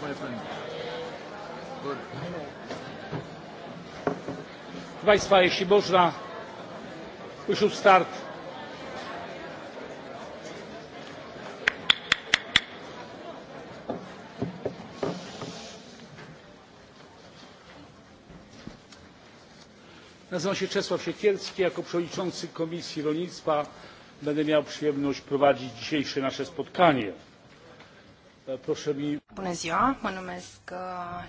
Cheers, my friend. Good. Państwa, jeśli można, we should start. Nazywam się Czesław Siekielski. Jako przewodniczący Komisji Rolnictwa będę miał przyjemność prowadzić dzisiejsze nasze spotkanie. Proszę mi Bună ziua, mă numesc uh,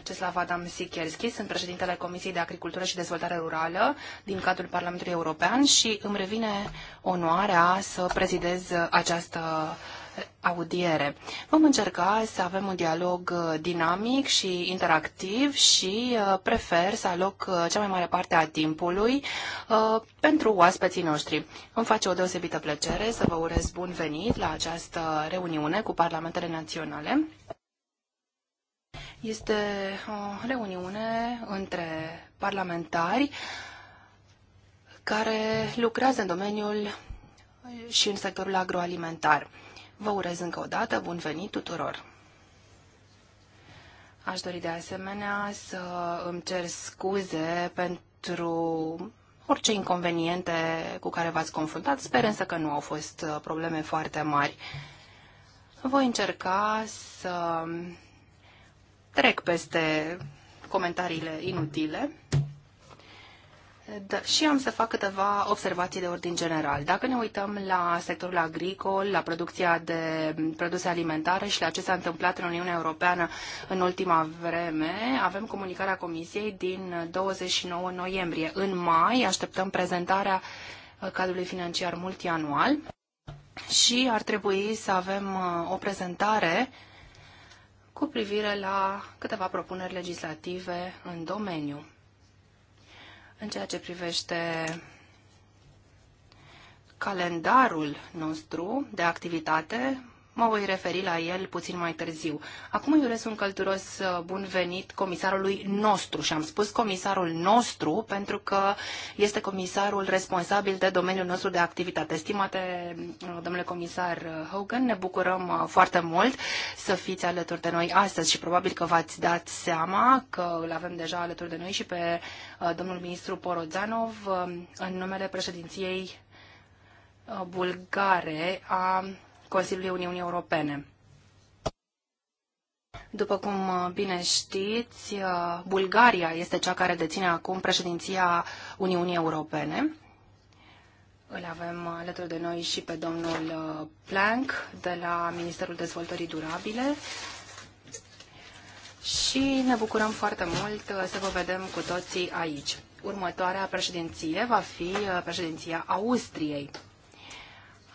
Ceslav Adam Sikierski, sunt președintele Comisiei de Agricultură și Dezvoltare Rurală din cadrul Parlamentului European și îmi revine onoarea să prezidez această audiere. Vom încerca să avem un dialog uh, dinamic și interactiv și uh, prefer să aloc cea mai mare parte a timpului pentru oaspeții noștri. Îmi face o deosebită plăcere să vă urez bun venit la această reuniune cu Parlamentele Naționale. Este o reuniune între parlamentari care lucrează în domeniul și în sectorul agroalimentar. Vă urez încă o dată bun venit tuturor! Aș dori de asemenea să îmi cer scuze pentru orice inconveniente cu care v-ați confruntat. Sper însă că nu au fost probleme foarte mari. Voi încerca să Trec peste comentariile inutile da, și am să fac câteva observații de ordin general. Dacă ne uităm la sectorul agricol, la producția de produse alimentare și la ce s-a întâmplat în Uniunea Europeană în ultima vreme, avem comunicarea Comisiei din 29 noiembrie. În mai așteptăm prezentarea cadrului financiar multianual și ar trebui să avem uh, o prezentare cu privire la câteva propuneri legislative în domeniu. În ceea ce privește calendarul nostru de activitate, Mă voi referi la el puțin mai târziu. Acum îi urez un călduros uh, bun venit comisarului nostru și am spus comisarul nostru pentru că este comisarul responsabil de domeniul nostru de activitate. Stimate uh, domnule comisar uh, Hogan, ne bucurăm foarte mult să fiți alături de noi astăzi și probabil că v-ați dat seama că îl avem deja alături de noi și pe domnul ministru Porodzanov în numele președinției bulgare a Consiliului Uniunii Europene. După cum uh, bine știți, uh, Bulgaria este cea care deține acum președinția Uniunii Europene. Îl avem uh, alături de noi și pe domnul Planck de la Ministerul Dezvoltării Durabile și ne bucurăm foarte mult să vă vedem cu toții aici. Următoarea președinție va fi președinția Austriei.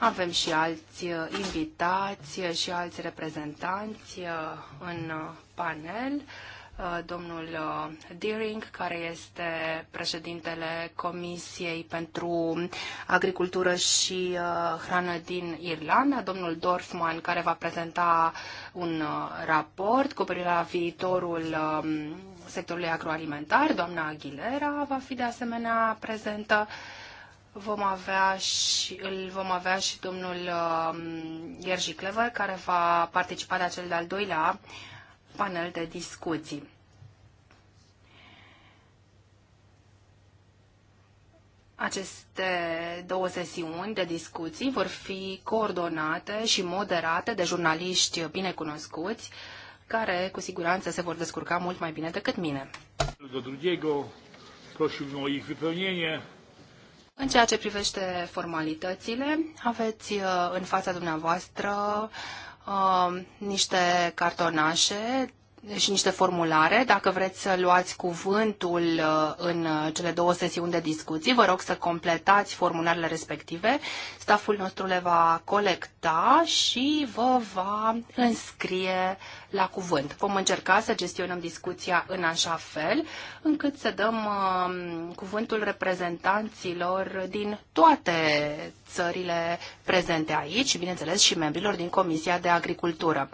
Avem și alți uh, invitați uh, și alți reprezentanți uh, în panel. Domnul Deering, care este președintele Comisiei pentru Agricultură și Hrană din Irlanda, domnul Dorfman, care va prezenta un raport cu privire la viitorul um, sectorului agroalimentar, doamna Aguilera va fi de asemenea prezentă vom avea și, îl vom avea și domnul uh, um, Ierji Clever, care va participa la de cel de-al doilea panel de discuții. Aceste două sesiuni de discuții vor fi coordonate și moderate de jurnaliști binecunoscuți, care cu siguranță se vor descurca mult mai bine decât mine. Do drugiego prosiłbym o ich wypełnienie. În ceea ce privește formalitățile, aveți uh, în fața dumneavoastră uh, niște cartonașe și niște formulare. Dacă vreți să luați cuvântul uh, în cele două sesiuni de discuții, vă rog să completați formularele respective. Staful nostru le va colecta și vă va înscrie la cuvânt. Vom încerca să gestionăm discuția în așa fel încât să dăm uh, cuvântul reprezentanților din toate țările prezente aici și, bineînțeles, și membrilor din Comisia de Agricultură.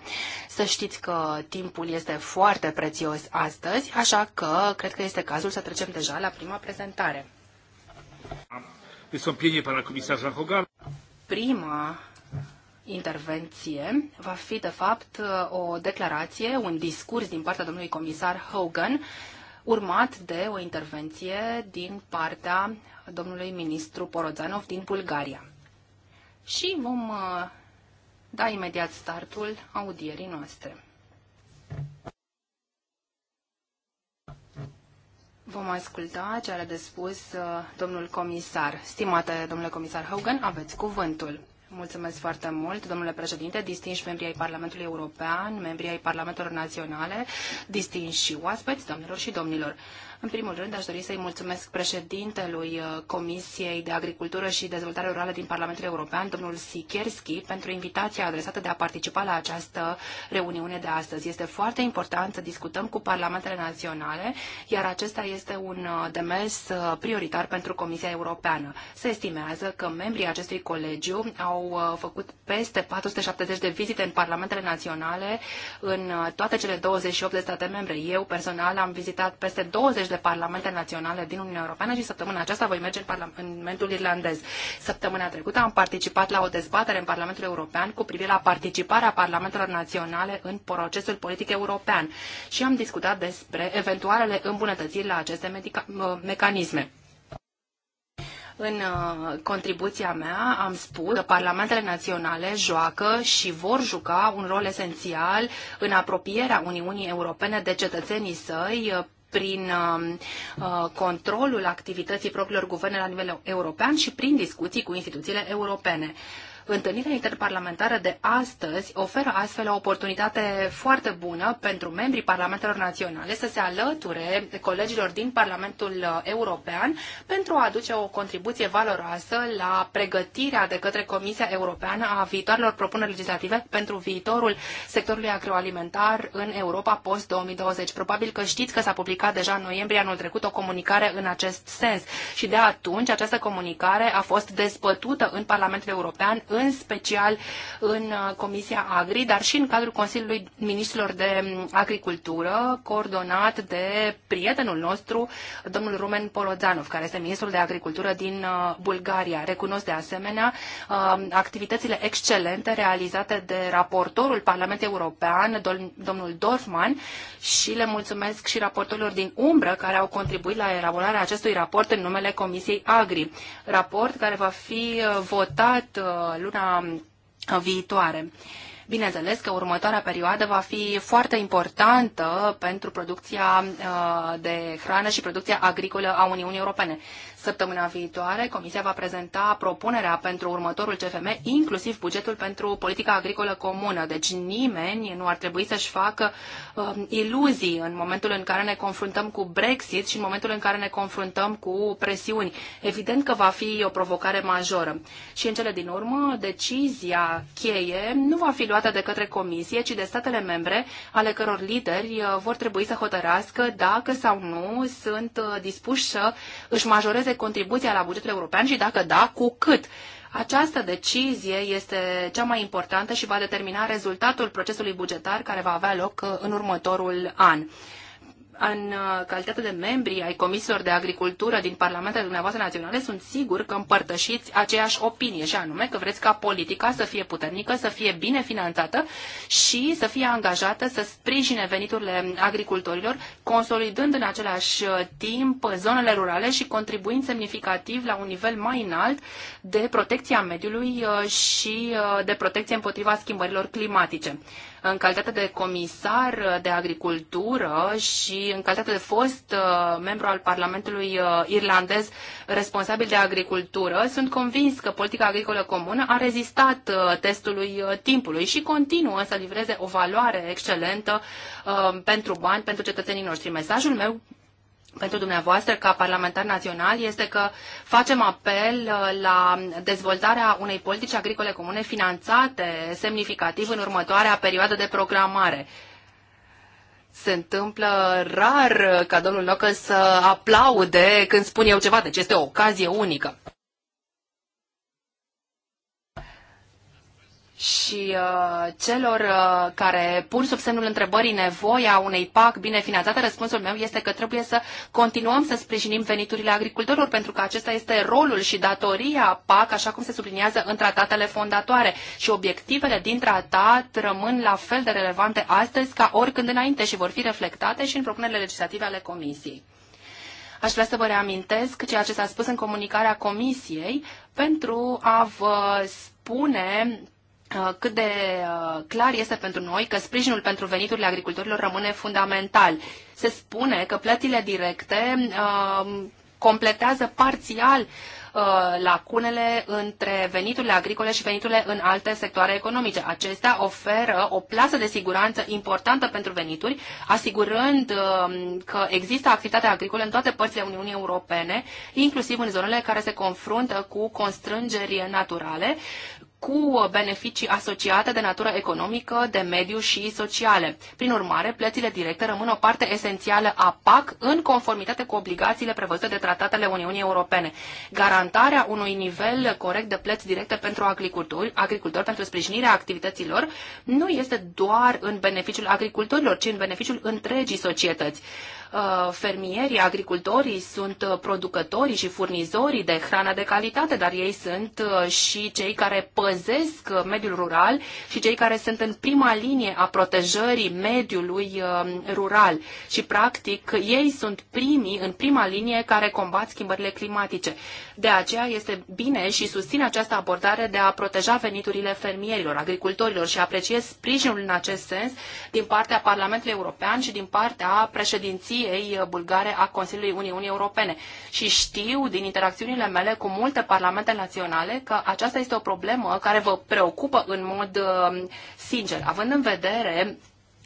Să știți că timpul este foarte prețios astăzi, așa că cred că este cazul să trecem deja la prima prezentare. Prima intervenție va fi, de fapt, o declarație, un discurs din partea domnului comisar Hogan, urmat de o intervenție din partea domnului ministru Porozanov din Bulgaria. Și vom uh, da imediat startul audierii noastre. Vom asculta ce are de spus uh, domnul comisar. Stimate domnule comisar Hogan, aveți cuvântul. Mulțumesc foarte mult, domnule președinte, distinși membrii ai Parlamentului European, membrii ai Parlamentelor Naționale, distinși și oaspeți, domnilor și domnilor. În primul rând, aș dori să-i mulțumesc președintelui uh, Comisiei de Agricultură și Dezvoltare Rurală din Parlamentul European, domnul Sikerski, pentru invitația adresată de a participa la această reuniune de astăzi. Este foarte important să discutăm cu parlamentele naționale, iar acesta este un uh, demers uh, prioritar pentru Comisia Europeană. Se estimează că membrii acestui colegiu au făcut peste 470 de vizite în parlamentele naționale în toate cele 28 de state membre. Eu personal am vizitat peste 20 de parlamente naționale din Uniunea Europeană și săptămâna aceasta voi merge în Parlamentul Irlandez. Săptămâna trecută am participat la o dezbatere în Parlamentul European cu privire la participarea parlamentelor naționale în procesul politic european și am discutat despre eventualele îmbunătățiri la aceste mecanisme. În uh, contribuția mea am spus că parlamentele naționale joacă și vor juca un rol esențial în apropierea Uniunii Europene de cetățenii săi uh, prin um, uh, controlul activității propriilor guverne la nivel european și prin discuții cu instituțiile europene. Întâlnirea interparlamentară de astăzi oferă astfel o oportunitate foarte bună pentru membrii Parlamentelor Naționale să se alăture colegilor din Parlamentul uh, European pentru a aduce o contribuție valoroasă la pregătirea de către Comisia Europeană a viitoarelor propuneri legislative pentru viitorul sectorului agroalimentar în Europa post-2020. Probabil că știți că s-a publicat deja în noiembrie anul trecut o comunicare în acest sens și de atunci această comunicare a fost dezbătută în Parlamentul European în special în uh, Comisia Agri, dar și în cadrul Consiliului Ministrilor de um, Agricultură, coordonat de prietenul nostru, domnul Rumen Polozanov, care este ministrul de Agricultură din uh, Bulgaria. Recunosc de asemenea um, activitățile excelente realizate de raportorul Parlamentului European, domnul Dorfman, și le mulțumesc și raportorilor din umbră care au contribuit la elaborarea acestui raport în numele Comisiei Agri. Raport care va fi uh, votat luna viitoare. Bineînțeles că următoarea perioadă va fi foarte importantă pentru producția uh, de hrană și producția agricolă a Uniunii Europene. Săptămâna viitoare, Comisia va prezenta propunerea pentru următorul CFM, inclusiv bugetul pentru politica agricolă comună. Deci nimeni nu ar trebui să-și facă uh, iluzii în momentul în care ne confruntăm cu Brexit și în momentul în care ne confruntăm cu presiuni. Evident că va fi o provocare majoră. Și în cele din urmă, decizia cheie nu va fi luată de către Comisie, ci de statele membre, ale căror lideri uh, vor trebui să hotărească dacă sau nu sunt uh, dispuși să își majoreze este contribuția la bugetul european și dacă da, cu cât. Această decizie este cea mai importantă și va determina rezultatul procesului bugetar care va avea loc uh, în următorul an în uh, calitate de membri ai comisiilor de agricultură din parlamentele dumneavoastră naționale, sunt sigur că împărtășiți aceeași opinie, și anume că vreți ca politica să fie puternică, să fie bine finanțată și să fie angajată să sprijine veniturile agricultorilor, consolidând în același uh, timp zonele rurale și contribuind semnificativ la un nivel mai înalt de protecția mediului uh, și de protecție împotriva schimbărilor climatice în calitate de comisar de agricultură și în calitate de fost uh, membru al Parlamentului uh, irlandez responsabil de agricultură, sunt convins că politica agricolă comună a rezistat uh, testului timpului și continuă să livreze o valoare excelentă pentru bani, pentru cetățenii noștri. Mesajul meu pentru dumneavoastră ca parlamentar național este că facem apel uh, la dezvoltarea unei politici agricole comune finanțate semnificativ în următoarea perioadă de programare. Se întâmplă rar ca domnul Locă să aplaude când spun eu ceva, deci este o ocazie unică. și uh, celor uh, care pun sub semnul întrebării nevoia unei PAC bine finanțate, răspunsul meu este că trebuie să continuăm să sprijinim veniturile agricultorilor, pentru că acesta este rolul și datoria PAC, așa cum se subliniază în tratatele fondatoare. Și obiectivele din tratat rămân la fel de relevante astăzi ca oricând înainte și vor fi reflectate și în propunerile legislative ale Comisiei. Aș vrea să vă reamintesc ceea ce s-a spus în comunicarea Comisiei pentru a vă spune Uh, cât de uh, clar este pentru noi că sprijinul pentru veniturile agricultorilor rămâne fundamental. Se spune că plățile directe uh, completează parțial lacunele între veniturile agricole și veniturile în alte sectoare economice. Acestea oferă o plasă de siguranță importantă pentru venituri, asigurând că există activitate agricolă în toate părțile Uniunii Europene, inclusiv în zonele care se confruntă cu constrângeri naturale cu beneficii asociate de natură economică, de mediu și sociale. Prin urmare, plățile directe rămân o parte esențială a PAC în conformitate cu obligațiile prevăzute de tratatele Uniunii Europene. Garantarea unui nivel corect de plăți directe pentru agricultori, agricultori pentru sprijinirea activităților, nu este doar în beneficiul agricultorilor, ci în beneficiul întregii societăți. Uh, fermierii, agricultorii sunt uh, producătorii și furnizorii de hrană de calitate, dar ei sunt uh, și cei care păzesc mediul rural și cei care sunt în prima linie a protejării mediului rural. Și, practic, ei sunt primii, în prima linie, care combat schimbările climatice. De aceea este bine și susțin această abordare de a proteja veniturile fermierilor, agricultorilor și apreciez sprijinul în acest sens din partea Parlamentului European și din partea președinției președinției uh, bulgare a Consiliului Uniunii Europene. Și știu din interacțiunile mele cu multe parlamente naționale că aceasta este o problemă care vă preocupă în mod uh, sincer. Având în vedere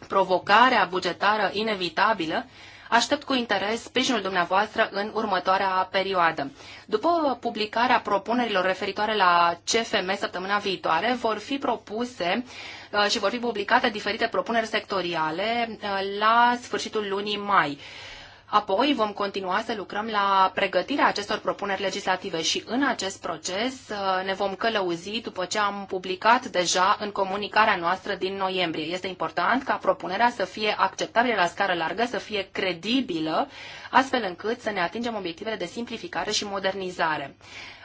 provocarea bugetară inevitabilă, Aștept cu interes sprijinul dumneavoastră în următoarea perioadă. După publicarea propunerilor referitoare la CFM săptămâna viitoare, vor fi propuse Uh, și vor fi publicate diferite propuneri sectoriale uh, la sfârșitul lunii mai. Apoi vom continua să lucrăm la pregătirea acestor propuneri legislative și în acest proces uh, ne vom călăuzi după ce am publicat deja în comunicarea noastră din noiembrie. Este important ca propunerea să fie acceptabilă la scară largă, să fie credibilă, astfel încât să ne atingem obiectivele de simplificare și modernizare.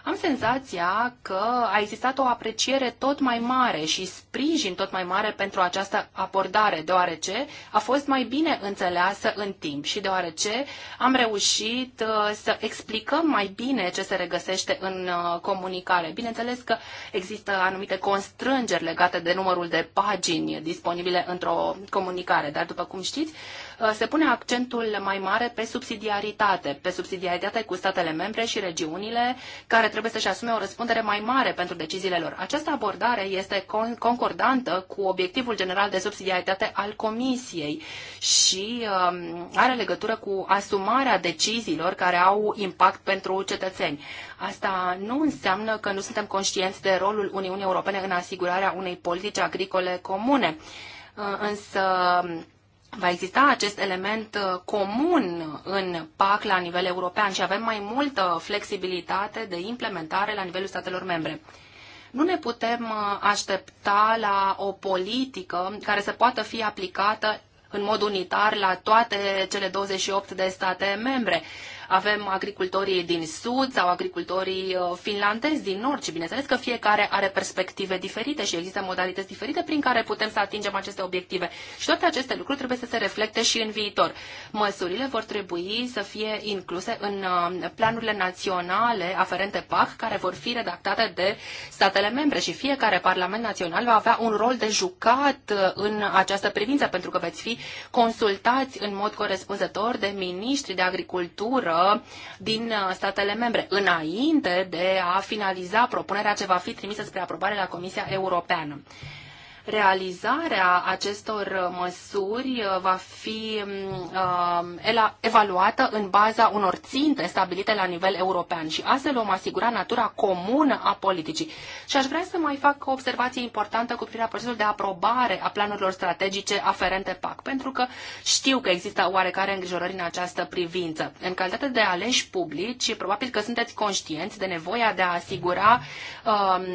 Am senzația că a existat o apreciere tot mai mare și sprijin tot mai mare pentru această abordare, deoarece a fost mai bine înțeleasă în timp și deoarece am reușit uh, să explicăm mai bine ce se regăsește în uh, comunicare. Bineînțeles că există anumite constrângeri legate de numărul de pagini disponibile într-o comunicare, dar după cum știți, Uh, se pune accentul mai mare pe subsidiaritate, pe subsidiaritate cu statele membre și regiunile care trebuie să-și asume o răspundere mai mare pentru deciziile lor. Această abordare este concordantă cu obiectivul general de subsidiaritate al Comisiei și um, are legătură cu asumarea deciziilor care au impact pentru cetățeni. Asta nu înseamnă că nu suntem conștienți de rolul Uniunii Europene în asigurarea unei politici agricole comune. Uh, însă va exista acest element uh, comun în PAC la nivel european și avem mai multă flexibilitate de implementare la nivelul statelor membre. Nu ne putem uh, aștepta la o politică care să poată fi aplicată în mod unitar la toate cele 28 de state membre. Avem agricultorii din sud sau agricultorii uh, finlandezi din nord și bineînțeles că fiecare are perspective diferite și există modalități diferite prin care putem să atingem aceste obiective. Și toate aceste lucruri trebuie să se reflecte și în viitor. Măsurile vor trebui să fie incluse în uh, planurile naționale aferente PAC care vor fi redactate de statele membre și fiecare Parlament Național va avea un rol de jucat uh, în această privință pentru că veți fi consultați în mod corespunzător de miniștri de agricultură din uh, statele membre, înainte de a finaliza propunerea ce va fi trimisă spre aprobare la Comisia Europeană realizarea acestor măsuri va fi um, evaluată în baza unor ținte stabilite la nivel european și astfel vom asigura natura comună a politicii. Și aș vrea să mai fac o observație importantă cu privire la procesul de aprobare a planurilor strategice aferente PAC, pentru că știu că există oarecare îngrijorări în această privință. În calitate de aleși publici, probabil că sunteți conștienți de nevoia de a asigura, um,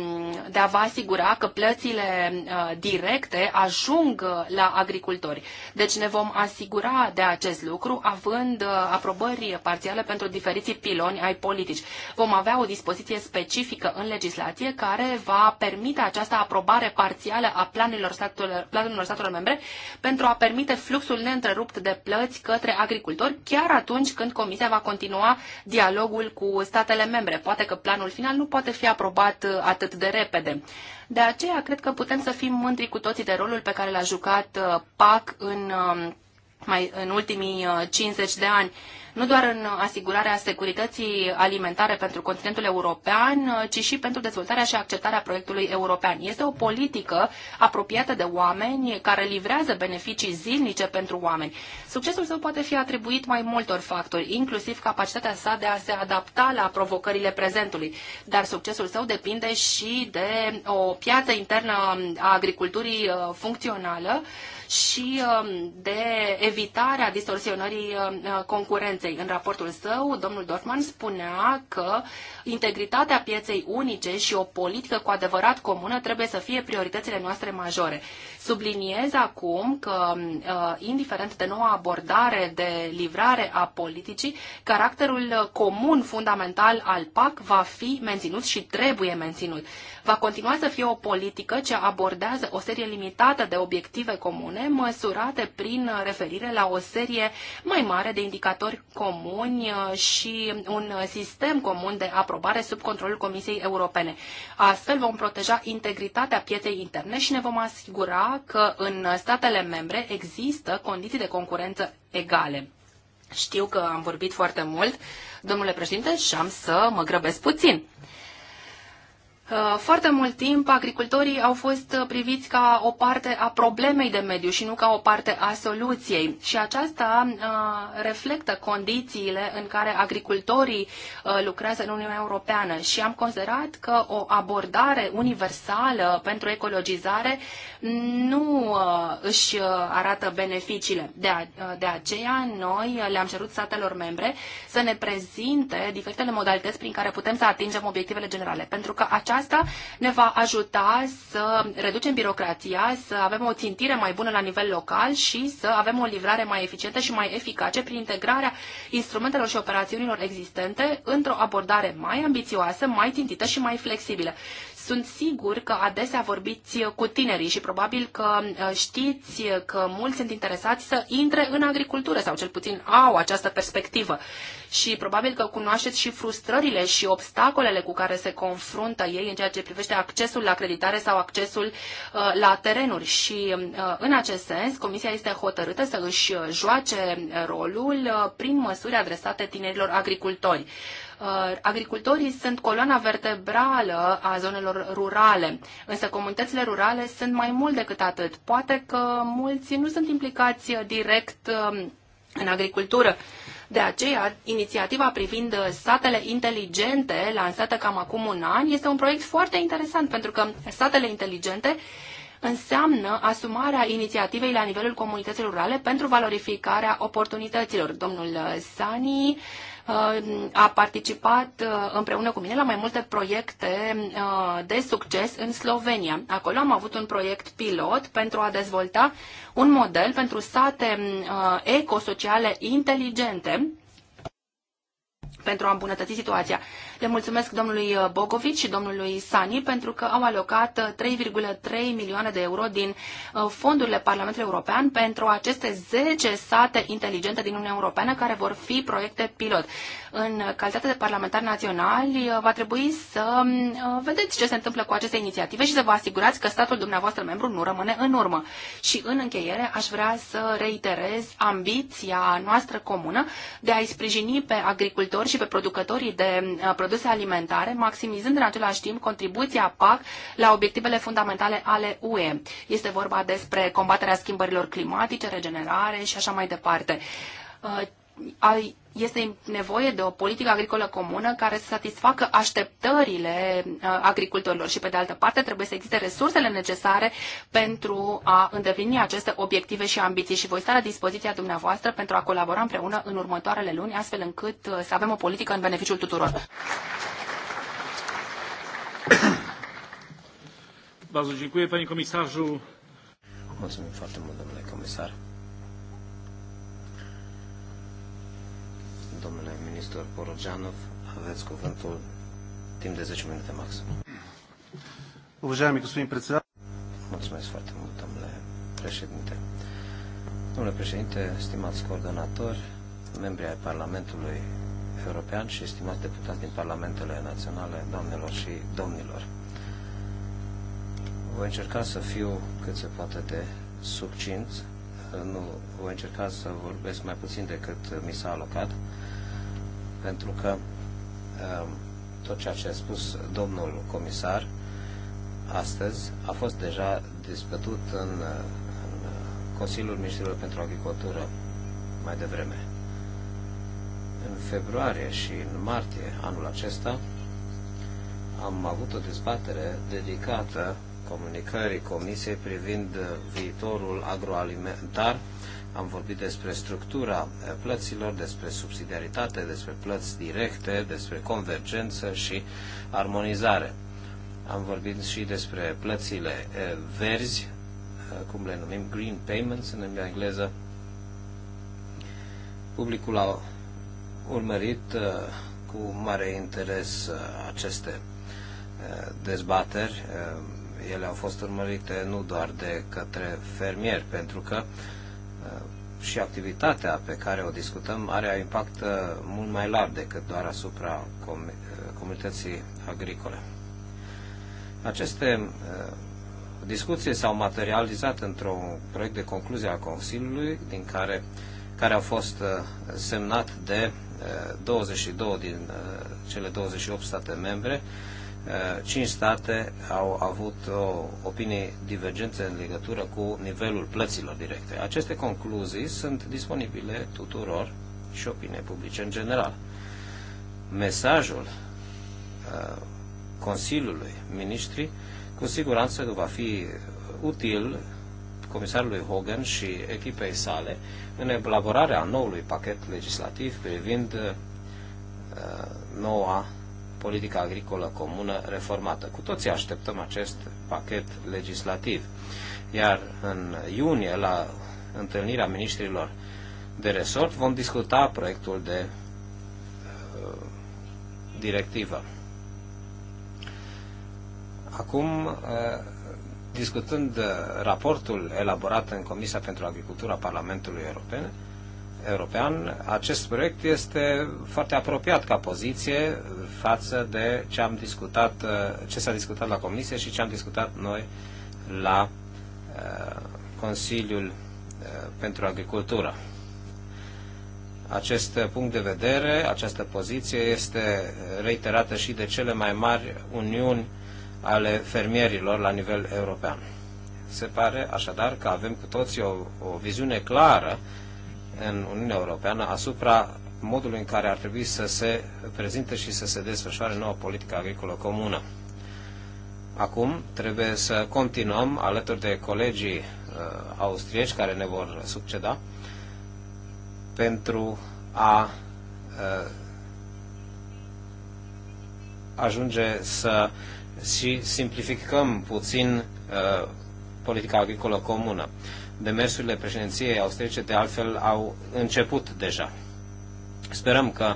de a vă asigura că plățile uh, directe ajung la agricultori. Deci ne vom asigura de acest lucru având uh, aprobări parțiale pentru diferiții piloni ai politici. Vom avea o dispoziție specifică în legislație care va permite această aprobare parțială a planurilor statelor, planurilor statelor membre pentru a permite fluxul neîntrerupt de plăți către agricultori chiar atunci când Comisia va continua dialogul cu statele membre. Poate că planul final nu poate fi aprobat uh, atât de repede. De aceea, cred că putem să fim mândri cu toții de rolul pe care l-a jucat uh, PAC în um, mai în ultimii 50 uh, de ani, nu doar în asigurarea securității alimentare pentru continentul european, uh, ci și pentru dezvoltarea și acceptarea proiectului european. Este o politică apropiată de oameni care livrează beneficii zilnice pentru oameni. Succesul său poate fi atribuit mai multor factori, inclusiv capacitatea sa de a se adapta la provocările prezentului, dar succesul său depinde și de o piață internă a agriculturii uh, funcțională, și um, de evitarea distorsionării um, concurenței. În raportul său, domnul Dorfman spunea că integritatea pieței unice și o politică cu adevărat comună trebuie să fie prioritățile noastre majore. Subliniez acum că, uh, indiferent de noua abordare de livrare a politicii, caracterul uh, comun fundamental al PAC va fi menținut și trebuie menținut. Va continua să fie o politică ce abordează o serie limitată de obiective comune, măsurate prin uh, referire la o serie mai mare de indicatori comuni și un sistem comun de aprobare sub controlul Comisiei Europene. Astfel vom proteja integritatea pieței interne și ne vom asigura că în statele membre există condiții de concurență egale. Știu că am vorbit foarte mult, domnule președinte, și am să mă grăbesc puțin. Uh, foarte mult timp agricultorii au fost uh, priviți ca o parte a problemei de mediu și nu ca o parte a soluției. Și aceasta uh, reflectă condițiile în care agricultorii lucrează în Uniunea Europeană și am considerat că o abordare universală pentru ecologizare nu își arată beneficiile. De, aceea noi le-am cerut statelor membre să ne prezinte diferitele modalități prin care putem să atingem obiectivele generale, pentru că aceasta asta ne va ajuta să reducem birocrația, să avem o țintire mai bună la nivel local și să avem o livrare mai eficientă și mai eficace prin integrarea instrumentelor și operațiunilor existente într-o abordare mai ambițioasă, mai țintită și mai flexibilă. Sunt sigur că adesea vorbiți cu tinerii și probabil că uh, știți că mulți sunt interesați să intre în agricultură sau cel puțin au această perspectivă. Și probabil că cunoașteți și frustrările și obstacolele cu care se confruntă ei în ceea ce privește accesul la creditare sau accesul uh, la terenuri. Și uh, în acest sens, Comisia este hotărâtă să își joace rolul prin măsuri adresate tinerilor agricultori. Uh, agricultorii sunt coloana vertebrală a zonelor rurale, însă comunitățile rurale sunt mai mult decât atât. Poate că mulți nu sunt implicați direct um, în agricultură. De aceea, inițiativa privind satele inteligente, lansată cam acum un an, este un proiect foarte interesant, pentru că satele inteligente înseamnă asumarea inițiativei la nivelul comunităților rurale pentru valorificarea oportunităților. Domnul Sani Uh, a participat uh, împreună cu mine la mai multe proiecte uh, de succes în Slovenia. Acolo am avut un proiect pilot pentru a dezvolta un model pentru sate ecosociale inteligente pentru a îmbunătăți situația. Le mulțumesc domnului uh, Bogovici și domnului Sani pentru că au alocat 3,3 uh, milioane de euro din uh, fondurile Parlamentului European pentru aceste 10 sate inteligente din Uniunea Europeană care vor fi proiecte pilot. În calitate de parlamentar național va trebui să um, vedeți ce se întâmplă cu aceste inițiative și să vă asigurați că statul dumneavoastră membru nu rămâne în urmă. Și în încheiere aș vrea să reiterez ambiția noastră comună de a-i sprijini pe agricultori și pe producătorii de produse produse alimentare, maximizând în același timp contribuția PAC la obiectivele fundamentale ale UE. Este vorba despre combaterea schimbărilor climatice, regenerare și așa mai departe uh, este nevoie de o politică agricolă comună care să satisfacă așteptările uh, agricultorilor și, pe de altă parte, trebuie să existe resursele necesare pentru a îndeplini aceste obiective și ambiții și voi sta la dispoziția dumneavoastră pentru a colabora împreună în următoarele luni, astfel încât uh, să avem o politică în beneficiul tuturor. Vă mulțumesc, Mulțumim foarte mult, domnule comisar. Domnule ministru Porogeanov, aveți cuvântul timp de 10 minute maxim. Уважаеми господин председател. Mulțumesc foarte mult, domnule președinte. Domnule președinte, stimați coordonatori, membri ai Parlamentului European și stimați deputați din Parlamentele Naționale, doamnelor și domnilor. Voi încerca să fiu cât se poate de succint, nu voi încerca să vorbesc mai puțin decât mi s-a alocat, pentru că um, tot ceea ce a spus domnul comisar astăzi a fost deja dezbătut în, uh, în uh, Consiliul Ministrilor pentru Agricultură mai devreme. În februarie și în martie anul acesta am avut o dezbatere dedicată comunicării Comisiei privind viitorul agroalimentar am vorbit despre structura eh, plăților, despre subsidiaritate, despre plăți directe, despre convergență și armonizare. Am vorbit și despre plățile eh, verzi, eh, cum le numim green payments în limba engleză. Publicul a urmărit cu mare interes aceste dezbateri. Ele au fost urmărite nu doar de către fermieri, pentru că și activitatea pe care o discutăm are impact uh, mult mai larg decât doar asupra com- uh, comunității agricole. Aceste uh, discuții s-au materializat într-un proiect de concluzie al Consiliului, din care, care a fost semnat de 22 din cele 28 state membre, Eh, cinci state au avut o opinie divergență în legătură cu nivelul plăților directe. Aceste concluzii sunt disponibile tuturor și opinie publice în general. Mesajul eh, Consiliului Ministrii cu siguranță va fi util comisarului Hogan și echipei sale în elaborarea noului pachet legislativ privind eh, noua politica agricolă comună reformată. Cu toții așteptăm acest pachet legislativ. Iar în iunie, la întâlnirea ministrilor de resort, vom discuta proiectul de uh, directivă. Acum, uh, discutând uh, raportul elaborat în Comisia pentru Agricultura Parlamentului European, european, acest proiect este foarte apropiat ca poziție față de ce am discutat, uh, ce s-a discutat la Comisie și ce am discutat noi la uh, Consiliul uh, pentru Agricultură. Acest punct de vedere, această poziție este reiterată și de cele mai mari uniuni ale fermierilor la nivel european. Se pare așadar că avem cu toții o, o viziune clară în Uniunea Europeană asupra modului în care ar trebui să se prezinte și să se desfășoare noua politică agricolă comună. Acum trebuie să continuăm alături de colegii uh, austrieci care ne vor succeda pentru a uh, ajunge să și simplificăm puțin uh, politica agricolă comună. Uh, demersurile președinției austriece de altfel au început deja. Sperăm că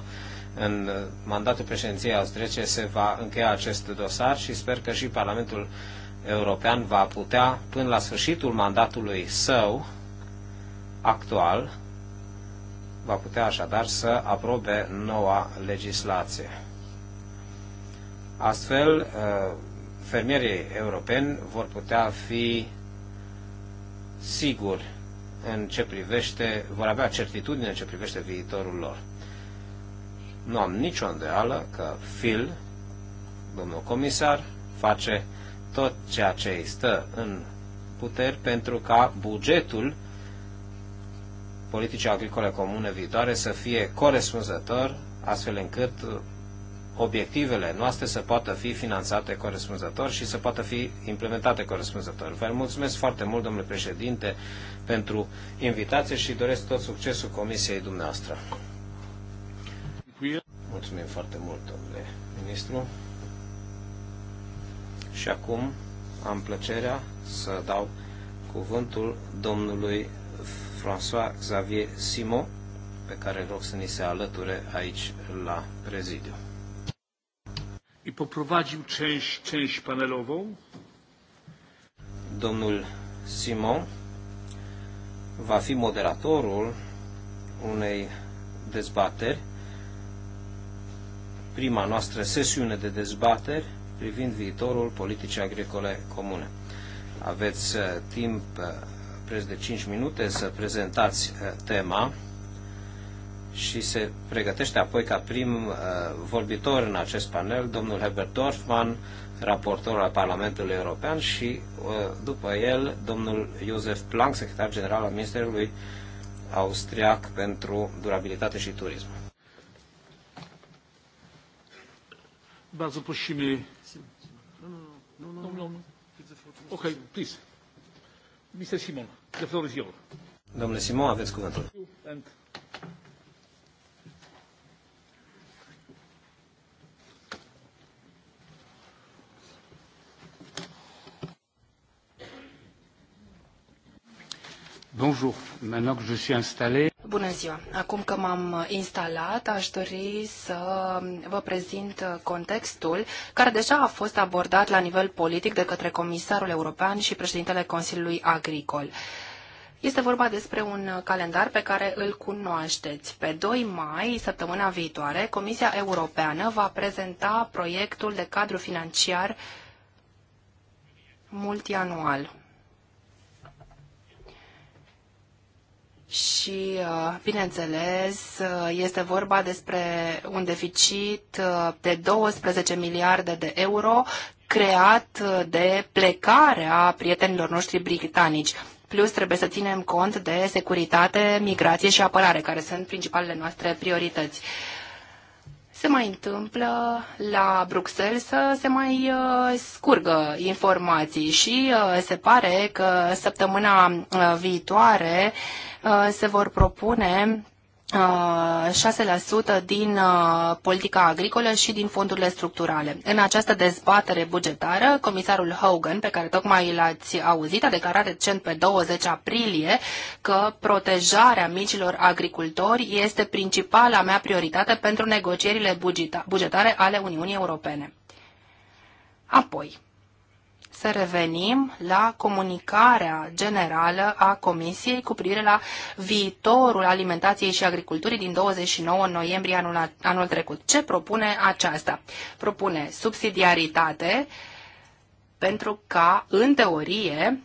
în mandatul președinției austriece se va încheia acest dosar și sper că și Parlamentul European va putea, până la sfârșitul mandatului său actual, va putea așadar să aprobe noua legislație. Astfel, uh, fermierii europeni vor putea fi sigur în ce privește, vor avea certitudine în ce privește viitorul lor. Nu am nicio îndoială că Phil, domnul comisar, face tot ceea ce îi stă în puteri pentru ca bugetul politicii agricole comune viitoare să fie corespunzător, astfel încât obiectivele noastre să poată fi finanțate corespunzător și să poată fi implementate corespunzător. Vă mulțumesc foarte mult, domnule președinte, pentru invitație și doresc tot succesul comisiei dumneavoastră. Mulțumim foarte mult, domnule ministru. Și acum am plăcerea să dau cuvântul domnului François Xavier Simon, pe care îl rog să ni se alăture aici la prezidiu i poprowadził część, część panelową. Domnul Simon va fi moderatorul unei dezbateri, prima noastră sesiune de dezbateri privind viitorul politicii agricole comune. Aveți uh, timp uh, preț de 5 minute să prezentați uh, tema și se pregătește apoi ca prim uh, vorbitor în acest panel domnul Herbert Dorfman, raportor al Parlamentului European și uh, după el domnul Josef Planck, secretar general al Ministerului Austriac pentru Durabilitate și Turism. Bardzo prosimy. Ok, please. Mr. Simon, the floor is yours. Domnule Simon, aveți cuvântul. And Bună ziua! Acum că m-am instalat, aș dori să vă prezint contextul care deja a fost abordat la nivel politic de către Comisarul European și președintele Consiliului Agricol. Este vorba despre un calendar pe care îl cunoașteți. Pe 2 mai, săptămâna viitoare, Comisia Europeană va prezenta proiectul de cadru financiar multianual și, uh, bineînțeles, uh, este vorba despre un deficit uh, de 12 miliarde de euro creat de plecarea prietenilor noștri britanici. Plus trebuie să ținem cont de securitate, migrație și apărare, care sunt principalele noastre priorități. Se mai întâmplă la Bruxelles să se mai scurgă informații și se pare că săptămâna viitoare uh, Uh, se vor propune 6% uh, din uh, politica agricolă și din fondurile structurale. În această dezbatere bugetară, comisarul Hogan, pe care tocmai l-ați auzit, a declarat recent pe 20 aprilie că protejarea micilor agricultori este principala mea prioritate pentru negocierile bugetare ale Uniunii Europene. Apoi, să revenim la comunicarea generală a Comisiei cu privire la viitorul alimentației și agriculturii din 29 noiembrie anul, anul trecut. Ce propune aceasta? Propune subsidiaritate pentru ca, în teorie,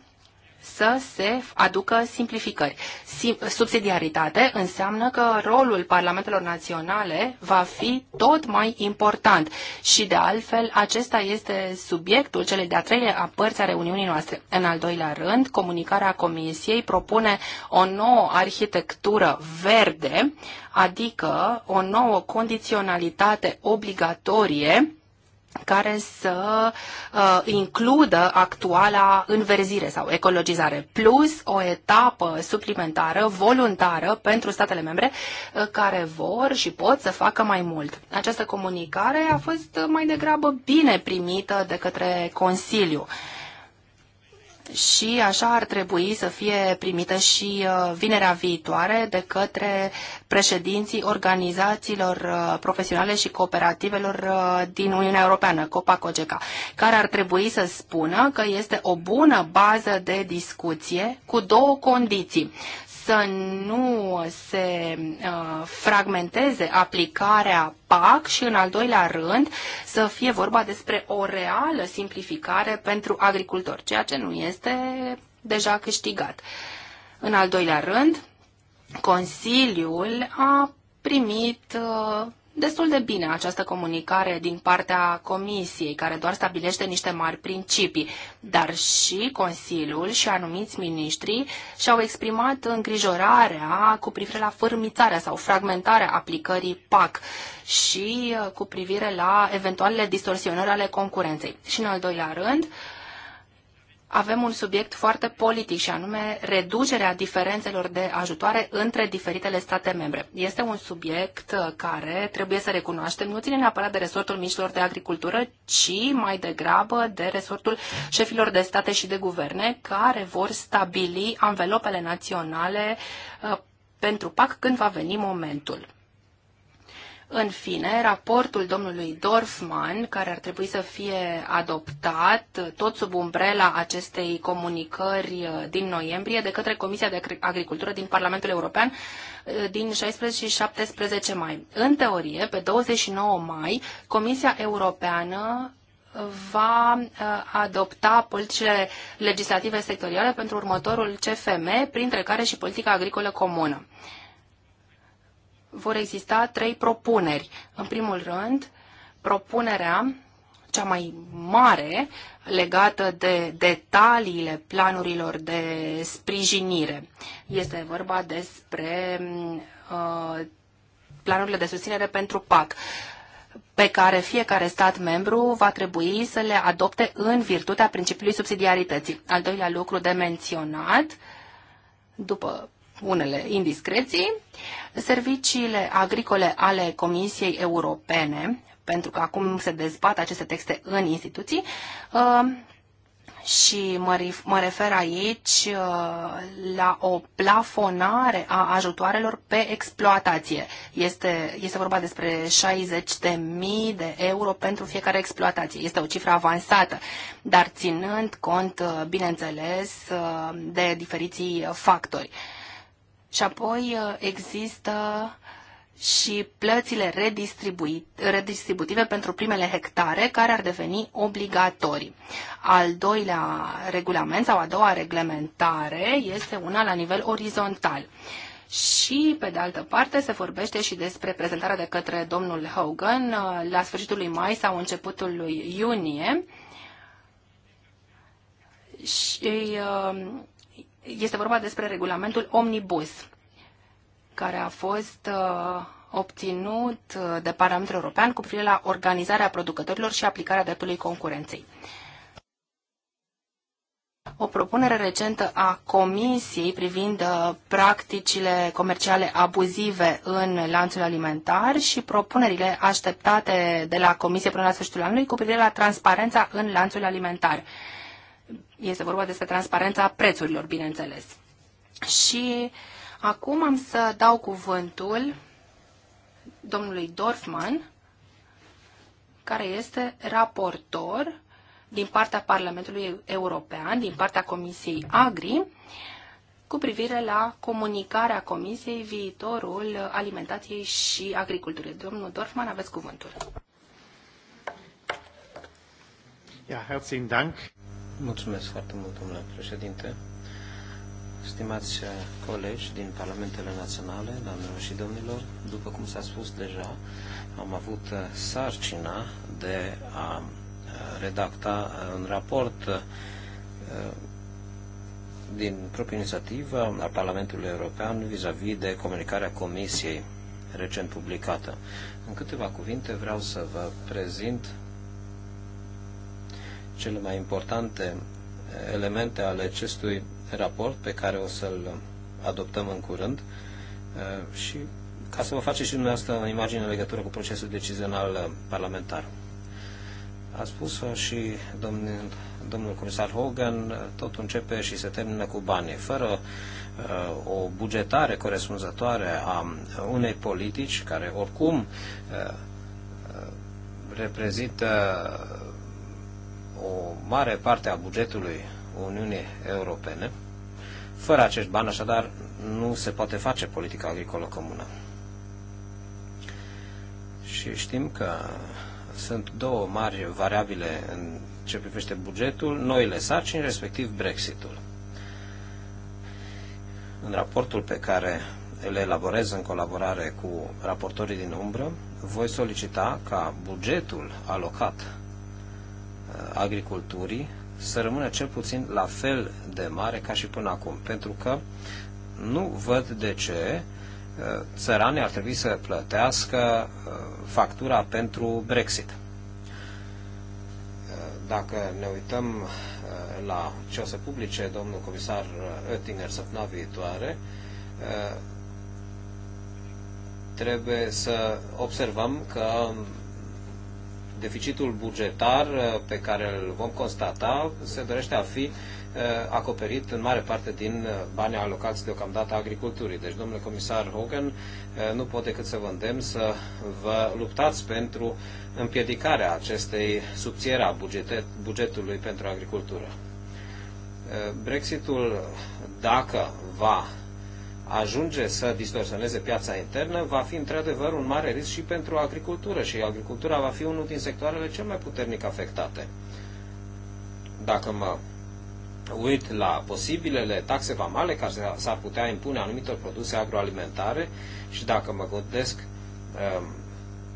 să se aducă simplificări. Sim, subsidiaritate înseamnă că rolul parlamentelor naționale va fi tot mai important și, de altfel, acesta este subiectul celei de-a treilea părți a reuniunii noastre. În al doilea rând, comunicarea Comisiei propune o nouă arhitectură verde, adică o nouă condiționalitate obligatorie care să uh, includă actuala înverzire sau ecologizare, plus o etapă suplimentară, voluntară, pentru statele membre uh, care vor și pot să facă mai mult. Această comunicare a fost mai degrabă bine primită de către Consiliu. Uh, și așa ar trebui să fie primită și uh, vinerea viitoare de către președinții organizațiilor uh, profesionale și cooperativelor uh, din Uniunea Europeană, COPA-COGECA, care ar trebui să spună că este o bună bază de discuție cu două condiții să nu se uh, fragmenteze aplicarea PAC și, în al doilea rând, să fie vorba despre o reală simplificare pentru agricultori, ceea ce nu este deja câștigat. În al doilea rând, Consiliul a primit uh, destul de bine această comunicare din partea Comisiei, care doar stabilește niște mari principii, dar și Consiliul și anumiți miniștri și-au exprimat îngrijorarea cu privire la fărmițarea sau fragmentarea aplicării PAC și uh, cu privire la eventualele distorsionări ale concurenței. Și în al doilea rând, avem un subiect foarte politic și anume reducerea diferențelor de ajutoare între diferitele state membre. Este un subiect uh, care, trebuie să recunoaștem, nu ține neapărat de resortul miștilor de agricultură, ci mai degrabă de resortul șefilor de state și de guverne care vor stabili anvelopele naționale uh, pentru PAC când va veni momentul. În fine, raportul domnului Dorfman, care ar trebui să fie adoptat tot sub umbrela acestei comunicări uh, din noiembrie de către Comisia de Agricultură din Parlamentul European uh, din 16 și 17 mai. În teorie, pe 29 mai, Comisia Europeană va uh, adopta politicile legislative sectoriale pentru următorul CFM, printre care și politica agricolă comună vor exista trei propuneri. În primul rând, propunerea cea mai mare legată de detaliile planurilor de sprijinire. Este vorba despre uh, planurile de susținere pentru PAC pe care fiecare stat membru va trebui să le adopte în virtutea principiului subsidiarității. Al doilea lucru de menționat, după unele indiscreții, serviciile agricole ale Comisiei Europene, pentru că acum se dezbat aceste texte în instituții, uh, și mă refer aici uh, la o plafonare a ajutoarelor pe exploatație. Este, este vorba despre 60.000 de de euro pentru fiecare exploatație. Este o cifră avansată, dar ținând cont, uh, bineînțeles, de diferiții factori. Și apoi uh, există și plățile redistributive pentru primele hectare care ar deveni obligatorii. Al doilea regulament sau a doua reglementare este una la nivel orizontal. Și, pe de altă parte, se vorbește și despre prezentarea de către domnul Hogan uh, la sfârșitul lui mai sau începutul lui iunie și uh, este vorba despre regulamentul Omnibus, care a fost uh, obținut uh, de Parlamentul European cu privire la organizarea producătorilor și aplicarea dreptului concurenței. O propunere recentă a Comisiei privind uh, practicile comerciale abuzive în lanțul alimentar și propunerile așteptate de la Comisie până la sfârșitul anului cu privire la transparența în lanțul alimentar. Este vorba despre transparența prețurilor, bineînțeles. Și acum am să dau cuvântul domnului Dorfman, care este raportor din partea Parlamentului European, din partea Comisiei Agri, cu privire la comunicarea Comisiei viitorul alimentației și agriculturii. Domnul Dorfman, aveți cuvântul. Ja, herzlichen Dank. Mulțumesc foarte mult, domnule președinte. Stimați uh, colegi din Parlamentele Naționale, doamnelor și domnilor, după cum s-a spus deja, am avut uh, sarcina de a uh, redacta un raport din proprie inițiativă a Parlamentului European vis-a-vis -vis de comunicarea Comisiei recent publicată. În câteva cuvinte vreau să vă prezint cele mai importante eh, elemente ale acestui raport pe care o să-l eh, adoptăm în curând eh, și ca să vă faceți și dumneavoastră o imagine în legătură cu procesul decizional parlamentar. A spus și domnul, domnul comisar Hogan, tot începe și se termină cu banii. Fără uh, o bugetare corespunzătoare a unei politici, care oricum uh, reprezintă o mare parte a bugetului Uniunii Europene. Fără acești bani, așadar, nu se poate face politica agricolă comună. Și știm că sunt două mari variabile în ce privește bugetul, noile sarcini, respectiv Brexitul. În raportul pe care îl elaborez în colaborare cu raportorii din umbră, voi solicita ca bugetul alocat agriculturii să rămână cel puțin la fel de mare ca și până acum, pentru că nu văd de ce uh, țăranii ar trebui să plătească uh, factura pentru Brexit. Uh, dacă ne uităm la ce o să publice domnul comisar Oettinger săptămâna viitoare, trebuie să observăm că um, deficitul bugetar uh, pe care îl vom constata se dorește a fi uh, acoperit în mare parte din uh, banii alocați deocamdată agriculturii. Deci, domnule comisar Hogan, nu pot decât să vă îndemn să vă luptați pentru împiedicarea acestei subțiere a bugetului pentru agricultură. Brexitul, dacă va ajunge să distorsioneze piața internă, va fi într-adevăr un mare risc și pentru agricultură și agricultura va fi unul din sectoarele cel mai puternic afectate. Dacă mă uit la posibilele taxe vamale care s-ar putea impune anumitor produse agroalimentare și dacă mă gândesc um,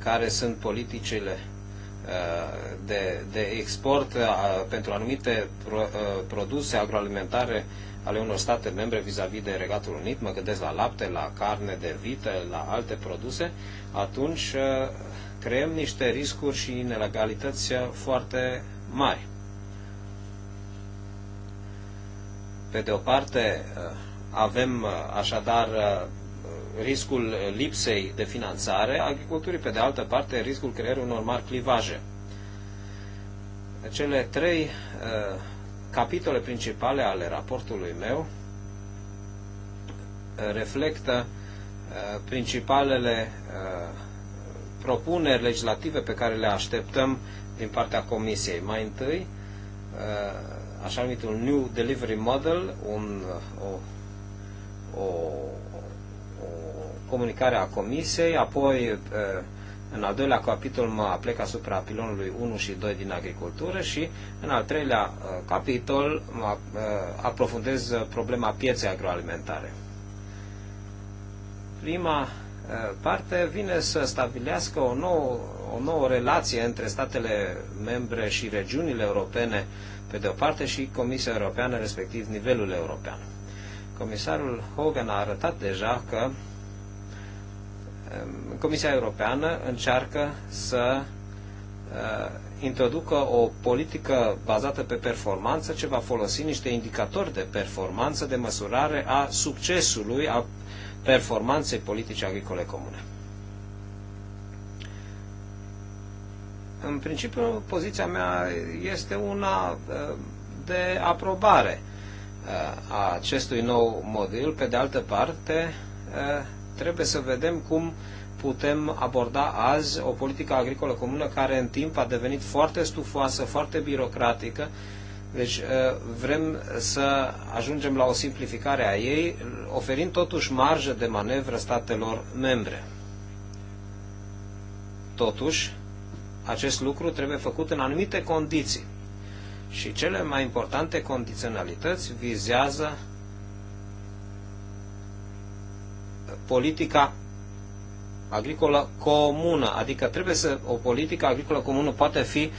care sunt politicile uh, de, de export uh, pentru anumite uh, produse agroalimentare ale unor state membre vis-a-vis -vis de Regatul Unit, mă gândesc la lapte, la carne de vită, la alte produse, atunci uh, creăm niște riscuri și inelegalități uh, foarte mari. Pe de o parte, uh, avem așadar riscul lipsei de finanțare agriculturii, pe de altă parte riscul creierii unor mari clivaje. Cele trei uh, capitole principale ale raportului meu uh, reflectă uh, principalele uh, propuneri legislative pe care le așteptăm din partea Comisiei. Mai întâi, așa numitul New Delivery Model, un, o, o, o comunicare a Comisiei, apoi în al doilea capitol mă aplec asupra pilonului 1 și 2 din agricultură și în al treilea uh, capitol mă uh, aprofundez uh, problema pieței agroalimentare. Prima parte vine să stabilească o nouă, o nouă relație între statele membre și regiunile europene, pe de o parte, și Comisia Europeană, respectiv nivelul european. Comisarul Hogan a arătat deja că Ehm, Comisia Europeană încearcă să eh, introducă o politică bazată pe performanță ce va folosi niște indicatori de performanță de măsurare a succesului, a performanței politice agricole comune. În principiu, poziția mea este una eh, de aprobare eh, a acestui nou model. Pe de altă parte, Trebuie să vedem cum putem aborda azi o politică agricolă comună care în timp a devenit foarte stufoasă, foarte birocratică. Deci uh, vrem să ajungem la o simplificare a ei, oferind totuși marjă de manevră statelor membre. Totuși, acest lucru trebuie făcut în anumite condiții. Și cele mai importante condiționalități vizează politica agricolă comună. Adică trebuie să o politică agricolă comună poate fi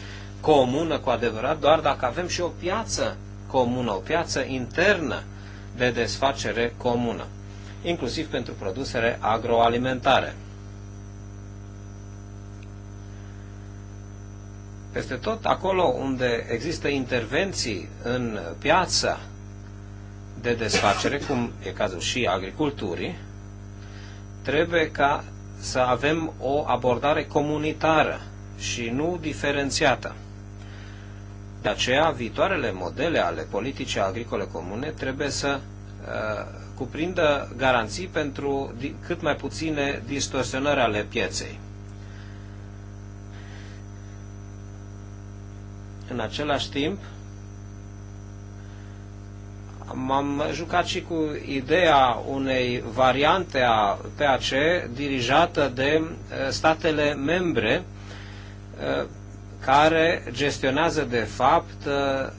comună cu adevărat doar dacă avem și o piață comună, o piață internă de desfacere comună, inclusiv pentru produsele agroalimentare. Peste tot acolo unde există intervenții în piața de desfacere, cum e cazul și agriculturii, Trebuie ca să avem o abordare comunitară și nu diferențiată. De aceea, viitoarele modele ale politicii agricole comune trebuie să uh, cuprindă garanții pentru cât mai puține distorsionări ale pieței. În același timp, M-am jucat și cu ideea unei variante a PAC dirijată de eh, statele membre eh, care gestionează de fapt eh,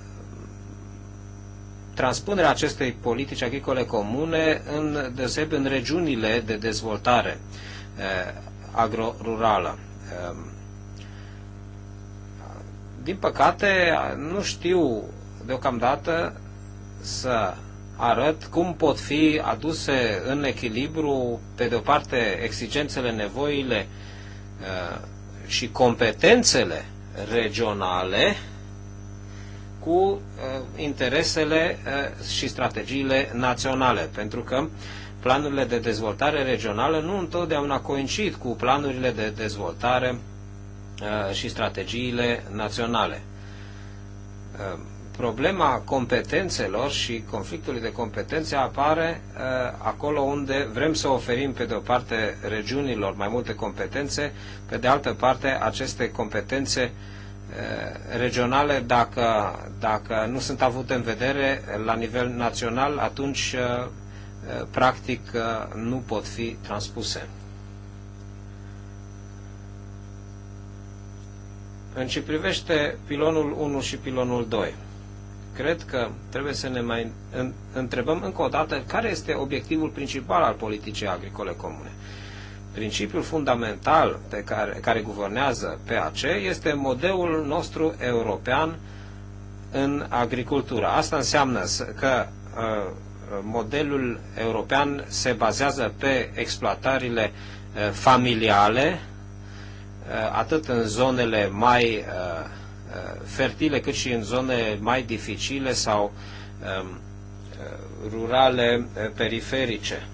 transpunerea acestei politici agricole comune în deoseb în regiunile de dezvoltare agro-rurală. Din păcate, nu știu deocamdată să arăt cum pot fi aduse în echilibru, pe de o parte, exigențele, nevoile uh, și competențele regionale cu uh, interesele uh, și strategiile naționale, pentru că planurile de dezvoltare regională nu întotdeauna coincid cu planurile de dezvoltare și strategiile naționale problema competențelor și conflictului de competențe apare uh, acolo unde vrem să oferim, pe de o parte, regiunilor mai multe competențe, pe de altă parte, aceste competențe uh, regionale, dacă, dacă nu sunt avute în vedere la nivel național, atunci, uh, uh practic, uh, nu pot fi transpuse. În ce privește pilonul 1 și pilonul 2, cred că trebuie să ne mai întrebăm încă o dată care este obiectivul principal al politicii agricole comune. Principiul fundamental pe care, care guvernează PAC este modelul nostru european în agricultură. Asta înseamnă că uh, modelul european se bazează pe exploatările uh, familiale, uh, atât în zonele mai uh, Uh, fertile, cât și în zone mai dificile sau um, uh, rurale uh, periferice.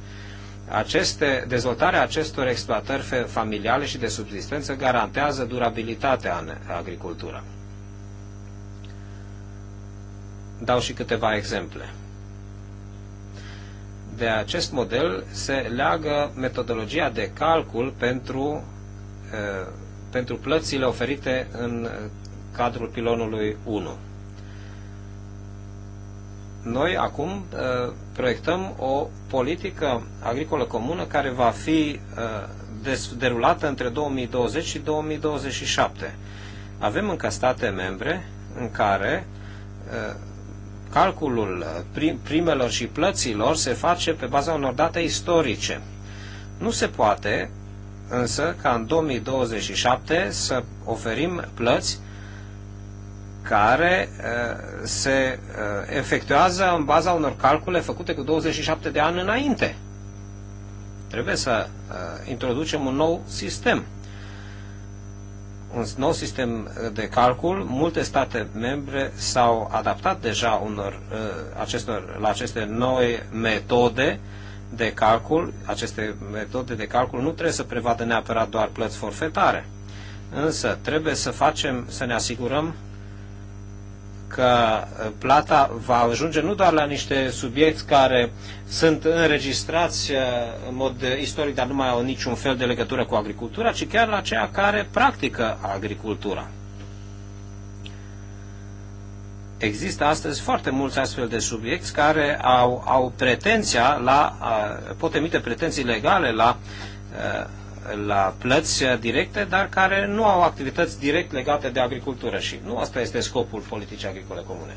Aceste, dezvoltarea acestor exploatări familiale și de subsistență garantează durabilitatea în agricultură. Dau și câteva exemple. De acest model se leagă metodologia de calcul pentru, pentru plățile oferite în cadrul pilonului 1. Noi acum uh, proiectăm o politică agricolă comună care va fi uh, derulată între 2020 și 2027. Avem încă state membre în care uh, calculul primelor și plăților se face pe baza unor date istorice. Nu se poate însă ca în 2027 să oferim plăți care uh, se uh, efectuează în baza unor calcule făcute cu 27 de ani înainte. Trebuie să uh, introducem un nou sistem. Un nou sistem de calcul, multe state membre s-au adaptat deja unor, acestor, la aceste noi metode de calcul. Aceste metode de calcul nu trebuie să prevadă neapărat doar plăți forfetare. Însă trebuie să facem, să ne asigurăm că uh, plata va ajunge nu doar la niște subiecti care sunt înregistrați uh, în mod istoric, dar nu mai au niciun fel de legătură cu agricultura, ci chiar la ceea care practică agricultura. Există astăzi foarte mulți astfel de subiecti care au, au pretenția la, uh, pot emite pretenții legale la la plăți directe, dar care nu au activități direct legate de agricultură și nu asta este scopul politicii agricole comune.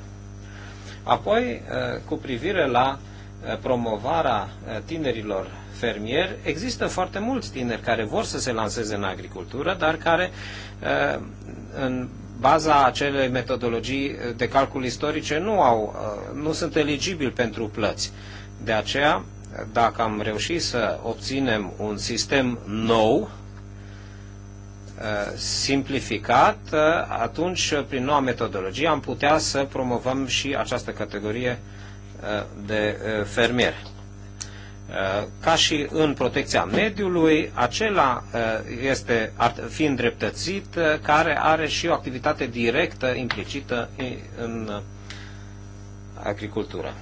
Apoi, eh, cu privire la eh, promovarea eh, tinerilor fermieri, există foarte mulți tineri care vor să se lanseze în agricultură, dar care în baza acelei metodologii de calcul istorice nu, au, nu sunt eligibili pentru plăți. De aceea, dacă am reușit să obținem un sistem nou, uh, simplificat, uh, atunci, uh, prin noua metodologie, am putea să promovăm și această categorie de fermieri. Ca și în protecția mediului, acela este, fiind dreptățit, care are și o activitate directă implicită în agricultură.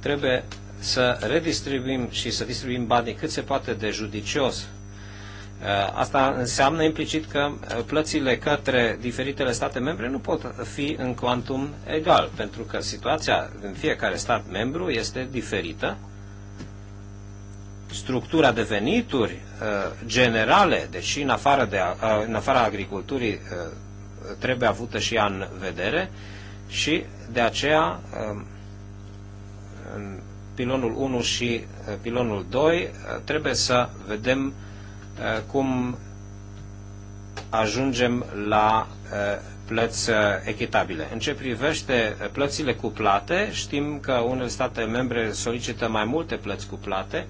Trebuie să redistribuim și să distribuim banii cât se poate de judicios. Uh, asta înseamnă implicit că uh, plățile către diferitele state membre nu pot fi în cuantum egal, pentru că situația în fiecare stat membru este diferită. Structura de venituri uh, generale, deși în afară, de, în afară agriculturii, trebuie avută și ea în vedere și de aceea în pilonul 1 și uh, pilonul 2, uh, trebuie să vedem uh, cum ajungem la plăți echitabile. În ce privește plățile cuplate, știm că unele state membre solicită mai multe plăți cuplate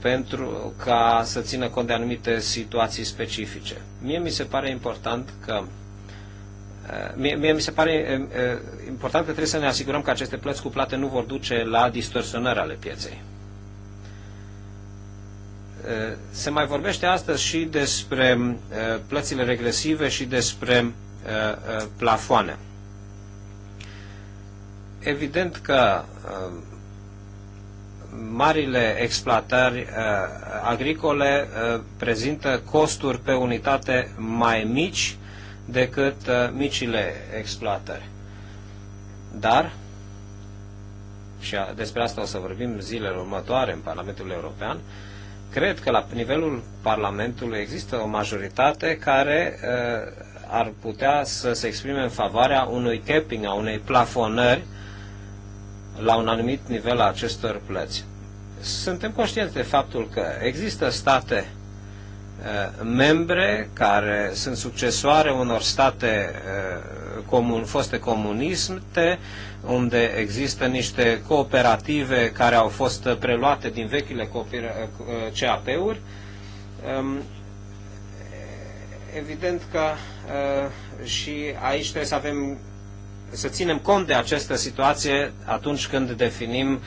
pentru ca să țină cont de anumite situații specifice. Mie mi se pare important că Eh, mie, mie mi se pare eh, eh, important că trebuie să ne asigurăm că aceste plăți cu plată nu vor duce la distorsionări ale pieței. Se mai vorbește astăzi și despre plățile regresive și despre plafoane. Evident că marile exploatări uh, agricole uh, prezintă costuri pe unitate mai mici decât uh, micile exploatări. Dar, și despre asta o să vorbim zilele următoare în Parlamentul European, cred că la nivelul Parlamentului există o majoritate care uh, ar putea să se exprime în favoarea unui capping, a unei plafonări la un anumit nivel a acestor plăți. Suntem conștienți de faptul că există state Uh, membre care sunt succesoare unor state uh, comun, foste comuniste, unde există niște cooperative care au fost preluate din vechile CAP-uri. Uh, um, evident că și aici trebuie să avem să ținem cont de această situație atunci când definim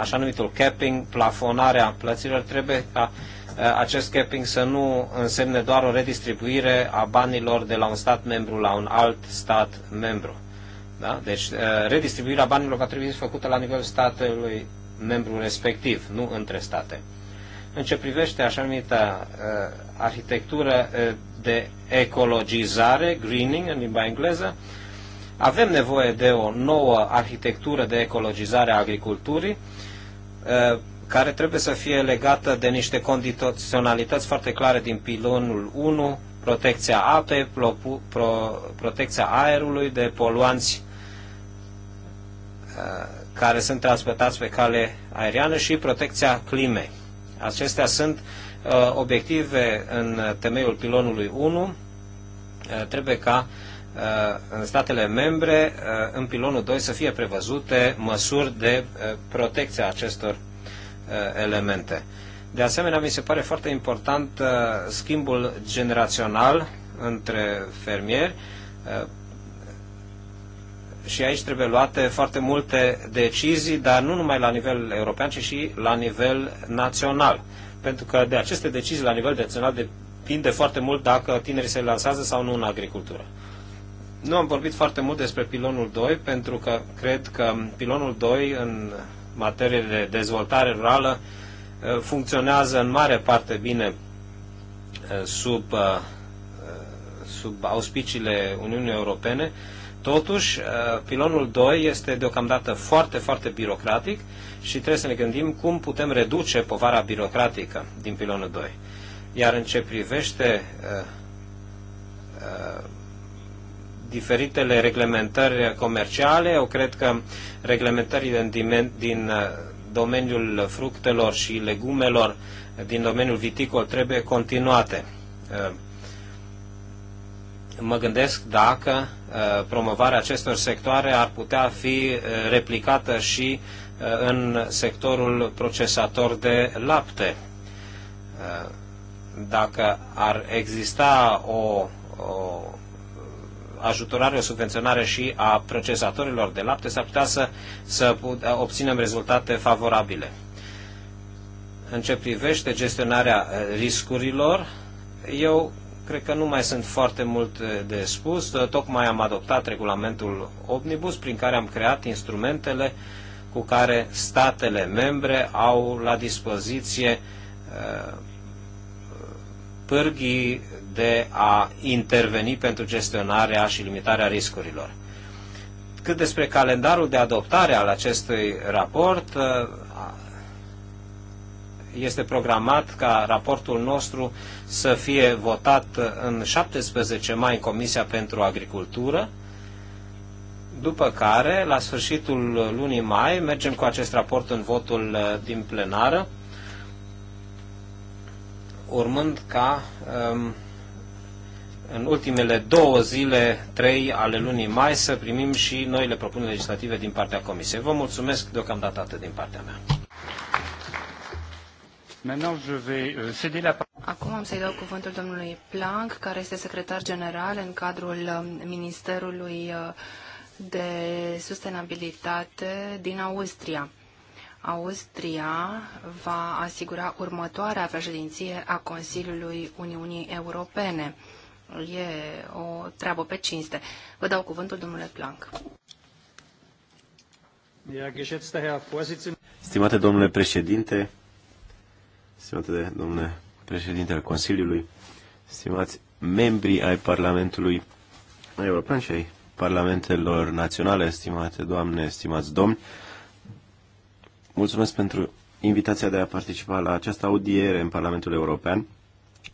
așa numitul capping, plafonarea plăților, trebuie ca Uh, acest capping să nu însemne doar o redistribuire a banilor de la un stat membru la un alt stat membru. Da? Deci uh, redistribuirea banilor va trebui făcută la nivelul statului membru respectiv, nu între state. În ce privește așa numită uh, arhitectură de ecologizare, greening în limba engleză, avem nevoie de o nouă arhitectură de ecologizare a agriculturii, care trebuie să fie legată de niște condiționalități foarte clare din pilonul 1, protecția apei, pro, pro, protecția aerului de poluanți uh, care sunt transportați pe cale aeriană și protecția climei. Acestea sunt uh, obiective în temeiul pilonului 1. Uh, trebuie ca uh, în statele membre, uh, în pilonul 2, să fie prevăzute măsuri de uh, protecție a acestor Uh, elemente. De asemenea, mi se pare foarte important uh, schimbul generațional între fermieri uh, și aici trebuie luate foarte multe decizii, dar nu numai la nivel european, ci și la nivel național. Pentru că de aceste decizii la nivel național depinde foarte mult dacă tinerii se lansează sau nu în agricultură. Nu am vorbit foarte mult despre pilonul 2, pentru că cred că pilonul 2 în materie de dezvoltare rurală uh, funcționează în mare parte bine uh, sub, uh, sub auspiciile Uniunii Europene. Totuși, pilonul 2 este deocamdată foarte, foarte birocratic și trebuie să ne gândim cum putem reduce povara birocratică din pilonul 2. Iar în ce privește diferitele reglementări comerciale. Eu cred că reglementările din, din uh, domeniul fructelor și legumelor, uh, din domeniul viticol, trebuie continuate. Uh, mă gândesc dacă promovarea acestor sectoare ar putea fi replicată și în sectorul procesator de lapte. Dacă ar exista o, o ajutorare, o subvenționare și a procesatorilor de lapte, s-ar putea să, să obținem rezultate favorabile. În ce privește gestionarea eh, riscurilor, eu cred că nu mai sunt foarte mult eh, de spus. Tocmai am adoptat regulamentul Omnibus, prin care am creat instrumentele cu care statele membre au la dispoziție eh, pârghii de a interveni pentru gestionarea și limitarea riscurilor. Cât despre calendarul de adoptare al acestui raport, uh, este programat ca raportul nostru să fie votat în 17 mai în Comisia pentru Agricultură, după care, la sfârșitul lunii mai, mergem cu acest raport în votul uh, din plenară, urmând ca um, în ultimele două zile, trei ale lunii mai, să primim și noile propuneri legislative din partea Comisiei. Vă mulțumesc deocamdată atât din partea mea. Euh, Acum am să-i dau cuvântul domnului Planck, care este secretar general în cadrul um, Ministerului uh, de Sustenabilitate din Austria. Austria va asigura următoarea președinție a Consiliului Uniunii Europene. E o treabă pe cinste. Vă dau cuvântul, domnule Planck. Stimate domnule președinte, stimate domnule președinte al Consiliului, stimați membri ai Parlamentului European și ai Parlamentelor Naționale, stimate doamne, stimați domni, mulțumesc pentru invitația de a participa la această audiere în Parlamentul European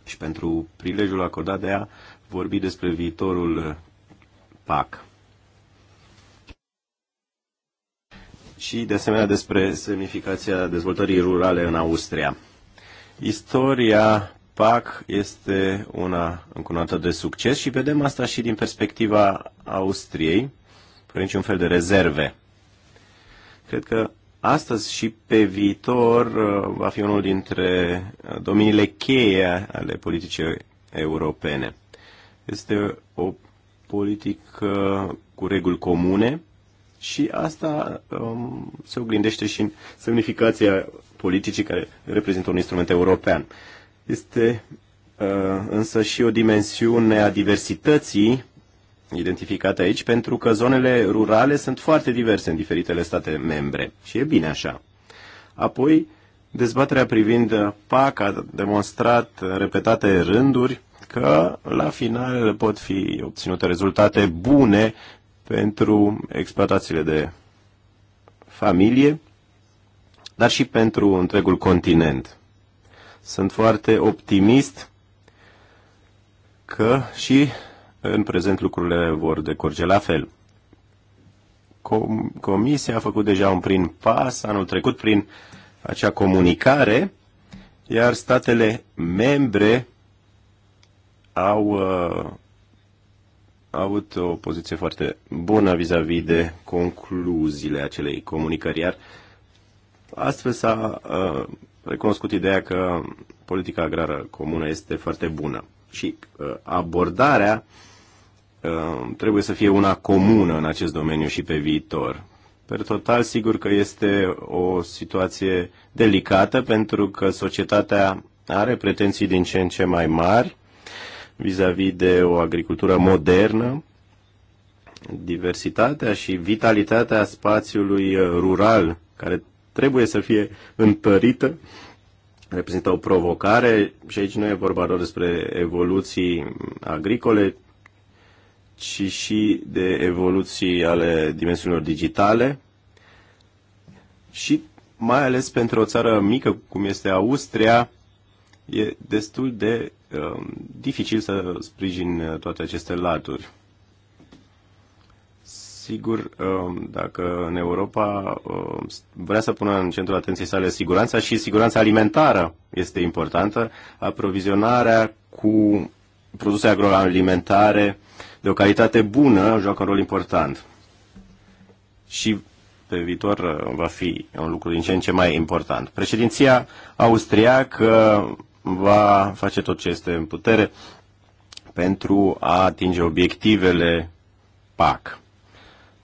și pentru prilejul acordat de a vorbi despre viitorul PAC. Și, de asemenea, despre semnificația dezvoltării rurale în Austria. Istoria PAC este una încunată de succes și vedem asta și din perspectiva Austriei, fără niciun fel de rezerve. Cred că astăzi și pe viitor uh, va fi unul dintre uh, domeniile cheie ale politicii europene. Este o politică cu reguli comune și asta um, se oglindește și în semnificația politicii care reprezintă un instrument european. Este uh, însă și o dimensiune a diversității identificate aici pentru că zonele rurale sunt foarte diverse în diferitele state membre și e bine așa. Apoi, dezbaterea privind PAC a demonstrat repetate rânduri că la final pot fi obținute rezultate bune pentru exploatațiile de familie, dar și pentru întregul continent. Sunt foarte optimist că și în prezent lucrurile vor decurge la fel. Com Comisia a făcut deja un prim pas anul trecut prin acea comunicare, iar statele membre au uh, avut o poziție foarte bună vis-a-vis -vis de concluziile acelei comunicări, iar astfel s-a uh, recunoscut ideea că politica agrară comună este foarte bună și uh, abordarea uh, Uh, trebuie să fie una comună în acest domeniu și pe viitor. Per total, sigur că este o situație delicată pentru că societatea are pretenții din ce în ce mai mari vis-a-vis -vis de o agricultură modernă. Diversitatea și vitalitatea spațiului rural, care trebuie să fie întărită, reprezintă o provocare și aici nu e vorba doar despre evoluții agricole, ci și de evoluții ale dimensiunilor digitale și mai ales pentru o țară mică cum este Austria, e destul de um, dificil să sprijin toate aceste laturi. Sigur, um, dacă în Europa um, vrea să pună în centrul atenției sale siguranța și siguranța alimentară este importantă, aprovizionarea cu produse agroalimentare uh, de o calitate bună joacă un rol important. Și pe viitor uh, va fi un lucru din ce în ce mai important. Președinția austriacă va face tot ce este în putere pentru a atinge obiectivele PAC.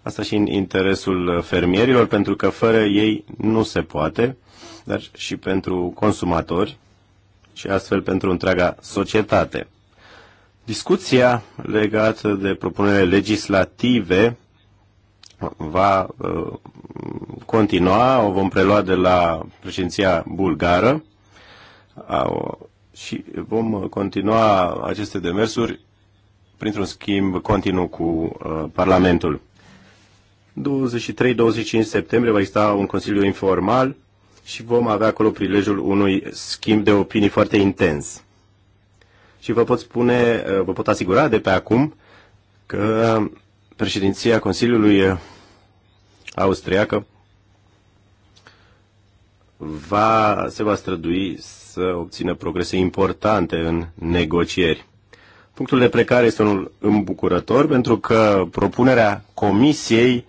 Asta și în interesul fermierilor, pentru că fără ei nu se poate, dar și pentru consumatori și astfel pentru întreaga societate. Discuția legată de propunerile legislative va uh, continua, o vom prelua de la președinția bulgară și vom continua aceste demersuri printr-un schimb continuu cu uh, Parlamentul. 23-25 septembrie va exista un consiliu informal și vom avea acolo prilejul unui schimb de opinii foarte intens și vă pot spune, uh, vă pot asigura de pe acum că președinția Consiliului Austriacă va, se va strădui să obțină progrese importante în negocieri. Punctul de plecare este unul îmbucurător pentru că propunerea Comisiei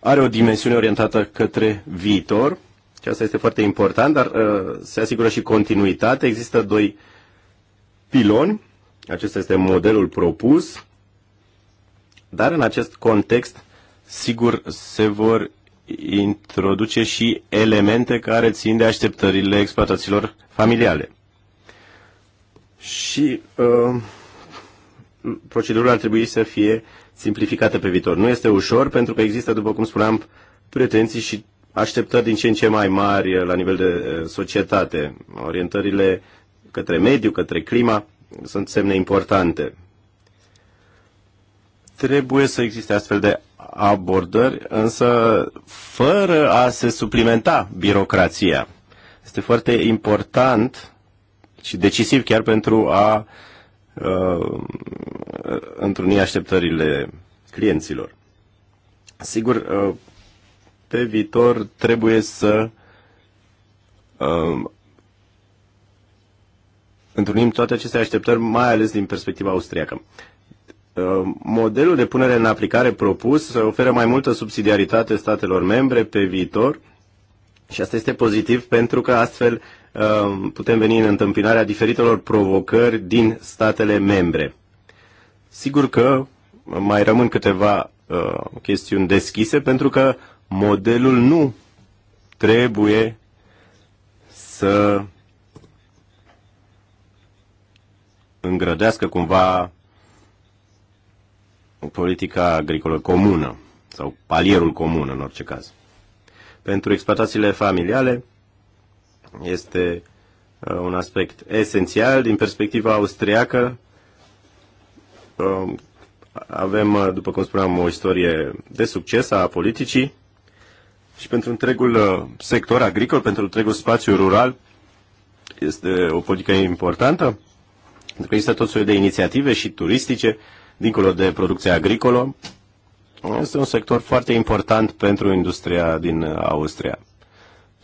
are o dimensiune orientată către viitor, și asta este foarte important, dar uh, se asigură și continuitate. Există doi piloni, acesta este modelul propus, dar în acest context, sigur, se vor introduce și elemente care țin de așteptările exploatațiilor familiale. Și uh, procedurile ar trebui să fie simplificate pe viitor. Nu este ușor pentru că există, după cum spuneam, pretenții și așteptări din ce în ce mai mari la nivel de uh, societate. Orientările către mediu, către clima, sunt semne importante. Trebuie să existe astfel de abordări, însă fără a se suplimenta birocrația. Este foarte important și decisiv chiar pentru a uh, întruni așteptările clienților. Sigur, uh, pe viitor trebuie să uh, întâlnim toate aceste așteptări, mai ales din perspectiva austriacă. Uh, modelul de punere în aplicare propus oferă mai multă subsidiaritate statelor membre pe viitor și asta este pozitiv pentru că astfel uh, putem veni în întâmpinarea diferitelor provocări din statele membre. Sigur că mai rămân câteva uh, chestiuni deschise pentru că modelul nu trebuie să îngrădească cumva politica agricolă comună sau palierul comun în orice caz. Pentru exploatațiile familiale este uh, un aspect esențial din perspectiva austriacă. Um, avem, uh, după cum spuneam, o istorie de succes a politicii și pentru întregul uh, sector agricol, pentru întregul spațiu rural, este o politică importantă pentru că există tot soiul de inițiative și turistice, dincolo de producția agricolă. Este un sector foarte important pentru industria din Austria.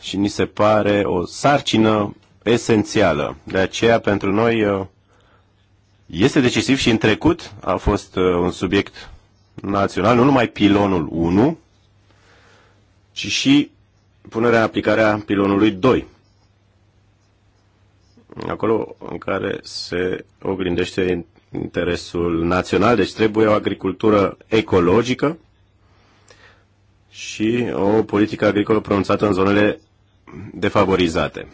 Și ni se pare o sarcină esențială. De aceea, pentru noi, este decisiv și în trecut a fost uh, un subiect național, nu numai pilonul 1, ci și punerea în aplicare a pilonului 2 acolo în care se oglindește interesul național, deci trebuie o agricultură ecologică și o politică agricolă pronunțată în zonele defavorizate.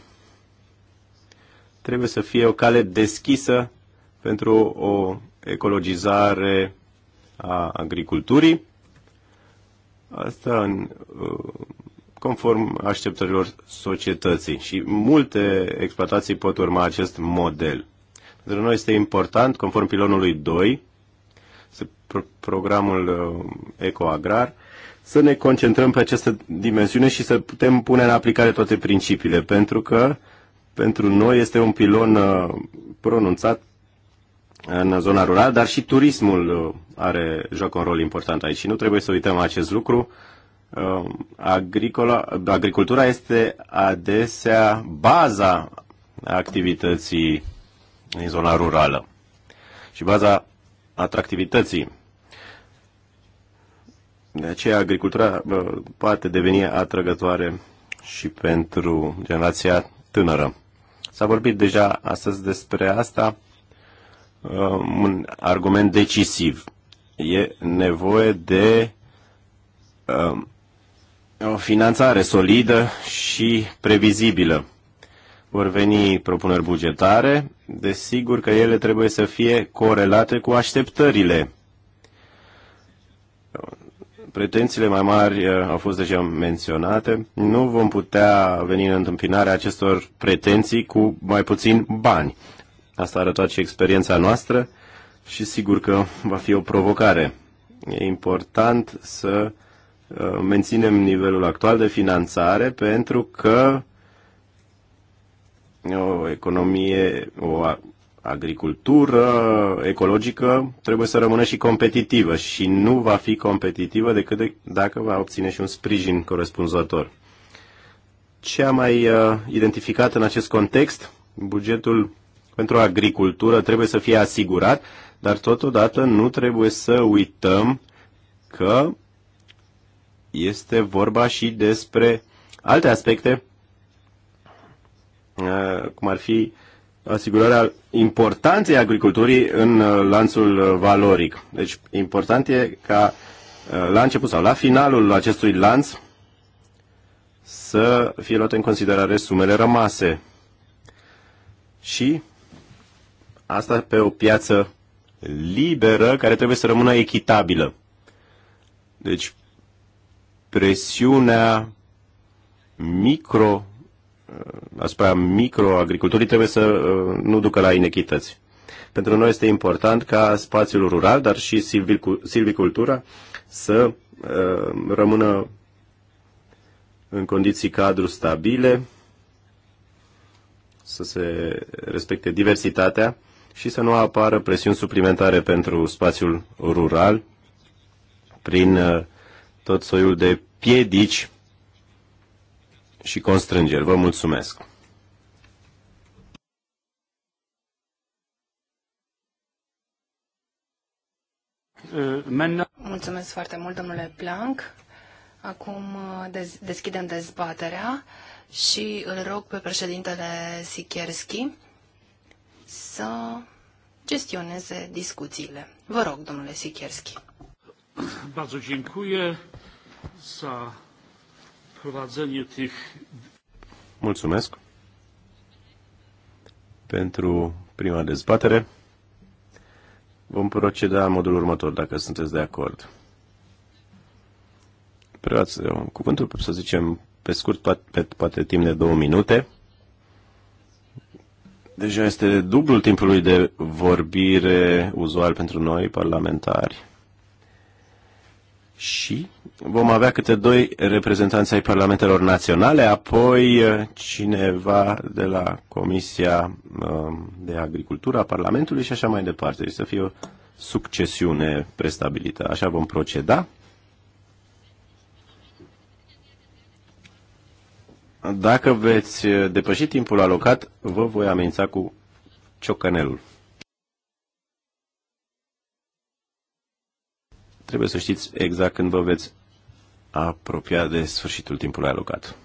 Trebuie să fie o cale deschisă pentru o ecologizare a agriculturii, asta în uh, conform așteptărilor societății și multe exploatații pot urma acest model. Pentru noi este important, conform pilonului 2, programul uh, ecoagrar, să ne concentrăm pe această dimensiune și să putem pune în aplicare toate principiile, pentru că pentru noi este un pilon uh, pronunțat în zona rurală, dar și turismul uh, are, joacă un rol important aici și nu trebuie să uităm acest lucru Um, agricola, agricultura este adesea baza activității în zona rurală și baza atractivității. De aceea agricultura uh, poate deveni atrăgătoare și pentru generația tânără. S-a vorbit deja astăzi despre asta. Um, un argument decisiv. E nevoie de um, o finanțare solidă și previzibilă. Vor veni propuneri bugetare, desigur că ele trebuie să fie corelate cu așteptările. Pretențiile mai mari uh, au fost deja menționate. Nu vom putea veni în întâmpinarea acestor pretenții cu mai puțin bani. Asta a arătat și experiența noastră și sigur că va fi o provocare. E important să Uh, menținem nivelul actual de finanțare pentru că o economie, o agricultură ecologică trebuie să rămână și competitivă și nu va fi competitivă decât de, dacă va obține și un sprijin corespunzător. Ce am mai uh, identificat în acest context? Bugetul pentru agricultură trebuie să fie asigurat, dar totodată nu trebuie să uităm că este vorba și despre alte aspecte, uh, cum ar fi asigurarea importanței agriculturii în uh, lanțul uh, valoric. Deci important e ca la început sau la finalul acestui lanț să fie luate în considerare sumele rămase. Și asta pe o piață liberă care trebuie să rămână echitabilă. Deci presiunea micro asupra microagriculturii trebuie să uh, nu ducă la inechități. Pentru noi este important ca spațiul rural, dar și silvicultura să uh, rămână în condiții cadru stabile, să se respecte diversitatea și să nu apară presiuni suplimentare pentru spațiul rural prin uh, tot soiul de piedici și constrângeri. Vă mulțumesc! Mulțumesc foarte mult, domnule Planck. Acum uh, dez- deschidem dezbaterea și îl rog pe președintele Sikierski să gestioneze discuțiile. Vă rog, domnule Sikierski. Bardzo dziękuję za prowadzenie tych... Mulțumesc pentru prima dezbatere. Vom proceda în modul următor, dacă sunteți de acord. Preați uh, cuvântul, să zicem, pe scurt, poate, poate timp de două minute. Deja este dublul timpului de vorbire uzual pentru noi, parlamentari și vom avea câte doi reprezentanți ai parlamentelor naționale, apoi uh, cineva de la Comisia um, de Agricultură a Parlamentului și așa mai departe. Deci să fie o succesiune prestabilită. Așa vom proceda. Dacă veți depăși timpul alocat, vă voi amenința cu ciocănelul. trebuie să știți exact când vă veți apropia de sfârșitul timpului alocat.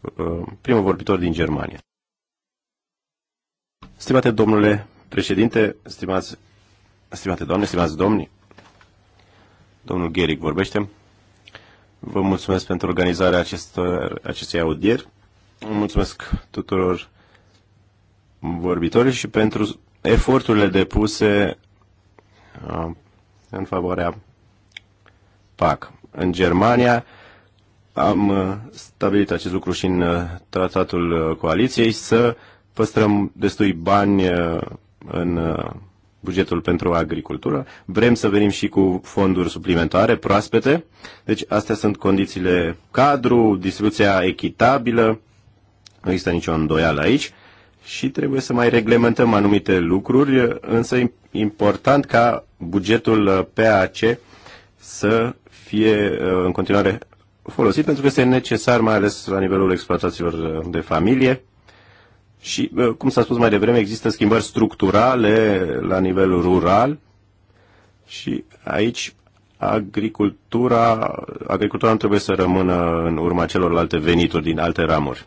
Uh, primul vorbitor din Germania. Stimate domnule președinte, stimați, stimate doamne, stimați domni, domnul Gheric vorbește. Vă mulțumesc pentru organizarea acestor, acestei audieri. Mulțumesc tuturor vorbitorilor și pentru eforturile depuse uh, în favoarea PAC. În Germania am uh, stabilit acest lucru și în uh, tratatul uh, coaliției să păstrăm destui bani în bugetul pentru agricultură. Vrem să venim și cu fonduri suplimentare, proaspete. Deci astea sunt condițiile cadru, distribuția echitabilă, nu există nicio îndoială aici și trebuie să mai reglementăm anumite lucruri, însă important ca bugetul PAC să fie uh, în continuare folosit pentru că este necesar mai ales la nivelul exploatațiilor uh, de familie. Și, uh, cum s-a spus mai devreme, există schimbări structurale la nivel rural și aici agricultura, agricultura nu trebuie să rămână în urma celorlalte venituri din alte ramuri.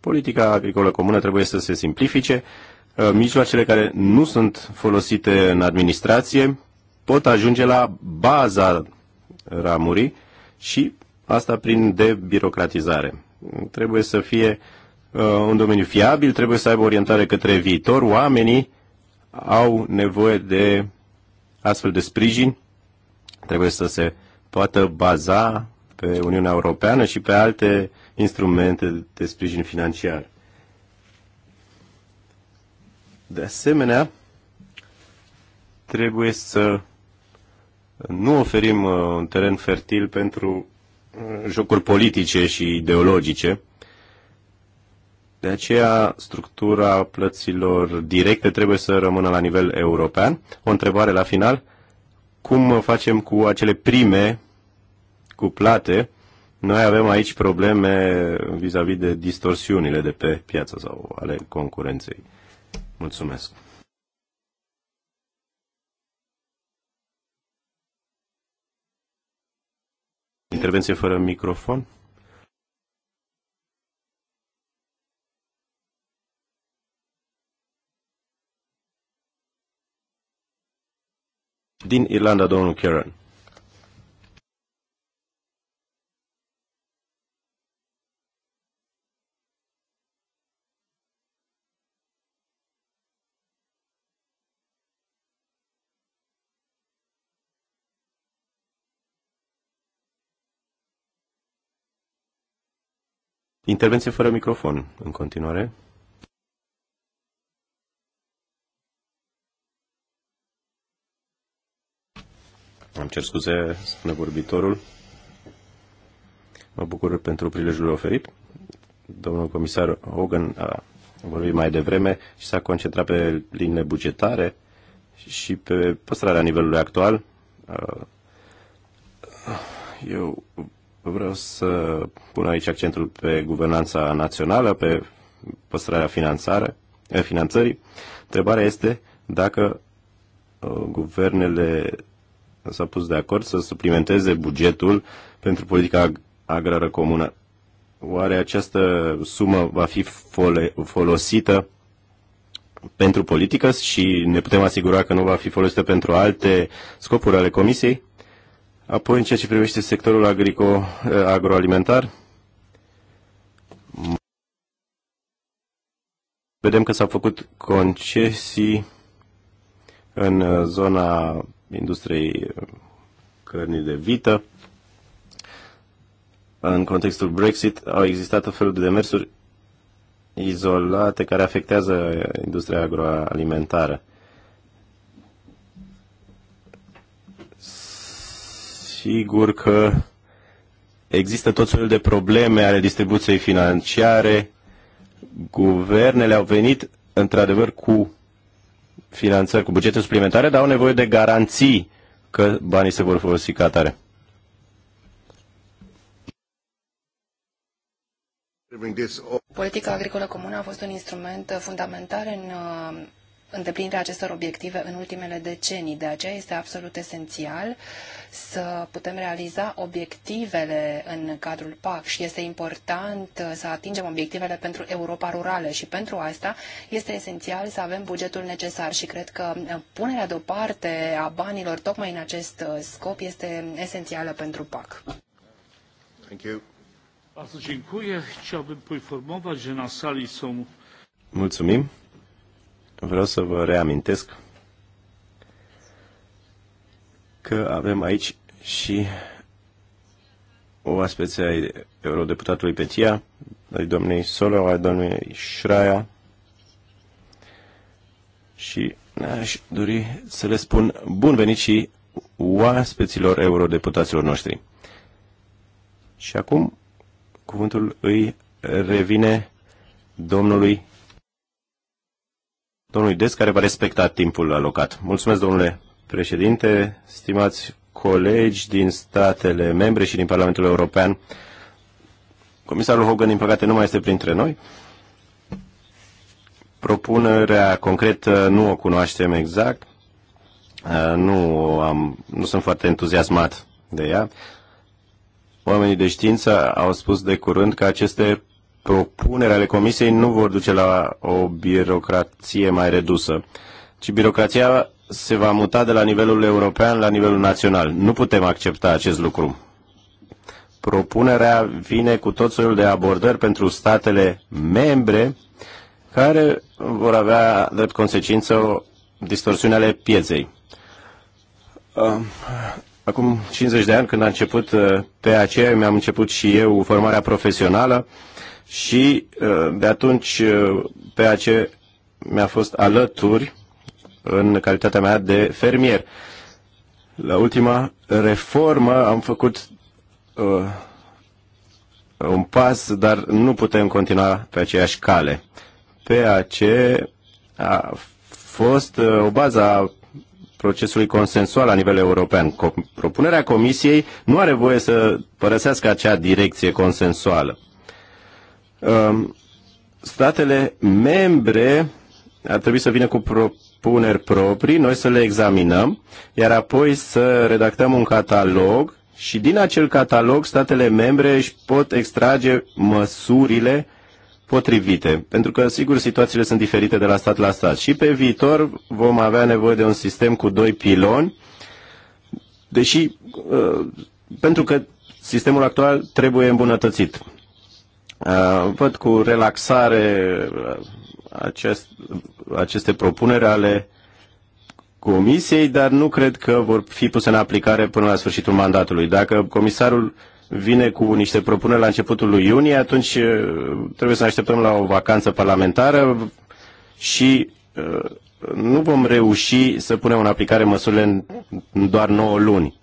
Politica agricolă comună trebuie să se simplifice. Mijloacele care nu sunt folosite în administrație pot ajunge la baza ramuri și asta prin debirocratizare. Trebuie să fie uh, un domeniu fiabil, trebuie să aibă orientare către viitor. Oamenii au nevoie de astfel de sprijin, trebuie să se poată baza pe Uniunea Europeană și pe alte instrumente de sprijin financiar. De asemenea, trebuie să nu oferim uh, un teren fertil pentru uh, jocuri politice și ideologice. De aceea, structura plăților directe trebuie să rămână la nivel european. O întrebare la final. Cum facem cu acele prime cuplate? Noi avem aici probleme vis-a-vis -vis de distorsiunile de pe piață sau ale concurenței. Mulțumesc. Intervenție fără microfon. Din Irlanda, domnul Karen. Intervenție fără microfon, în continuare. Am cer scuze, spune vorbitorul. Mă bucur pentru prilejul oferit. Domnul comisar Hogan a vorbit mai devreme și s-a concentrat pe linile bugetare și pe păstrarea nivelului actual. Eu Vreau să pun aici accentul pe guvernanța națională, pe păstrarea eh, finanțării. Întrebarea este dacă uh, guvernele s-au pus de acord să suplimenteze bugetul pentru politica agrară comună. Oare această sumă va fi folosită pentru politică și ne putem asigura că nu va fi folosită pentru alte scopuri ale Comisiei? Apoi, în ceea ce privește sectorul agrico, eh, agroalimentar, vedem că s-au făcut concesii în eh, zona industriei eh, cărnii de vită. În contextul Brexit au existat o felul de demersuri izolate care afectează industria agroalimentară. sigur că există tot felul de probleme ale distribuției financiare. Guvernele au venit, într-adevăr, cu finanțări, cu bugete suplimentare, dar au nevoie de garanții că banii se vor folosi ca atare. Politica agricolă comună a fost un instrument fundamental în uh, îndeplinirea acestor obiective în ultimele decenii. De aceea este absolut esențial să putem realiza obiectivele în cadrul PAC și este important uh, să atingem obiectivele pentru Europa rurală și pentru asta este esențial să avem bugetul necesar și cred că uh, punerea deoparte a banilor tocmai în acest uh, scop este esențială pentru PAC. Thank you. Bardzo dziękuję. Chciałbym poinformować, że na sali są... Mulțumim vreau să vă reamintesc că avem aici și o aspeție a eurodeputatului Petia, ai doamnei Solo, ai doamnei Șraia și aș dori să le spun bun venit și oaspeților eurodeputaților noștri. Și acum cuvântul îi revine domnului domnului Des, care va respecta timpul alocat. Mulțumesc, domnule președinte, stimați colegi din statele membre și din Parlamentul European. Comisarul Hogan, din păcate, nu mai este printre noi. Propunerea concretă nu o cunoaștem exact. Nu, am, nu sunt foarte entuziasmat de ea. Oamenii de știință au spus de curând că aceste Propunerea ale Comisiei nu vor duce la o birocrație mai redusă, ci birocrația se va muta de la nivelul european la nivelul național. Nu putem accepta acest lucru. Propunerea vine cu tot soiul de abordări pentru statele membre care vor avea drept consecință distorsiunea ale pieței. Acum 50 de ani, când a început uh, pe aceea, mi-am început și eu formarea profesională, și uh, de atunci ce uh, mi-a fost alături în calitatea mea de fermier. La ultima reformă am făcut uh, un pas, dar nu putem continua pe aceeași cale. PAC a fost uh, o bază a procesului consensual la nivel european. propunerea Comisiei nu are voie să părăsească acea direcție consensuală. Um, statele membre ar trebui să vină cu propuneri proprii, noi să le examinăm, iar apoi să redactăm un catalog și din acel catalog statele membre își pot extrage măsurile potrivite. Pentru că, sigur, situațiile sunt diferite de la stat la stat. Și pe viitor vom avea nevoie de un sistem cu doi piloni, deși, uh, pentru că sistemul actual trebuie îmbunătățit. Uh, văd cu relaxare uh, acest, aceste propuneri ale Comisiei, dar nu cred că vor fi puse în aplicare până la sfârșitul mandatului. Dacă comisarul vine cu niște propuneri la începutul lui iunie, atunci uh, trebuie să ne așteptăm la o vacanță parlamentară și nu vom reuși să punem în aplicare măsurile în doar 9 luni.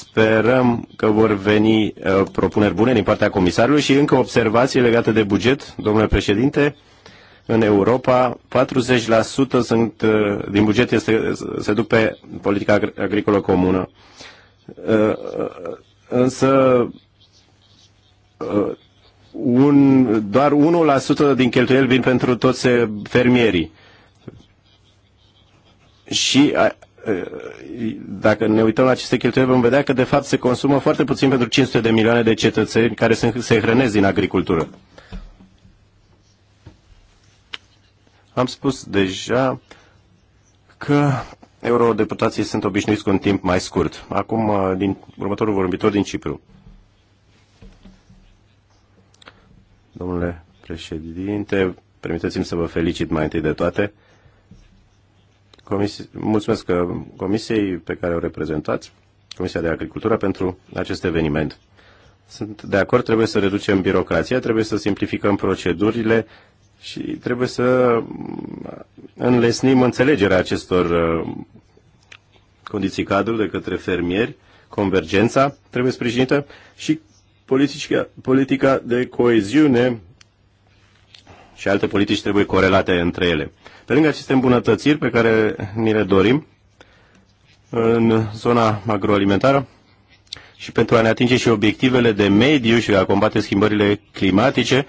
Sperăm că vor veni uh, propuneri bune din partea comisarului și încă observații legate de buget, domnule președinte. În Europa, 40% sunt, uh, din buget este, se duc pe politica agricolă comună. Uh, uh însă, uh, un, doar 1% din cheltuieli vin pentru toți fermierii. Și dacă ne uităm la aceste cheltuieli, vom vedea că de fapt se consumă foarte puțin pentru 500 de milioane de cetățeni care se, se hrănesc din agricultură. Am spus deja că eurodeputații sunt obișnuiți cu un timp mai scurt. Acum, uh, din următorul vorbitor din Cipru. Domnule președinte, permiteți-mi să vă felicit mai întâi de toate comisie, mulțumesc uh, comisiei pe care o reprezentați, Comisia de Agricultură, pentru acest eveniment. Sunt de acord, trebuie să reducem birocrația, trebuie să simplificăm procedurile și trebuie să mm, înlesnim înțelegerea acestor uh, condiții cadru de către fermieri, convergența trebuie sprijinită și politica, politica de coeziune și alte politici trebuie corelate între ele. Pe lângă aceste îmbunătățiri pe care ni le dorim în zona agroalimentară și pentru a ne atinge și obiectivele de mediu și a combate schimbările climatice,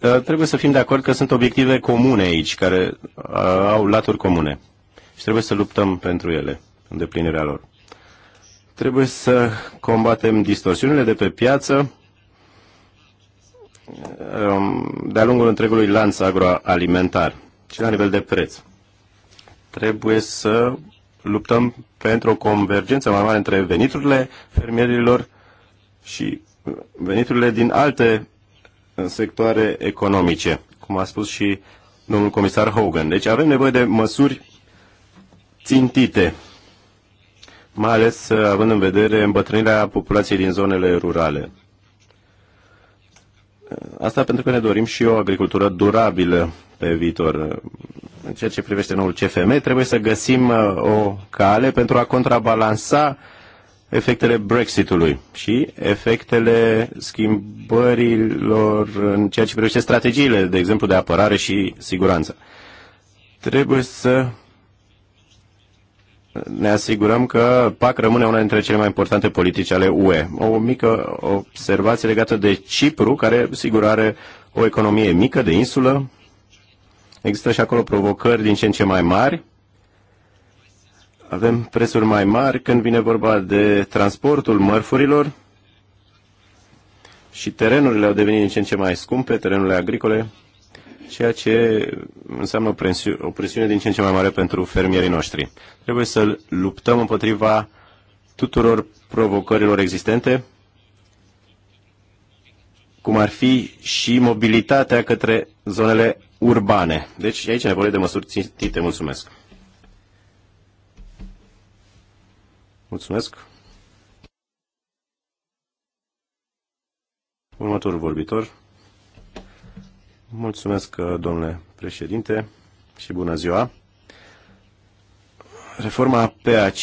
uh, trebuie să fim de acord că sunt obiective comune aici, care uh, au laturi comune și trebuie să luptăm pentru ele, îndeplinirea lor. Trebuie să combatem distorsiunile de pe piață, Um, de-a lungul întregului lanț agroalimentar și la nivel de preț. Trebuie să luptăm pentru o convergență mai mare între veniturile fermierilor și veniturile din alte uh, sectoare economice, cum a spus și domnul comisar Hogan. Deci avem nevoie de măsuri țintite, mai ales uh, având în vedere îmbătrânirea populației din zonele rurale. Asta pentru că ne dorim și o agricultură durabilă pe viitor. În ceea ce privește noul CFM, trebuie să găsim uh, o cale pentru a contrabalansa efectele Brexitului și efectele schimbărilor în ceea ce privește strategiile, de exemplu, de apărare și siguranță. Trebuie să ne asigurăm că PAC rămâne una dintre cele mai importante politici ale UE. O mică observație legată de Cipru, care sigur are o economie mică, de insulă. Există și acolo provocări din ce în ce mai mari. Avem prețuri mai mari când vine vorba de transportul mărfurilor și terenurile au devenit din ce în ce mai scumpe, terenurile agricole ceea ce înseamnă o presiune, din ce în ce mai mare pentru fermierii noștri. Trebuie să luptăm împotriva tuturor provocărilor existente, cum ar fi și mobilitatea către zonele urbane. Deci aici e nevoie de măsuri țintite. Mulțumesc. Mulțumesc. Următorul vorbitor. Mulțumesc, uh, domnule președinte, și bună ziua. Reforma PAC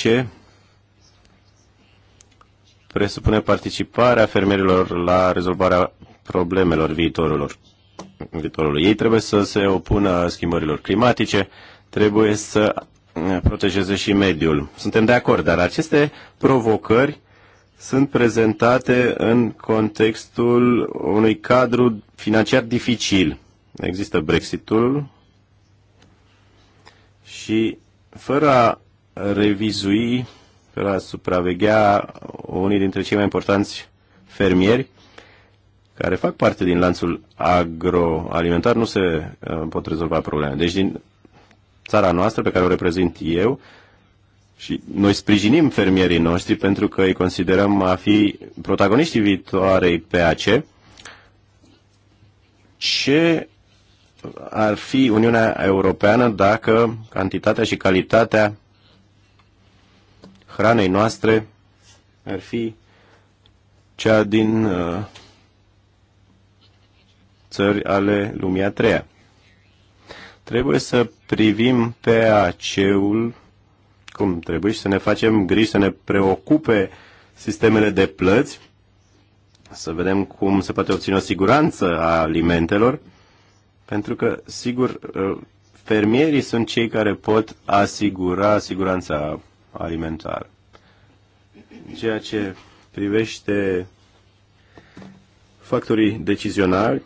presupune participarea fermierilor la rezolvarea problemelor viitorilor, viitorului. Ei trebuie să se opună schimbărilor climatice, trebuie să uh, protejeze și mediul. Suntem de acord, dar aceste provocări sunt prezentate în contextul unui cadru financiar dificil. Există Brexitul și fără a revizui, fără a supraveghea unii dintre cei mai importanți fermieri care fac parte din lanțul agroalimentar, nu se uh, pot rezolva problema. Deci din țara noastră, pe care o reprezint eu, și noi sprijinim fermierii noștri pentru că îi considerăm a fi protagoniștii viitoarei PAC. Ce ar fi Uniunea Europeană dacă cantitatea și calitatea hranei noastre ar fi cea din uh, țări ale lumii a treia. Trebuie să privim PAC-ul cum trebuie și să ne facem griji, să ne preocupe sistemele de plăți, să vedem cum se poate obține o siguranță a alimentelor, pentru că, sigur, uh, fermierii sunt cei care pot asigura siguranța alimentară. Ceea ce privește factorii decizionali,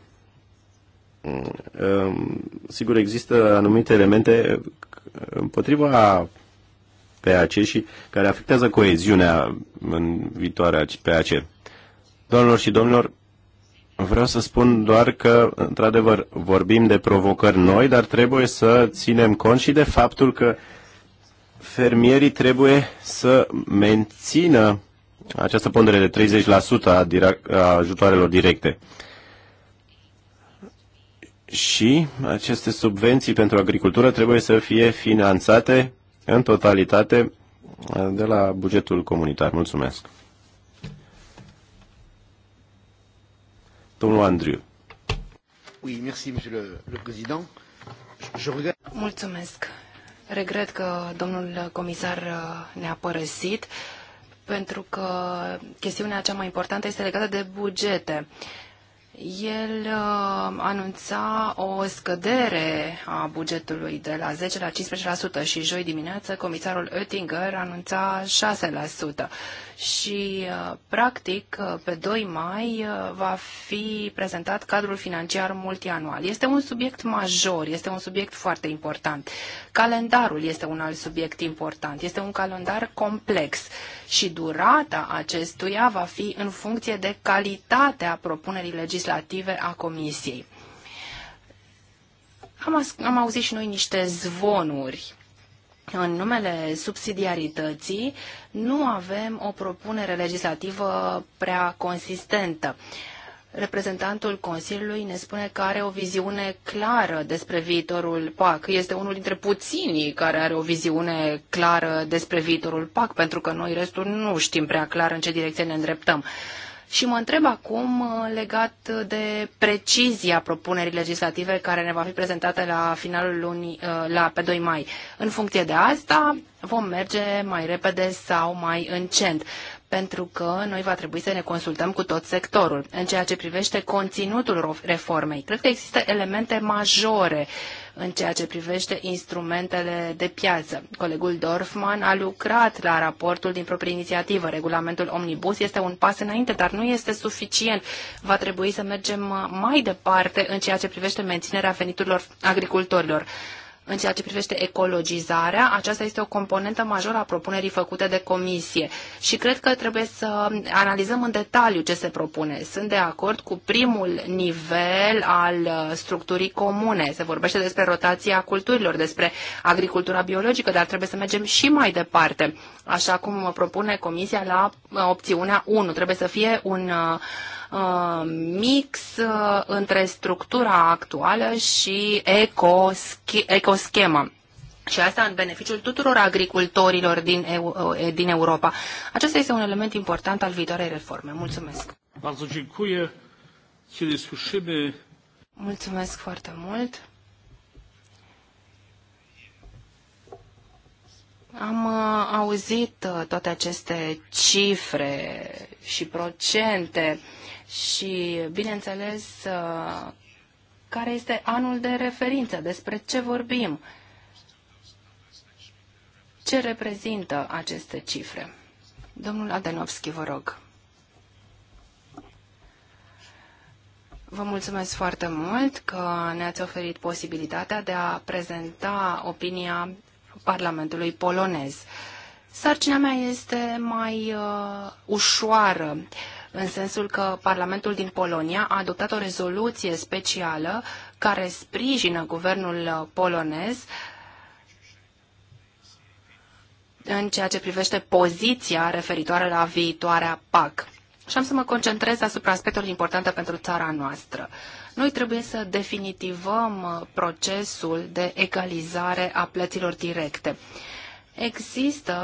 um, sigur există anumite elemente împotriva PAC și care afectează coeziunea în viitoarea PAC. Doamnelor și domnilor, vreau să spun doar că, într-adevăr, vorbim de provocări noi, dar trebuie să ținem cont și de faptul că fermierii trebuie să mențină această pondere de 30% a, direct, a ajutoarelor directe. Și aceste subvenții pentru agricultură trebuie să fie finanțate în totalitate de la bugetul comunitar. Mulțumesc. Domnul Andriu. Oui, merci, monsieur le, le président. Je regrette... Mulțumesc. Regret că domnul comisar uh, ne-a părăsit pentru că chestiunea cea mai importantă este legată de bugete. Uh, el uh, anunța o scădere a bugetului de la 10 la 15% și joi dimineață comisarul Oettinger anunța 6% și, uh, practic, uh, pe 2 mai uh, va fi prezentat cadrul financiar multianual. Este un subiect major, este un subiect foarte important. Calendarul este un alt subiect important. Este un calendar complex și durata acestuia va fi în funcție de calitatea propunerii legislative a Comisiei. Am, am auzit și noi niște zvonuri în numele subsidiarității nu avem o propunere legislativă prea consistentă. Reprezentantul Consiliului ne spune că are o viziune clară despre viitorul PAC. Este unul dintre puținii care are o viziune clară despre viitorul PAC, pentru că noi restul nu știm prea clar în ce direcție ne îndreptăm. Și mă întreb acum uh, legat de precizia propunerii legislative care ne va fi prezentată la finalul lunii, uh, la pe 2 mai. În funcție de asta, vom merge mai repede sau mai încet pentru că noi va trebui să ne consultăm cu tot sectorul. În ceea ce privește conținutul reformei, cred că există elemente majore în ceea ce privește instrumentele de piață. Colegul Dorfman a lucrat la raportul din proprie inițiativă. Regulamentul Omnibus este un pas înainte, dar nu este suficient. Va trebui să mergem mai departe în ceea ce privește menținerea veniturilor agricultorilor. În ceea ce privește ecologizarea, aceasta este o componentă majoră a propunerii făcute de comisie și cred că trebuie să analizăm în detaliu ce se propune. Sunt de acord cu primul nivel al uh, structurii comune. Se vorbește despre rotația culturilor, despre agricultura biologică, dar trebuie să mergem și mai departe, așa cum propune comisia la uh, opțiunea 1. Trebuie să fie un uh, Uh, mix uh, între structura actuală și ecoschema. și asta în beneficiul tuturor agricultorilor din, EU, uh, din Europa. Acesta este un element important al viitoarei reforme. Mulțumesc! Mulțumesc foarte mult! Am auzit toate aceste cifre și procente și, bineînțeles, uh, care este anul de referință, despre ce vorbim, ce reprezintă aceste cifre. Domnul Adenovski, vă rog. Vă mulțumesc foarte mult că ne-ați oferit posibilitatea de a prezenta opinia Parlamentului polonez. Sarcina mea este mai uh, ușoară. Uh, în sensul că Parlamentul din Polonia a adoptat o rezoluție specială care sprijină guvernul uh, polonez în ceea ce privește poziția referitoare la viitoarea PAC. Și am să mă concentrez asupra aspectelor importante pentru țara noastră. Noi trebuie să definitivăm uh, procesul de egalizare a plăților directe. Există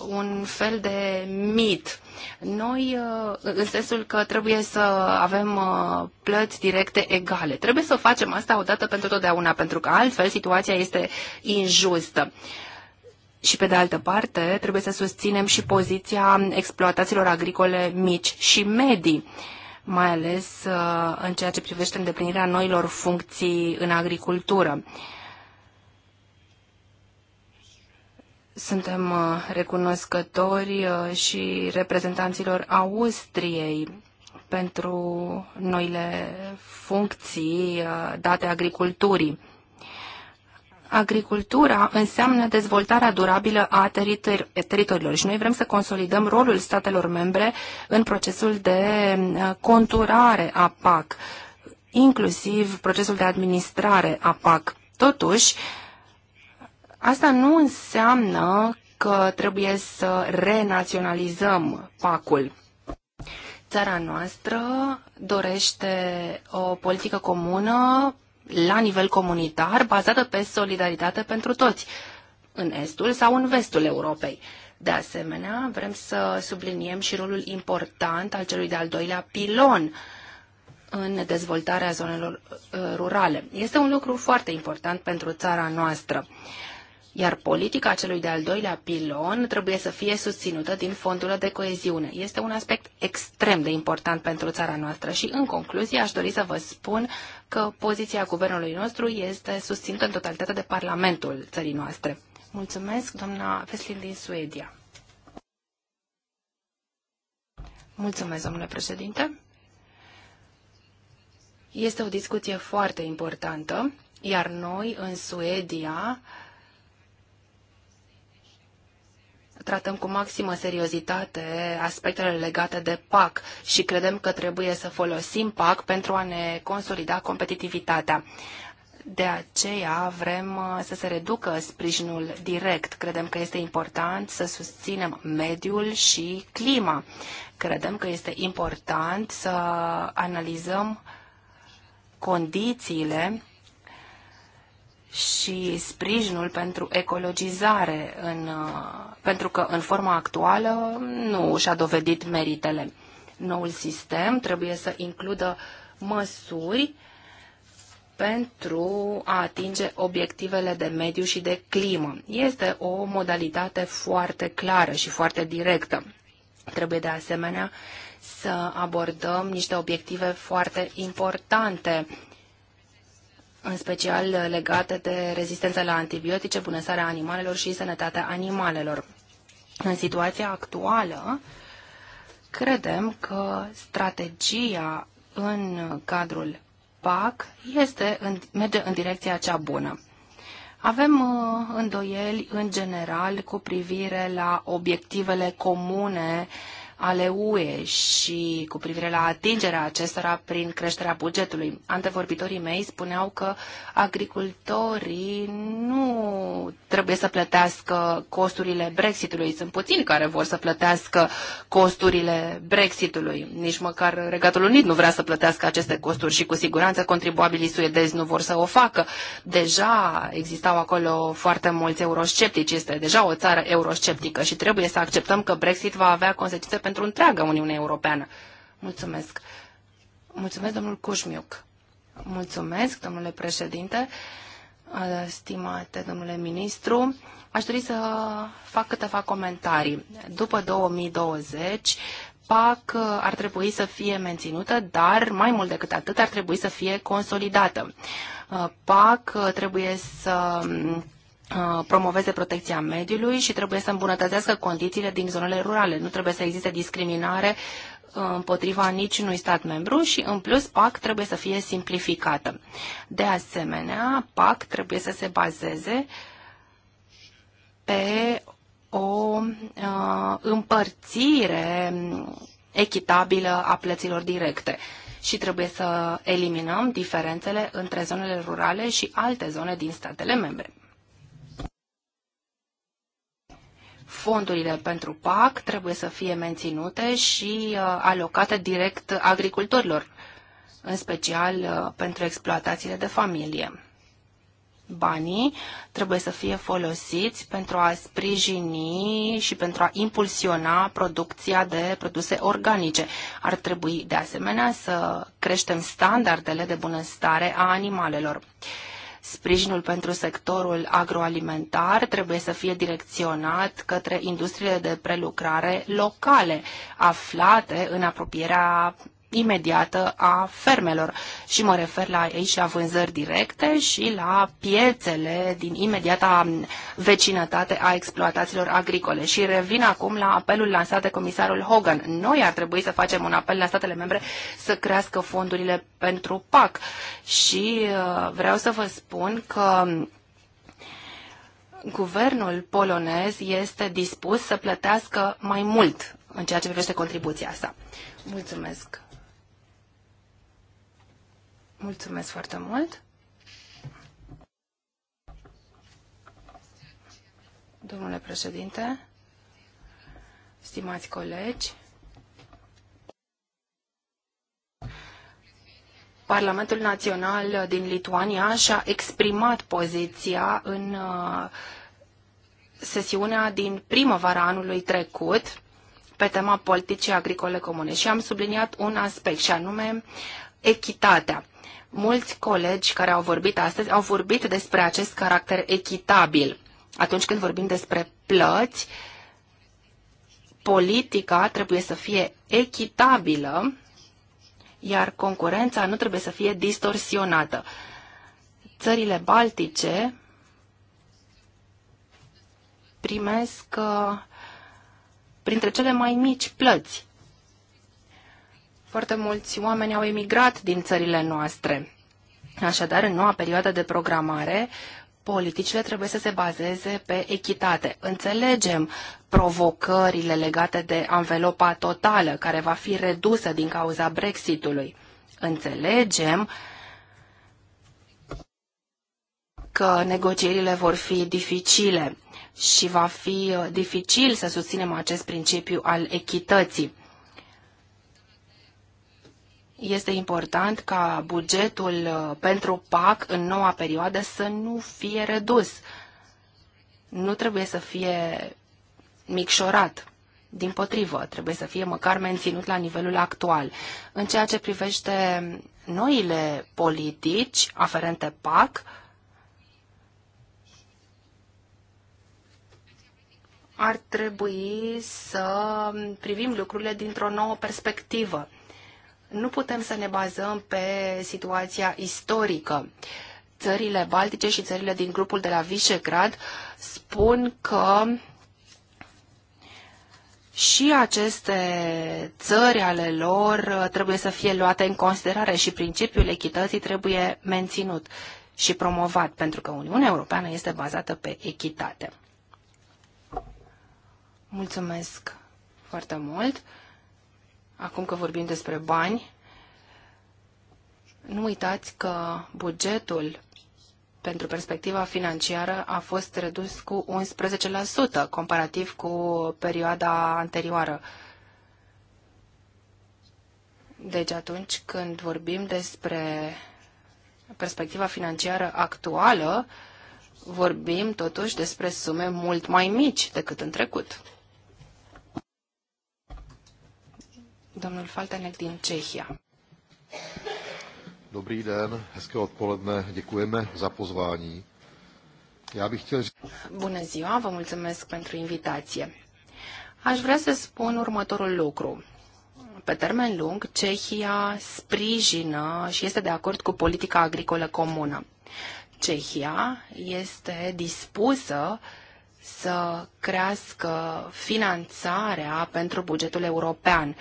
uh, un fel de mit. Noi, uh, în sensul că trebuie să avem uh, plăți directe egale. Trebuie să facem asta odată pentru totdeauna, pentru că altfel situația este injustă. Și pe de altă parte, trebuie să susținem și poziția exploatațiilor agricole mici și medii mai ales în ceea ce privește îndeplinirea noilor funcții în agricultură. Suntem uh, recunoscători uh, și reprezentanților Austriei pentru noile funcții uh, date agriculturii. Agricultura înseamnă dezvoltarea durabilă a teritoriilor și noi vrem să consolidăm rolul statelor membre în procesul de conturare a PAC, inclusiv procesul de administrare a PAC. Totuși, Asta nu înseamnă că trebuie să renaționalizăm pacul. Țara noastră dorește o politică comună la nivel comunitar, bazată pe solidaritate pentru toți, în estul sau în vestul Europei. De asemenea, vrem să subliniem și rolul important al celui de-al doilea pilon în dezvoltarea zonelor uh, rurale. Este un lucru foarte important pentru țara noastră. Uh, iar politica celui de-al doilea pilon trebuie să fie susținută din fondurile de coeziune. Este un aspect extrem de important pentru țara noastră și, în concluzie, aș dori să vă spun că poziția guvernului nostru este susținută în totalitate de Parlamentul țării noastre. Mulțumesc, doamna Veslin din Suedia. Mulțumesc, domnule președinte. Este o discuție foarte importantă, iar noi, în Suedia, tratăm cu maximă seriozitate aspectele legate de PAC și credem că trebuie să folosim PAC pentru a ne consolida competitivitatea. De aceea vrem uh, să se reducă sprijinul direct. Credem că este important să susținem mediul și clima. Credem că este important să analizăm condițiile și sprijinul pentru ecologizare, în, uh, pentru că în forma actuală nu și-a dovedit meritele. Noul sistem trebuie să includă măsuri pentru a atinge obiectivele de mediu și de climă. Este o modalitate foarte clară și foarte directă. Trebuie de asemenea să abordăm niște obiective foarte importante în special legate de rezistența la antibiotice, bunăstarea animalelor și sănătatea animalelor. În situația actuală, credem că strategia în cadrul PAC este în, merge în direcția cea bună. Avem uh, îndoieli în general cu privire la obiectivele comune uh, ale UE și cu privire la atingerea acestora prin creșterea bugetului. Antevorbitorii mei spuneau că agricultorii nu trebuie să plătească costurile Brexitului. Sunt puțini care vor să plătească costurile Brexitului. Nici măcar Regatul Unit nu vrea să plătească aceste costuri și cu siguranță contribuabilii suedezi nu vor să o facă. Deja existau acolo foarte mulți eurosceptici. Este deja o țară eurosceptică și trebuie să acceptăm că Brexit va avea consecințe pentru pentru întreaga Uniune Europeană. Mulțumesc. Mulțumesc, domnul Cușmiuc. Mulțumesc, domnule președinte, uh, stimate domnule ministru. Aș dori să fac câteva comentarii. După 2020, PAC ar trebui să fie menținută, dar mai mult decât atât ar trebui să fie consolidată. Uh, PAC trebuie să Uh, promoveze protecția mediului și trebuie să îmbunătățească condițiile din zonele rurale. Nu trebuie să existe discriminare uh, împotriva niciunui stat membru și, în plus, PAC trebuie să fie simplificată. De asemenea, PAC trebuie să se bazeze pe o uh, împărțire echitabilă a plăților directe și trebuie să eliminăm diferențele între zonele rurale și alte zone din statele membre. fondurile pentru PAC trebuie să fie menținute și uh, alocate direct agricultorilor, în special uh, pentru exploatațiile de familie. Banii trebuie să fie folosiți pentru a sprijini și pentru a impulsiona producția de produse organice. Ar trebui, de asemenea, să creștem standardele de bunăstare a animalelor. Sprijinul pentru sectorul agroalimentar trebuie să fie direcționat către industriile de prelucrare locale, aflate în apropierea imediată a fermelor și mă refer la aici la vânzări directe și la piețele din imediata vecinătate a exploatațiilor agricole. Și revin acum la apelul lansat de comisarul Hogan. Noi ar trebui să facem un apel la statele membre să crească fondurile pentru PAC și uh, vreau să vă spun că guvernul polonez este dispus să plătească mai mult în ceea ce privește contribuția sa. Mulțumesc! Mulțumesc foarte mult. Domnule președinte, stimați colegi, Parlamentul Național din Lituania și-a exprimat poziția în uh, sesiunea din primăvara anului trecut pe tema politicii agricole comune și am subliniat un aspect și anume echitatea. Mulți colegi care au vorbit astăzi au vorbit despre acest caracter echitabil. Atunci când vorbim despre plăți, politica trebuie să fie echitabilă, iar concurența nu trebuie să fie distorsionată. Țările baltice primesc uh, printre cele mai mici plăți foarte mulți oameni au emigrat din țările noastre. Așadar, în noua perioadă de programare, politicile trebuie să se bazeze pe echitate. Înțelegem provocările legate de anvelopa totală, care va fi redusă din cauza Brexitului. Înțelegem că negocierile vor fi dificile și va fi uh, dificil să susținem acest principiu al echității este important ca bugetul uh, pentru PAC în noua perioadă să nu fie redus. Nu trebuie să fie micșorat. Din potrivă, trebuie să fie măcar menținut la nivelul actual. În ceea ce privește noile politici aferente PAC, ar trebui să privim lucrurile dintr-o nouă perspectivă nu putem să ne bazăm pe situația istorică. Țările baltice și țările din grupul de la Visegrad spun că și aceste țări ale lor trebuie să fie luate în considerare și principiul echității trebuie menținut și promovat, pentru că Uniunea Europeană este bazată pe echitate. Mulțumesc foarte mult! acum că vorbim despre bani, nu uitați că bugetul pentru perspectiva financiară a fost redus cu 11% comparativ cu perioada anterioară. Deci atunci când vorbim despre perspectiva financiară actuală, vorbim totuși despre sume mult mai mici decât în trecut. domnul Faltenek din Cehia. Dobrý den, hezké odpoledne, děkujeme za pozvání. Já bych chtěl... Bună ziua, vă mulțumesc pentru invitație. Aș vrea să spun următorul lucru. Pe termen lung, Cehia sprijină și este de acord cu politica agricolă comună. Cehia este dispusă să crească finanțarea pentru bugetul european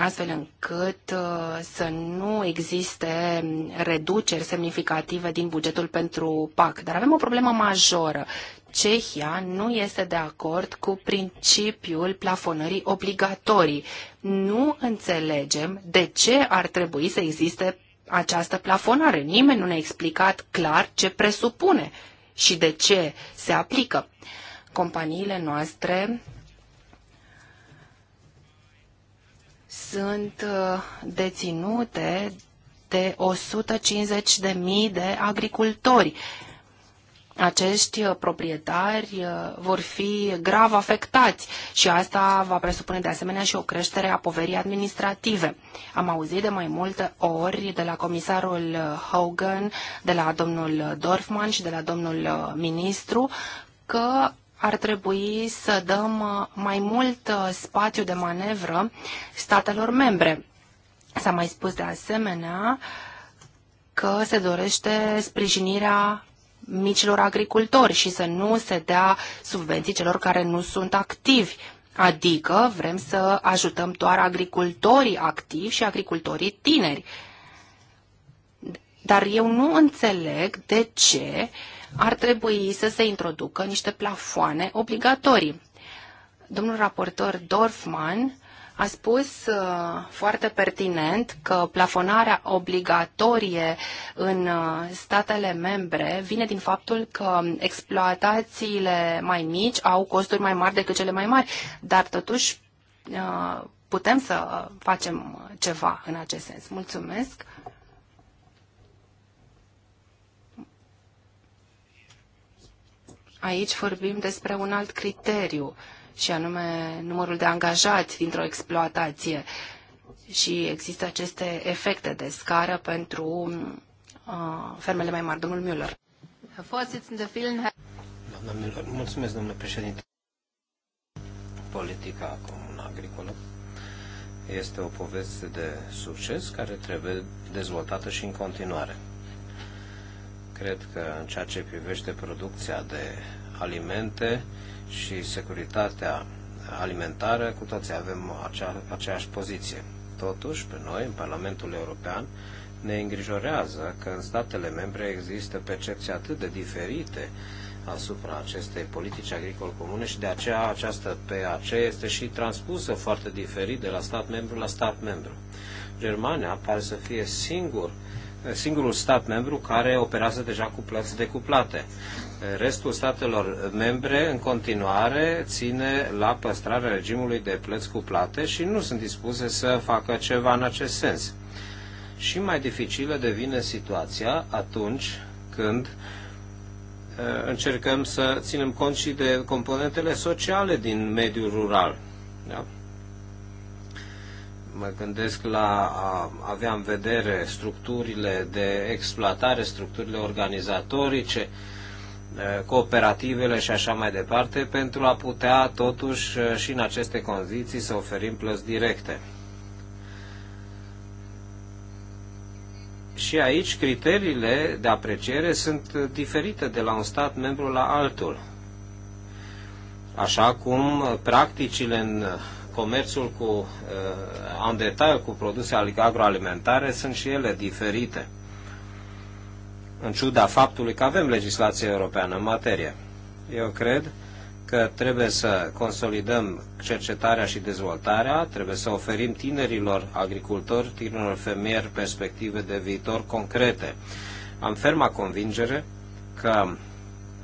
astfel încât uh, să nu existe reduceri semnificative din bugetul pentru PAC. Dar avem o problemă majoră. Cehia nu este de acord cu principiul plafonării obligatorii. Nu înțelegem de ce ar trebui să existe această plafonare. Nimeni nu ne-a explicat clar ce presupune și de ce se aplică. Companiile noastre sunt uh, deținute de 150.000 de agricultori. Acești uh, proprietari uh, vor fi grav afectați și asta va presupune de asemenea și o creștere a poverii administrative. Am auzit de mai multe ori de la comisarul Hogan, de la domnul Dorfman și de la domnul ministru că ar trebui să dăm uh, mai mult uh, spațiu de manevră statelor membre. S-a mai spus de asemenea că se dorește sprijinirea micilor agricultori și să nu se dea subvenții celor care nu sunt activi. Adică vrem să ajutăm doar agricultorii activi și agricultorii tineri. Dar eu nu înțeleg de ce uh, ar trebui să se introducă niște plafoane obligatorii. Domnul raportor Dorfman a spus uh, foarte pertinent că plafonarea obligatorie în uh, statele membre vine din faptul că exploatațiile mai mici au costuri mai mari decât cele mai mari, dar totuși uh, putem să facem ceva în acest sens. Mulțumesc! Aici vorbim despre un alt criteriu, și anume numărul de angajați dintr-o exploatație. Și există aceste efecte de scară pentru uh, fermele mai mari. Domnul Müller. Doamna Müller, mulțumesc, domnule președinte. Politica comună agricolă este o poveste de succes care trebuie dezvoltată și în continuare. Cred că în ceea ce privește producția de alimente și securitatea alimentară, cu toții avem acea, aceeași poziție. Totuși, pe noi, în Parlamentul European, ne îngrijorează că în statele membre există percepții atât de diferite asupra acestei politici agricole comune și de aceea această PAC este și transpusă foarte diferit de la stat membru la stat membru. Germania pare să fie singur singurul stat membru care operează deja cu plăți decuplate. Restul statelor membre în continuare ține la păstrarea regimului de plăți cuplate și nu sunt dispuse să facă ceva în acest sens. Și mai dificilă devine situația atunci când uh, încercăm să ținem cont și de componentele sociale din mediul rural. Da? Mă gândesc la a avea în vedere structurile de exploatare, structurile organizatorice, cooperativele și așa mai departe, pentru a putea totuși și în aceste condiții să oferim plăți directe. Și aici criteriile de apreciere sunt diferite de la un stat membru la altul. Așa cum practicile în comerțul cu, uh, în detaliu cu produse agroalimentare sunt și ele diferite, în ciuda faptului că avem legislație europeană în materie. Eu cred că trebuie să consolidăm cercetarea și dezvoltarea, trebuie să oferim tinerilor agricultori, tinerilor femeieri perspective de viitor concrete. Am ferma convingere că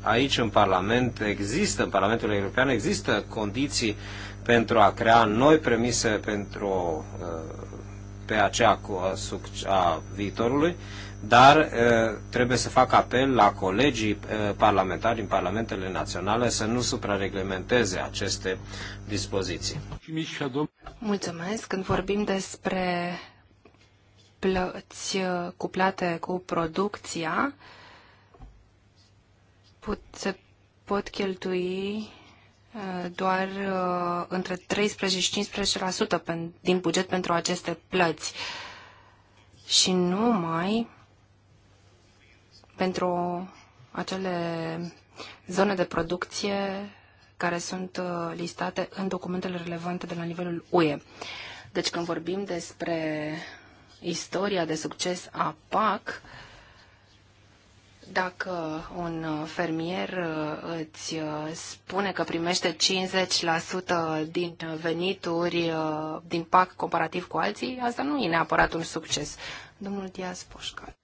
aici în Parlament există, în Parlamentul European există condiții uh, pentru a crea noi premise pentru uh, pe acea a viitorului, dar uh, trebuie să fac apel la colegii uh, parlamentari din parlamentele naționale să nu suprareglementeze aceste dispoziții. Mulțumesc. Când vorbim despre plăți cuplate cu producția, pot, se pot cheltui Eh, doar eh, între 13 și 15% din buget pentru aceste plăți și numai pentru acele zone de producție care sunt eh, listate în documentele relevante de la nivelul UE. Deci când vorbim despre istoria de succes a PAC, dacă un uh, fermier uh, îți uh, spune că primește 50% din venituri din PAC comparativ cu alții, asta nu e neapărat un succes. Domnul Diaz Poșcal.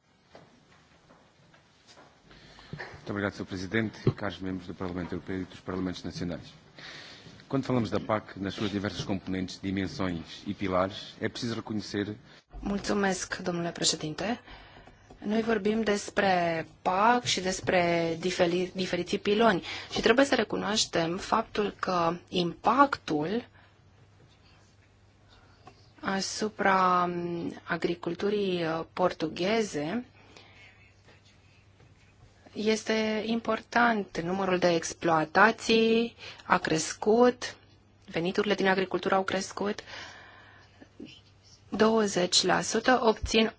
Muito obrigado, Sr. Presidente, caros membros do Parlamento Europeu e dos Parlamentos Nacionais. Quando falamos da PAC, nas suas diversas componentes, dimensões e pilares, é preciso reconhecer. Mulțumesc, domnule președinte. Noi vorbim despre PAC și despre diferi, diferiții piloni și trebuie să recunoaștem faptul că impactul asupra agriculturii uh, portugheze este important. Numărul de exploatații a crescut, veniturile din agricultură au crescut, 20% obțin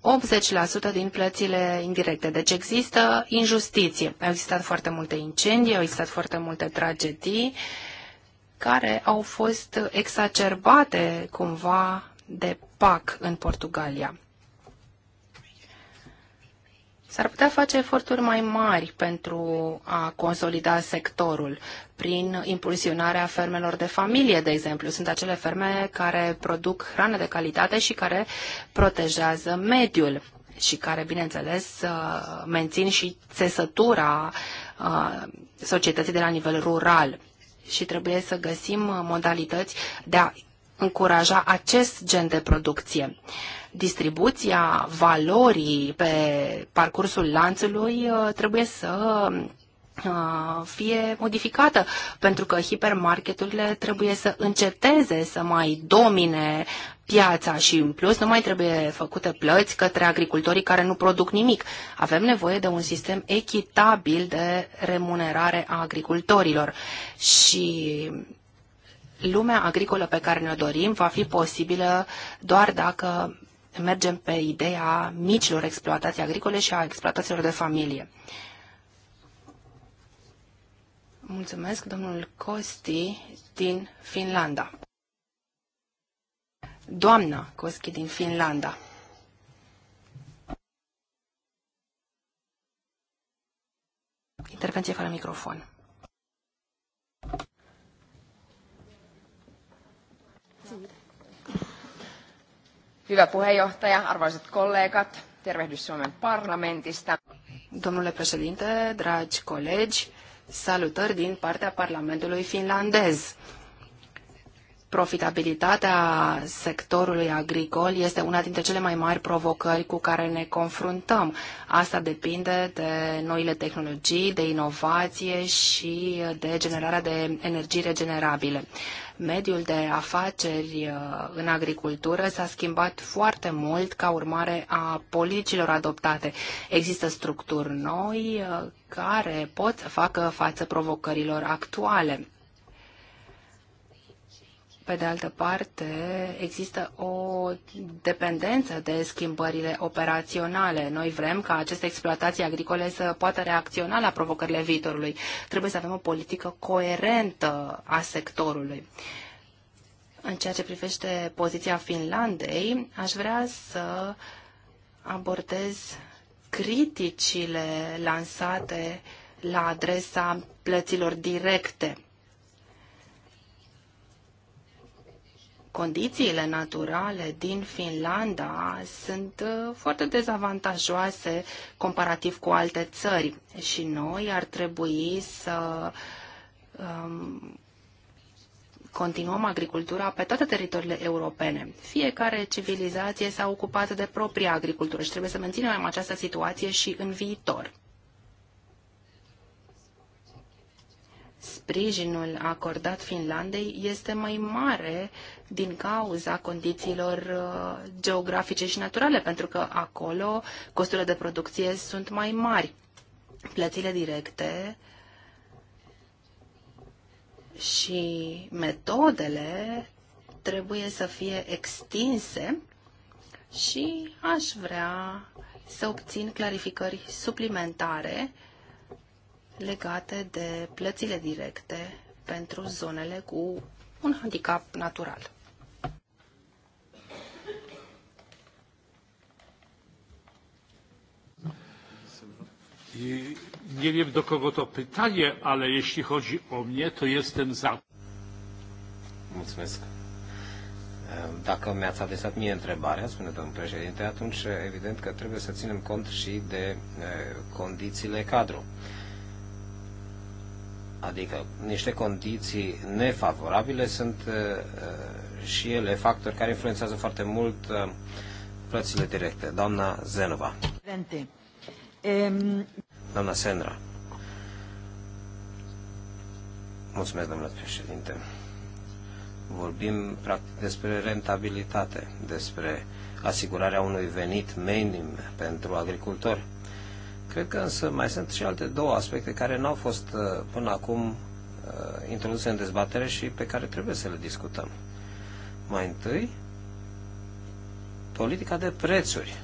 80% din plățile indirecte. Deci există injustiție. Au existat foarte multe incendii, au existat foarte multe tragedii care au fost exacerbate cumva de PAC în Portugalia. S-ar putea face eforturi mai mari pentru a consolida sectorul prin impulsionarea fermelor de familie, de exemplu. Sunt acele ferme care produc hrană de calitate și care protejează mediul și care, bineînțeles, uh, mențin și țesătura uh, societății de la nivel rural. Și trebuie să găsim modalități de a încuraja acest gen de producție distribuția valorii pe parcursul lanțului uh, trebuie să uh, fie modificată, pentru că hipermarketurile trebuie să înceteze să mai domine piața și în plus nu mai trebuie făcute plăți către agricultorii care nu produc nimic. Avem nevoie de un sistem echitabil de remunerare a agricultorilor și lumea agricolă pe care ne-o dorim va fi posibilă doar dacă mergem pe ideea micilor exploatații agricole și a exploatațiilor de familie. Mulțumesc, domnul Costi din Finlanda. Doamna Costi din Finlanda. Intervenție fără microfon. Hyvä puheenjohtaja, arvoisat kollegat, tervehdys Suomen parlamentista. Domnule președinte, dragi colegi, salutări din partea Parlamentului finlandez. Profitabilitatea sectorului agricol este una dintre cele mai mari provocări cu care ne confruntăm. Asta depinde de noile tehnologii, de inovație și de generarea de energii regenerabile. Mediul de afaceri uh, în agricultură s-a schimbat foarte mult ca urmare a politicilor adoptate. Există structuri noi uh, care pot să facă față provocărilor actuale. Pe de altă parte, există o dependență de schimbările operaționale. Noi vrem ca aceste exploatații agricole să poată reacționa la provocările viitorului. Trebuie să avem o politică coerentă a sectorului. În ceea ce privește poziția Finlandei, aș vrea să abordez criticile lansate la adresa plăților directe condițiile naturale din Finlanda sunt uh, foarte dezavantajoase comparativ cu alte țări și noi ar trebui să um, continuăm agricultura pe toate teritoriile europene. Fiecare civilizație s-a ocupat de propria agricultură și trebuie să menținem această situație și în viitor. sprijinul acordat Finlandei este mai mare din cauza condițiilor uh, geografice și naturale, pentru că acolo costurile de producție sunt mai mari. Plățile directe și metodele trebuie să fie extinse și aș vrea să obțin clarificări suplimentare legate de plățile directe pentru zonele cu un handicap natural. Nie wiem do kogo to pytanie, ale jeśli chodzi o mnie, to jestem za. Mulțumesc. Ehm, dacă mi-ați adresat mie întrebarea, spune domnul președinte, atunci evident că trebuie să ținem cont și de condițiile cadru adică niște condiții nefavorabile, sunt uh, uh, și ele factori care influențează foarte mult uh, plățile directe. Doamna Zenova. Doamna Senra. Mulțumesc, domnule președinte. Vorbim practic despre rentabilitate, despre asigurarea unui venit minim pentru agricultori Cred că însă mai sunt și alte două aspecte care nu au fost uh, până acum uh, introduse în dezbatere și pe care trebuie să le discutăm. Mai întâi, politica de prețuri.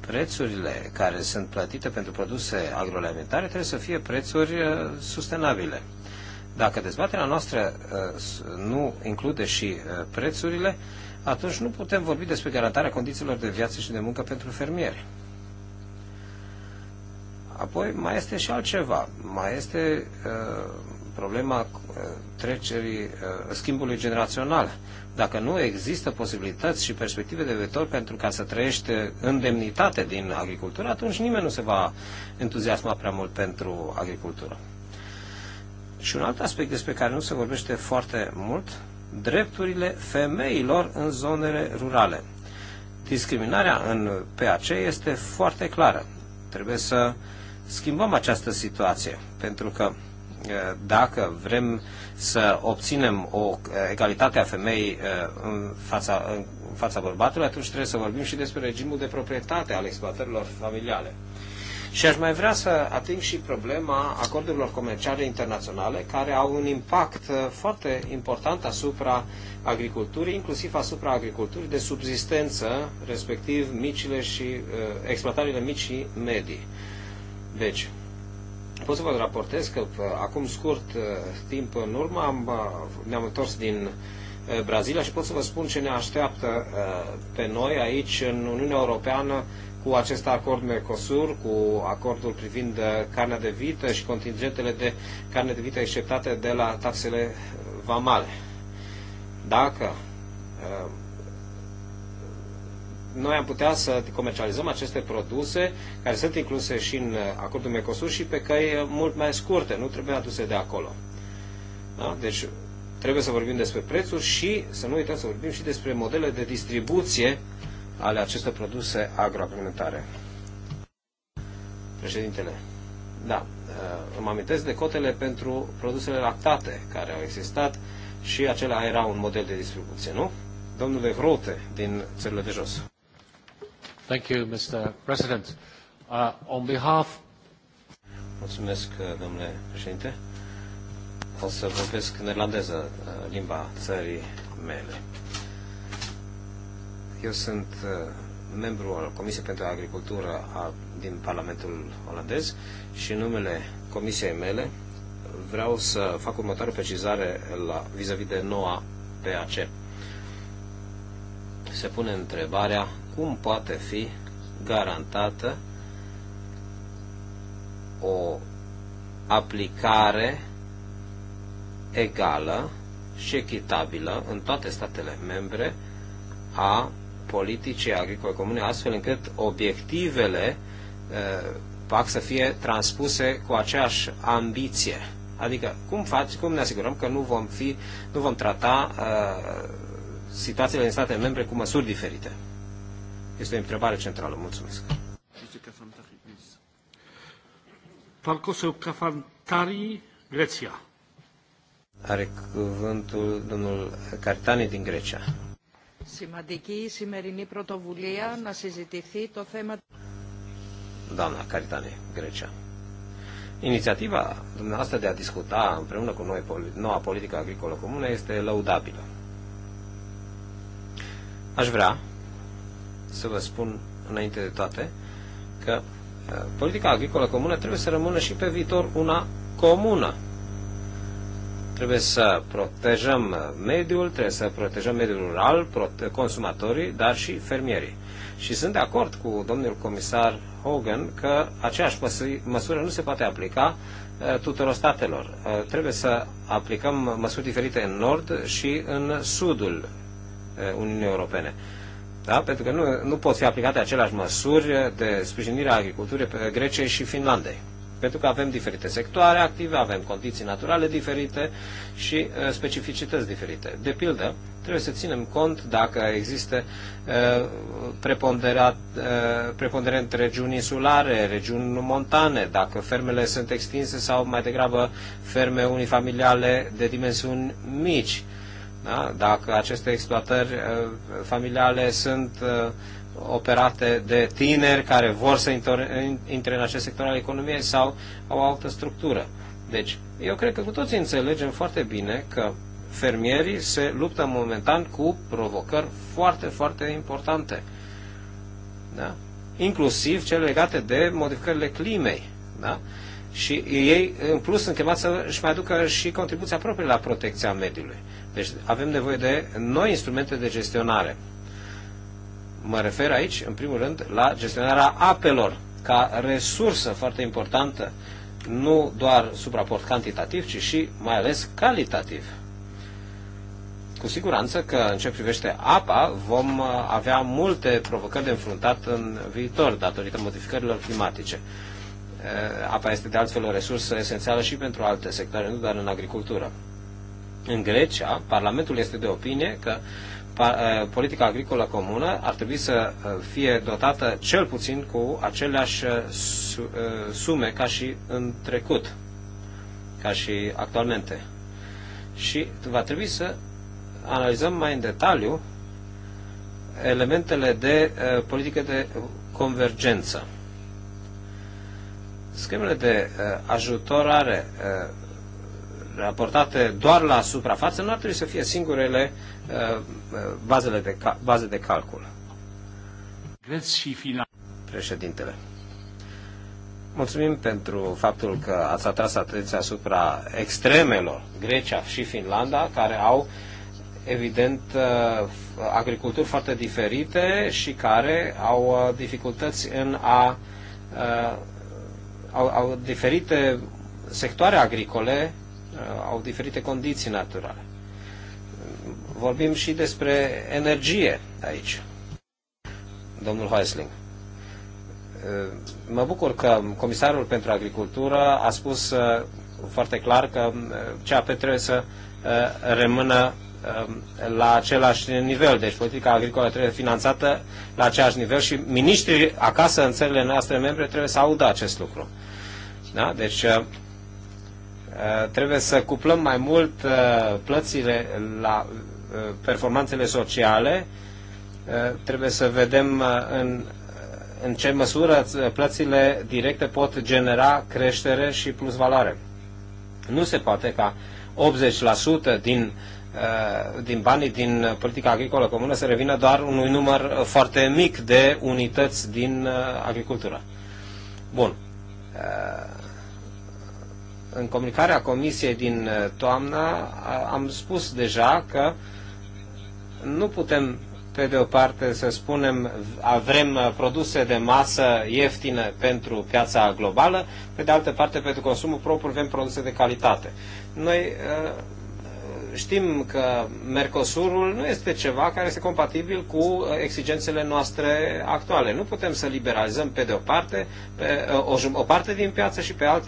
Prețurile care sunt plătite pentru produse agroalimentare trebuie să fie prețuri uh, sustenabile. Dacă dezbaterea noastră nu include și prețurile, atunci nu putem vorbi despre garantarea condițiilor de viață și de muncă pentru fermieri. Apoi mai este și altceva. Mai este uh, problema uh, trecerii, uh, schimbului generațional. Dacă nu există posibilități și perspective de viitor pentru ca să trăiește în demnitate din agricultură, atunci nimeni nu se va entuziasma prea mult pentru agricultură. Și un alt aspect despre care nu se vorbește foarte mult, drepturile femeilor în zonele rurale. Discriminarea în PAC este foarte clară. Trebuie să uh, schimbăm această situație, pentru că dacă vrem să obținem o egalitate a femei în fața, în fața bărbatului, atunci trebuie să vorbim și despre regimul de proprietate al exploatărilor familiale. Și aș mai vrea să ating și problema acordurilor comerciale internaționale, care au un impact foarte important asupra agriculturii, inclusiv asupra agriculturii de subzistență, respectiv micile și exploatările mici și medii. Deci, pot să vă raportez că uh, acum scurt uh, timp în urmă am, uh, ne-am întors din Brazilia și pot să vă spun ce ne așteaptă pe noi aici în Uniunea Europeană cu acest acord Mercosur, cu acordul privind carnea de vită și contingentele de carne de vită exceptate de la taxele vamale. Dacă noi am putea să comercializăm aceste produse care sunt incluse și în uh, acordul Mercosur și pe căi uh, mult mai scurte, nu trebuie aduse de acolo. Da? Deci trebuie să vorbim despre prețuri și să nu uităm să vorbim și despre modele de distribuție ale acestor produse agroalimentare. Președintele, da, uh, îmi amintesc de cotele pentru produsele lactate care au existat și acela era un model de distribuție, nu? Domnule Grote din țările de jos. Thank you, Mr. President. Uh, on behalf... Mulțumesc, uh, domnule președinte. O să vorbesc în irlandeză, uh, limba țării mele. Eu sunt uh, membru al Comisiei pentru Agricultură a, din Parlamentul olandez și în numele Comisiei mele vreau să fac următoarea precizare la, vis-a-vis -vis de noua PAC. Se pune întrebarea cum poate fi garantată o aplicare egală și echitabilă în toate statele membre a politicii agricole comune, astfel încât obiectivele PAC eh, să fie transpuse cu aceeași ambiție. Adică cum, faci, cum ne asigurăm că nu vom, fi, nu vom trata uh, situațiile în state membre cu măsuri diferite? Este o întrebare centrală. Mulțumesc. Pan Cafantari, Grecia. Are cuvântul domnul Cartani din Grecia. Σημαντική η σημερινή πρωτοβουλία να συζητηθεί το θέμα... Doamna Caritane, Grecia. Inițiativa dumneavoastră de a discuta împreună cu noi noua politică agricolă comună este lăudabilă. Aș vrea să vă spun înainte de toate că uh, politica agricolă comună trebuie să rămână și pe viitor una comună. Trebuie să protejăm uh, mediul, trebuie să protejăm mediul rural, consumatorii, dar și fermierii. Și sunt de acord cu domnul comisar Hogan că aceeași măsură nu se poate aplica uh, tuturor statelor. Trebuie să aplicăm măsuri diferite în nord și în sudul Uniunii Europene. Da? Pentru că nu, nu pot fi aplicate aceleași măsuri de sprijinire a agriculturii Greciei și Finlandei. Pentru că avem diferite sectoare active, avem condiții naturale diferite și uh, specificități diferite. De pildă, trebuie să ținem cont dacă există uh, uh, preponderent regiuni insulare, regiuni montane, dacă fermele sunt extinse sau mai degrabă ferme unifamiliale de dimensiuni mici da? Dacă aceste exploatări uh, familiale sunt uh, operate de tineri care vor să intre în acest sector al economiei sau au o altă structură. Deci, eu cred că cu toții înțelegem foarte bine că fermierii se luptă momentan cu provocări foarte, foarte importante. Da? Inclusiv cele legate de modificările climei. Da? Și ei, în plus, sunt chemați să își mai aducă și contribuția proprie la protecția mediului. Deci avem nevoie de noi instrumente de gestionare. Mă refer aici, în primul rând, la gestionarea apelor, ca resursă foarte importantă, nu doar sub raport cantitativ, ci și mai ales calitativ. Cu siguranță că în ce privește apa vom uh, avea multe provocări de înfruntat în viitor datorită modificărilor climatice. Uh, apa este de altfel o resursă esențială și pentru alte sectoare, nu doar în agricultură. În Grecia, Parlamentul este de opinie că eh, politica agricolă comună ar trebui să eh, fie dotată cel puțin cu aceleași eh, sume ca și în trecut, ca și actualmente. Și va trebui să analizăm mai în detaliu elementele de politică de convergență. Schemele de ajutorare raportate doar la suprafață, nu ar trebui să fie singurele uh, uh, bazele de, baze de calcul. Și final. Președintele. Mulțumim pentru faptul că ați atras atenția asupra extremelor, Grecia și Finlanda, care au evident uh, agriculturi foarte diferite și care au dificultăți în a au, au diferite sectoare agricole Uh, au diferite condiții naturale. Vorbim și despre energie aici, domnul Heisling. Uh, mă bucur că Comisarul pentru Agricultură a spus uh, foarte clar că CAP trebuie să rămână um, la același nivel. Deci politica agricolă trebuie finanțată la același nivel și miniștrii acasă în țările noastre membre trebuie să audă acest lucru. Da? Deci Eh, trebuie să cuplăm mai mult eh, plățile la eh, performanțele sociale. Trebuie să vedem în, în ce măsură plățile directe pot genera creștere și plus valoare. Nu se poate ca 80% din, din banii din politica agricolă comună să revină doar unui număr foarte mic de unități din agricultură. Bun în comunicarea Comisiei din uh, toamnă am spus deja că nu putem pe de o parte să spunem avem uh, produse de masă ieftine pentru piața globală, pe de altă parte pentru consumul propriu avem produse de calitate. Noi uh, știm că Mercosurul nu este ceva care este compatibil cu exigențele noastre actuale. Nu putem să liberalizăm pe de o parte pe, o, o parte din piață și pe alt,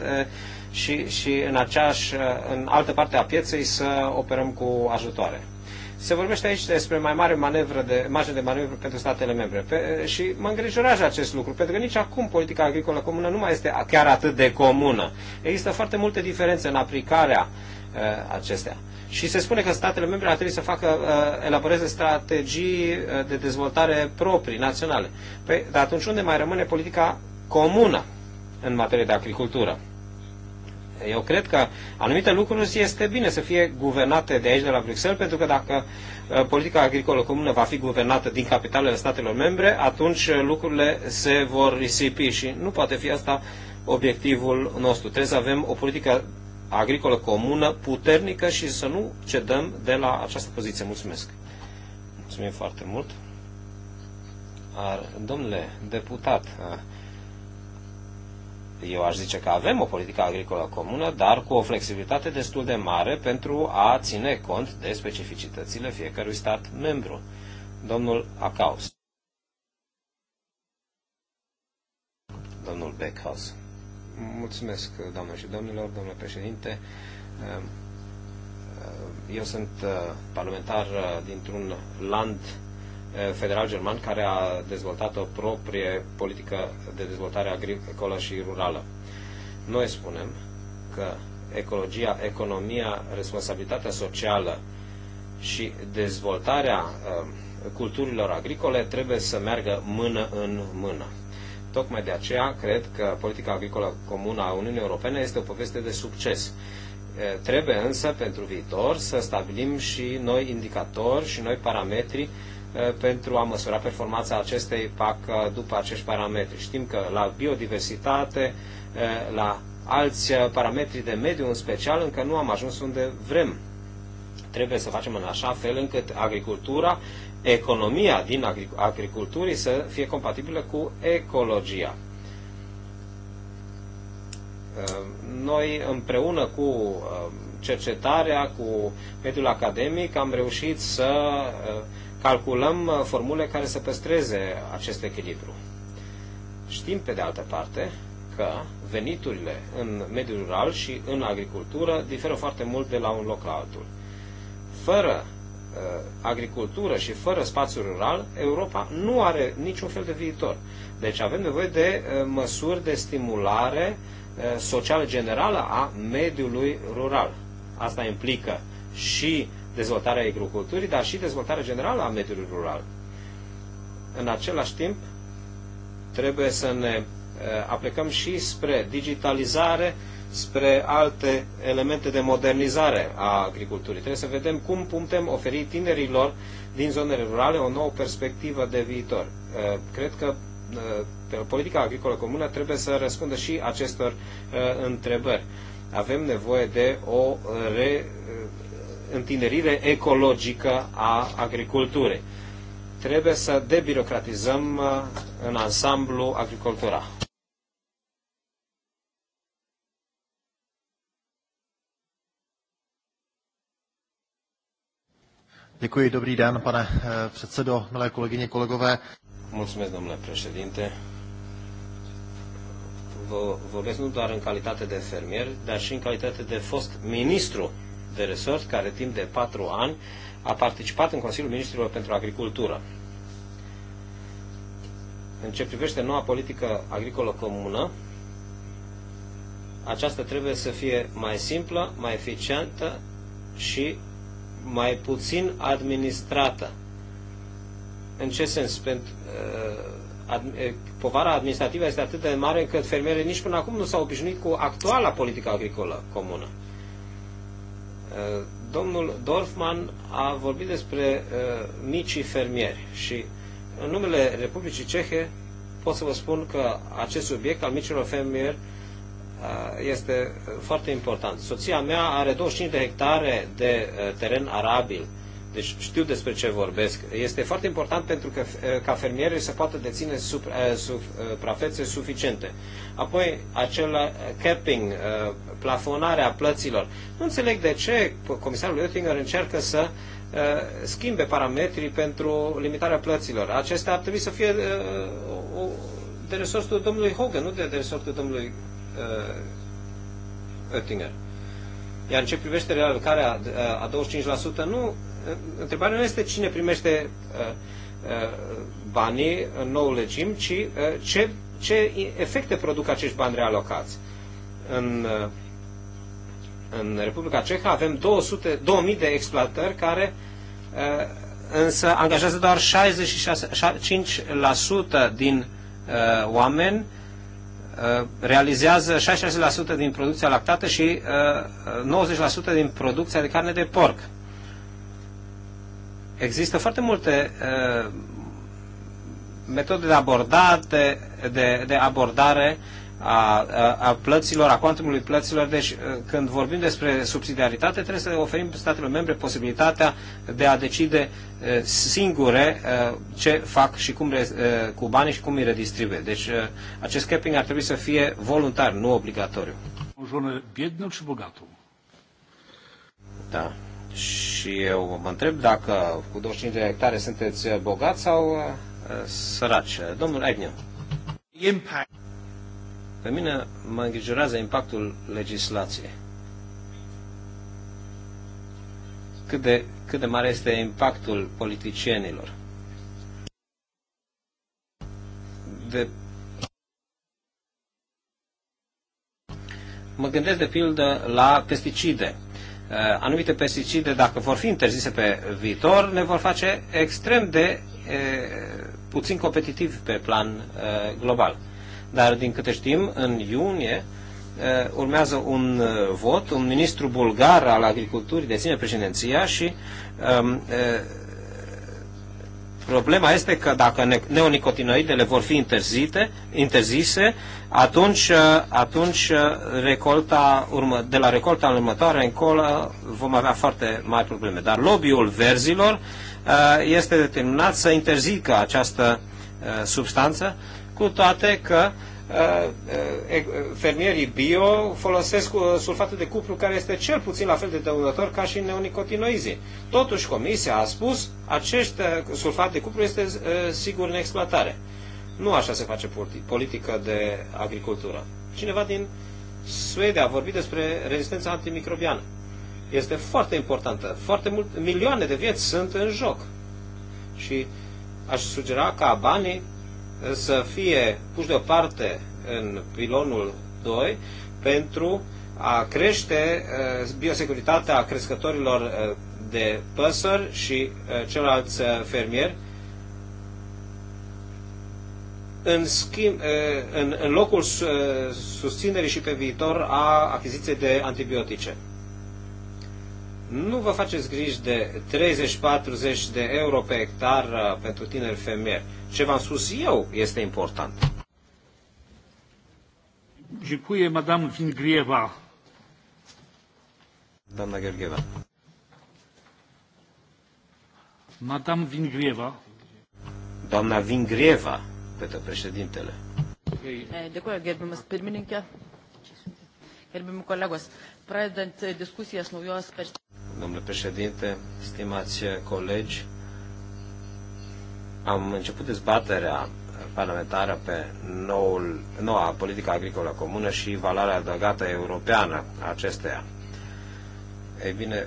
și, și în, aceeași, în altă parte a pieței să operăm cu ajutoare. Se vorbește aici despre mai mare manevră de, marge de manevră pentru statele membre. Pe, și mă îngrijorează acest lucru, pentru că nici acum politica agricolă comună nu mai este chiar atât de comună. Există foarte multe diferențe în aplicarea uh, acestea. Și se spune că statele membre ar trebui să facă, uh, elaboreze strategii uh, de dezvoltare proprii, naționale. Păi, dar atunci unde mai rămâne politica comună în materie de agricultură? departe. Eu cred că anumite lucruri este bine să fie guvernate de aici, de la Bruxelles, pentru că dacă uh, politica agricolă comună va fi guvernată din capitalele statelor membre, atunci uh, lucrurile se vor risipi și nu poate fi asta obiectivul nostru. Trebuie să avem o politică agricolă comună puternică și să nu cedăm de la această poziție. Mulțumesc! Mulțumim foarte mult! Ar, domnule deputat, uh, eu aș zice că avem o politică agricolă comună, dar cu o flexibilitate destul de mare pentru a ține cont de specificitățile fiecărui stat membru. Domnul Acaus. Domnul Beckhaus. Mulțumesc, doamne și domnilor, domnule președinte. Ehm, ehm, eu sunt eh, parlamentar eh, dintr-un land Eh, federal german care a dezvoltat o proprie politică de dezvoltare agricolă și rurală. Noi spunem că ecologia, economia, responsabilitatea socială și dezvoltarea eh, culturilor agricole trebuie să meargă mână în mână. Tocmai de aceea cred că politica agricolă comună a Uniunii Europene este o poveste de succes. Eh, trebuie însă pentru viitor să stabilim și noi indicatori și noi parametri Uh, pentru a măsura performanța acestei PAC uh, după acești parametri. Știm că la biodiversitate, uh, la alți parametri de mediu în special, încă nu am ajuns unde vrem. Trebuie să facem în așa fel încât agricultura, economia din agriculturii să fie compatibilă cu ecologia. Noi împreună cu cercetarea, cu mediul academic, am reușit să uh, calculăm uh, formule care să păstreze acest echilibru. Știm, pe de altă parte, că veniturile în mediul rural și în agricultură diferă foarte mult de la un loc la altul. Fără uh, agricultură și fără spațiu rural, Europa nu are niciun fel de viitor. Deci avem nevoie de uh, măsuri de stimulare uh, socială generală a mediului rural. Asta implică și uh, dezvoltarea agriculturii, dar și dezvoltarea generală a mediului rural. În același timp, trebuie să ne eh, aplicăm și spre digitalizare, spre alte elemente de modernizare a agriculturii. Trebuie să vedem cum putem oferi tinerilor din zonele rurale o nouă perspectivă de viitor. Eh, cred că eh, politica agricolă comună trebuie să răspundă și acestor întrebări. Avem nevoie de o re întinerire ecologică a agriculturii. Trebuie să debirocratizăm uh, în ansamblu agricultura. Děkuji, dobrý den, pane eh, předsedo, milé kolegyně, kolegové. Mulțumesc, domnule președinte. Vă vorbesc nu doar în calitate de fermier, dar și în calitate de fost ministru de resort, care timp de patru ani a participat în Consiliul Ministrilor pentru Agricultură. În ce privește noua politică agricolă comună, aceasta trebuie să fie mai simplă, mai eficientă și mai puțin administrată. În ce sens? Pentru, uh, povara administrativă este atât de mare încât fermierii nici până acum nu s-au obișnuit cu actuala politică agricolă comună. Eh, domnul Dorfman a vorbit despre eh, micii fermieri și în numele Republicii Cehe pot să vă spun că acest subiect al micilor fermieri eh, este foarte important. Soția mea are 25 de hectare de teren arabil deci știu despre ce vorbesc. Este foarte important pentru că eh, ca fermierii să poată deține suprafețe eh, eh, suficiente. Apoi, acel capping, plafonarea plăților. Nu înțeleg de ce comisarul Oettinger încearcă să schimbe parametrii pentru limitarea plăților. Acestea ar trebui să fie de resortul domnului Hogan, nu de, de resortul domnului Oettinger. Iar în ce privește realocarea a 25%, nu întrebarea nu este cine primește uh, uh, banii în nou legim, ci uh, ce, ce efecte produc acești bani realocați. În, în Republica Cehă avem 200, 2000 de exploatări care însă angajează doar 65% din oameni realizează 66% din producția lactată și 90% din producția de carne de porc. Există foarte multe metode de abordare, de, de, abordare a, a, a plăților, a cuantumului plăților. Deci, când vorbim despre subsidiaritate, trebuie să oferim statelor membre posibilitatea de a decide singure ce fac și cum cu banii și cum îi redistribuie. Deci, acest capping ar trebui să fie voluntar, nu obligatoriu. O zonă biednă și bogată. Da. Și eu mă întreb dacă cu 25 de hectare sunteți bogați sau uh, săraci. Domnul Agnew. Impact. Pe mine mă îngrijorează impactul legislației. Cât de, cât de mare este impactul politicienilor. De... Mă gândesc de pildă la pesticide Eh, anumite pesticide, dacă vor fi interzise pe viitor, ne vor face extrem de eh, puțin competitiv pe plan eh, global. Dar, din câte știm, în iunie urmează un vot, un ministru bulgar al agriculturii deține președinția și ehm, Problema este că dacă neonicotinoidele vor fi interzite, interzise, atunci, uh, atunci uh, recolta urmă, de la recolta următoare încolo vom avea foarte mari probleme. Dar lobby-ul verzilor uh, este determinat să interzică această substanță, cu toate că uh, Uh, uh, fermierii bio folosesc uh, sulfatul de cupru care este cel puțin la fel de dăunător ca și neonicotinoizii. Totuși, comisia a spus acest sulfat de cupru este sigur în exploatare. Nu așa se face politică de agricultură. Cineva din Suedia a vorbit despre rezistența antimicrobiană. Este foarte importantă. Foarte mult, milioane de vieți sunt în joc. Și aș sugera ca banii să fie puși deoparte în pilonul 2 pentru a crește uh, biosecuritatea crescătorilor uh, de păsări și uh, celorlalți fermieri. În, schimb, în, în locul susținerii și pe viitor a achiziției de antibiotice nu vă faceți griji de 30-40 de euro pe hectar uh, pentru tineri femei. Ce v-am spus eu este important. Dziękuję, madame Vingrieva. Doamna Gheorgheva. Madame Vingrieva. Doamna Vingrieva, pentru președintele. Dėkuoju, Gerbim pirmininkė, gerbiami kolegos. Pradedant diskusijas naujos perspektyvos domnule președinte, stimați colegi, am început dezbaterea parlamentară pe noul, noua politică agricolă comună și valoarea adăugată europeană a acesteia. Ei bine,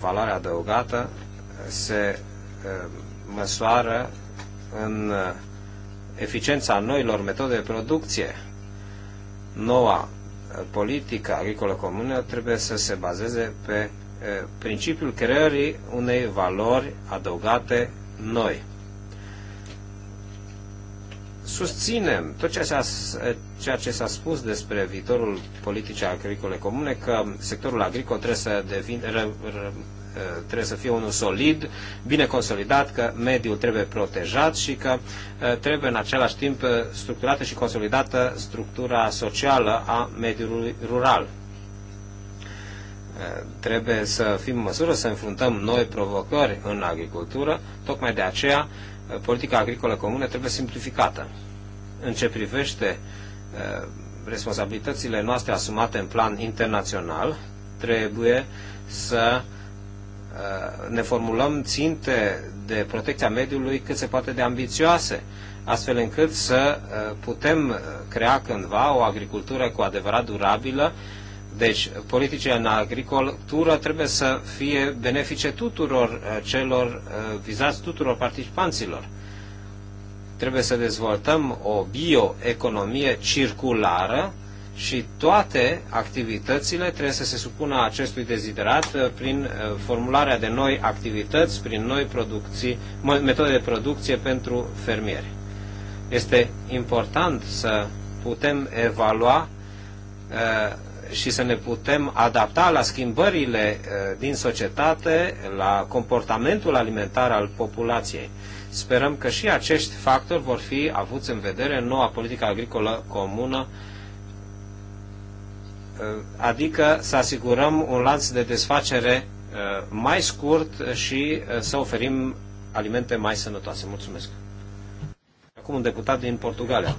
valoarea adăugată se măsoară în eficiența noilor metode de producție. Noua politică agricolă comună trebuie să se bazeze pe principiul creării unei valori adăugate noi. Susținem tot ceea ce s-a spus despre viitorul politicii agricole comune, că sectorul agricol trebuie să, devin, ră, ră, trebuie să fie unul solid, bine consolidat, că mediul trebuie protejat și că trebuie în același timp structurată și consolidată structura socială a mediului rural Trebuie să fim în măsură să înfruntăm noi provocări în agricultură, tocmai de aceea politica agricolă comună trebuie simplificată. În ce privește uh, responsabilitățile noastre asumate în plan internațional, trebuie să uh, ne formulăm ținte de protecția mediului cât se poate de ambițioase, astfel încât să uh, putem crea cândva o agricultură cu adevărat durabilă deci, politicile în agricultură trebuie să fie benefice tuturor uh, celor uh, vizați, tuturor participanților. Trebuie să dezvoltăm o bioeconomie circulară și toate activitățile trebuie să se supună acestui deziderat uh, prin formularea de noi activități, prin noi producții, metode de producție pentru fermieri. Este important să putem evalua și să ne putem adapta la schimbările eh, din societate, la comportamentul alimentar al populației. Sperăm că și acești factori vor fi avuți în vedere în noua politică agricolă comună, eh, adică să asigurăm un lanț de desfacere eh, mai scurt și să oferim alimente mai sănătoase. Mulțumesc. Acum un deputat din Portugalia.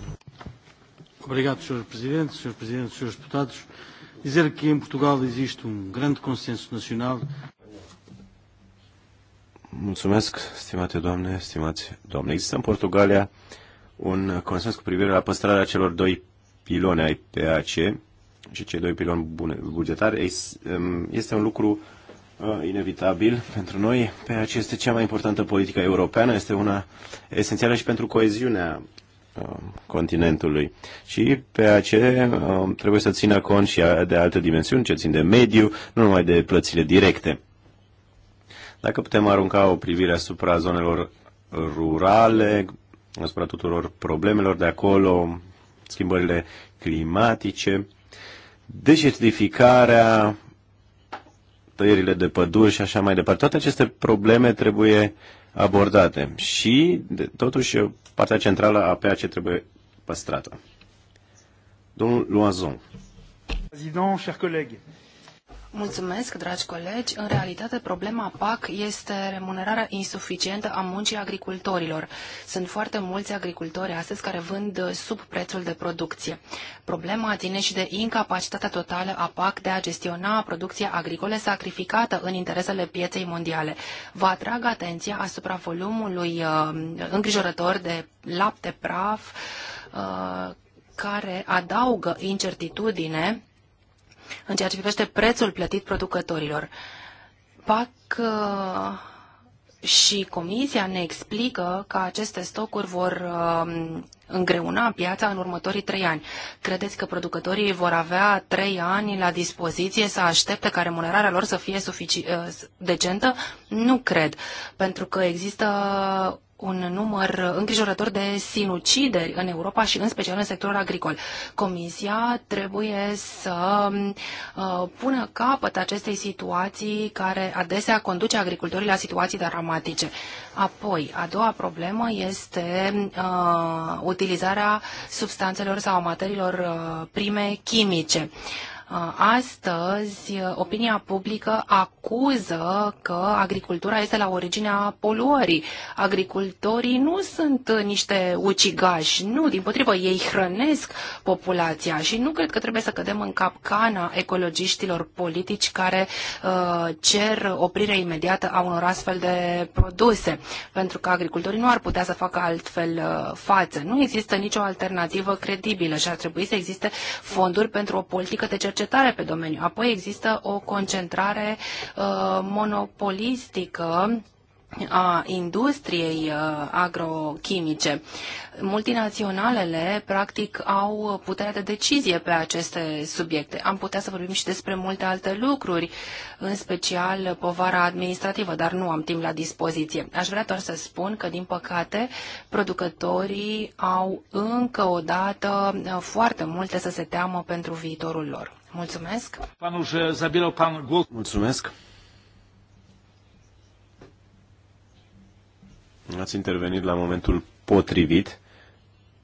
Obrigado, Sr. Presidente, Sr. Presidente, Srs. Deputados dizer que em Portugal existe um grande consenso nacional. Mulțumesc, stimate doamne, stimați doamne. Există în Portugalia un consens cu privire la păstrarea celor doi piloni ai PAC și cei doi piloni bugetari. Um, este un lucru uh, inevitabil pentru noi. PAC este cea mai importantă politică europeană, este una esențială și pentru coeziunea Uh, continentului. Și pe aceea uh, trebuie să țină cont și de alte dimensiuni, ce țin de mediu, nu numai de plățile directe. Dacă putem arunca o privire asupra zonelor rurale, asupra tuturor problemelor de acolo, schimbările climatice, desertificarea, tăierile de păduri și așa mai departe. Toate aceste probleme trebuie abordate și, de, totuși, partea centrală a ce trebuie păstrată. Domnul Loazon. Président, chers collègues, Mulțumesc, dragi colegi. În realitate, problema PAC este remunerarea insuficientă a muncii agricultorilor. Sunt foarte mulți agricultori astăzi care vând sub prețul de producție. Problema ține și de incapacitatea totală a PAC de a gestiona producția agricole sacrificată în interesele pieței mondiale. Vă atrag atenția asupra volumului uh, îngrijorător de lapte praf uh, care adaugă incertitudine în ceea ce privește prețul plătit producătorilor. PAC uh, și Comisia ne explică că aceste stocuri vor um, îngreuna piața în următorii trei ani. Credeți că producătorii vor avea trei ani la dispoziție să aștepte ca remunerarea lor să fie uh, decentă? Nu cred, pentru că există un număr îngrijorător de sinucideri în Europa și în special în sectorul agricol. Comisia trebuie să uh, pună capăt acestei situații care adesea conduce agricultorii la situații dramatice. Apoi, a doua problemă este uh, utilizarea substanțelor sau materiilor uh, prime chimice. Uh, astăzi, uh, opinia publică acuză că agricultura este la originea poluării. Agricultorii nu sunt uh, niște ucigași, nu, din potrivă, ei hrănesc populația și nu cred că trebuie să cădem în capcana ecologiștilor politici care uh, cer oprire imediată a unor astfel de produse, pentru că agricultorii nu ar putea să facă altfel uh, față. Nu există nicio alternativă credibilă și ar trebui să existe fonduri pentru o politică de cercetare cercetare pe domeniu. Apoi există o concentrare uh, monopolistică a industriei uh, agrochimice. Multinaționalele, practic, au puterea de decizie pe aceste subiecte. Am putea să vorbim și despre multe alte lucruri, în special povara administrativă, dar nu am timp la dispoziție. Aș vrea doar să spun că, din păcate, producătorii au încă o dată uh, foarte multe să se teamă pentru viitorul lor. Mulțumesc. Mulțumesc. Ați intervenit la momentul potrivit,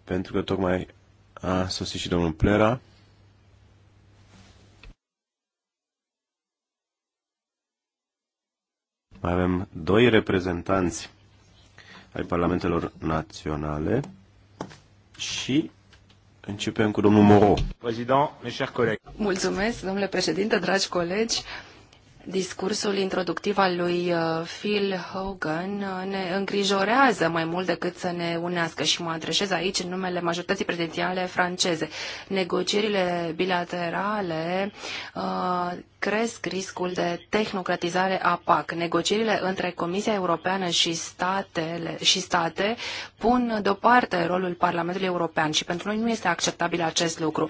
pentru că tocmai a sosit și domnul Plera. Mai avem doi reprezentanți ai Parlamentelor Naționale și Începem cu domnul Moro. Mulțumesc, domnule președinte, dragi colegi. Discursul introductiv al lui uh, Phil Hogan uh, ne îngrijorează mai mult decât să ne unească și mă adresez aici în numele majorității prezidențiale franceze. Negocierile bilaterale uh, cresc riscul de tehnocratizare a PAC. Negocierile între Comisia Europeană și, statele, și state pun deoparte rolul Parlamentului European și pentru noi nu este acceptabil acest lucru.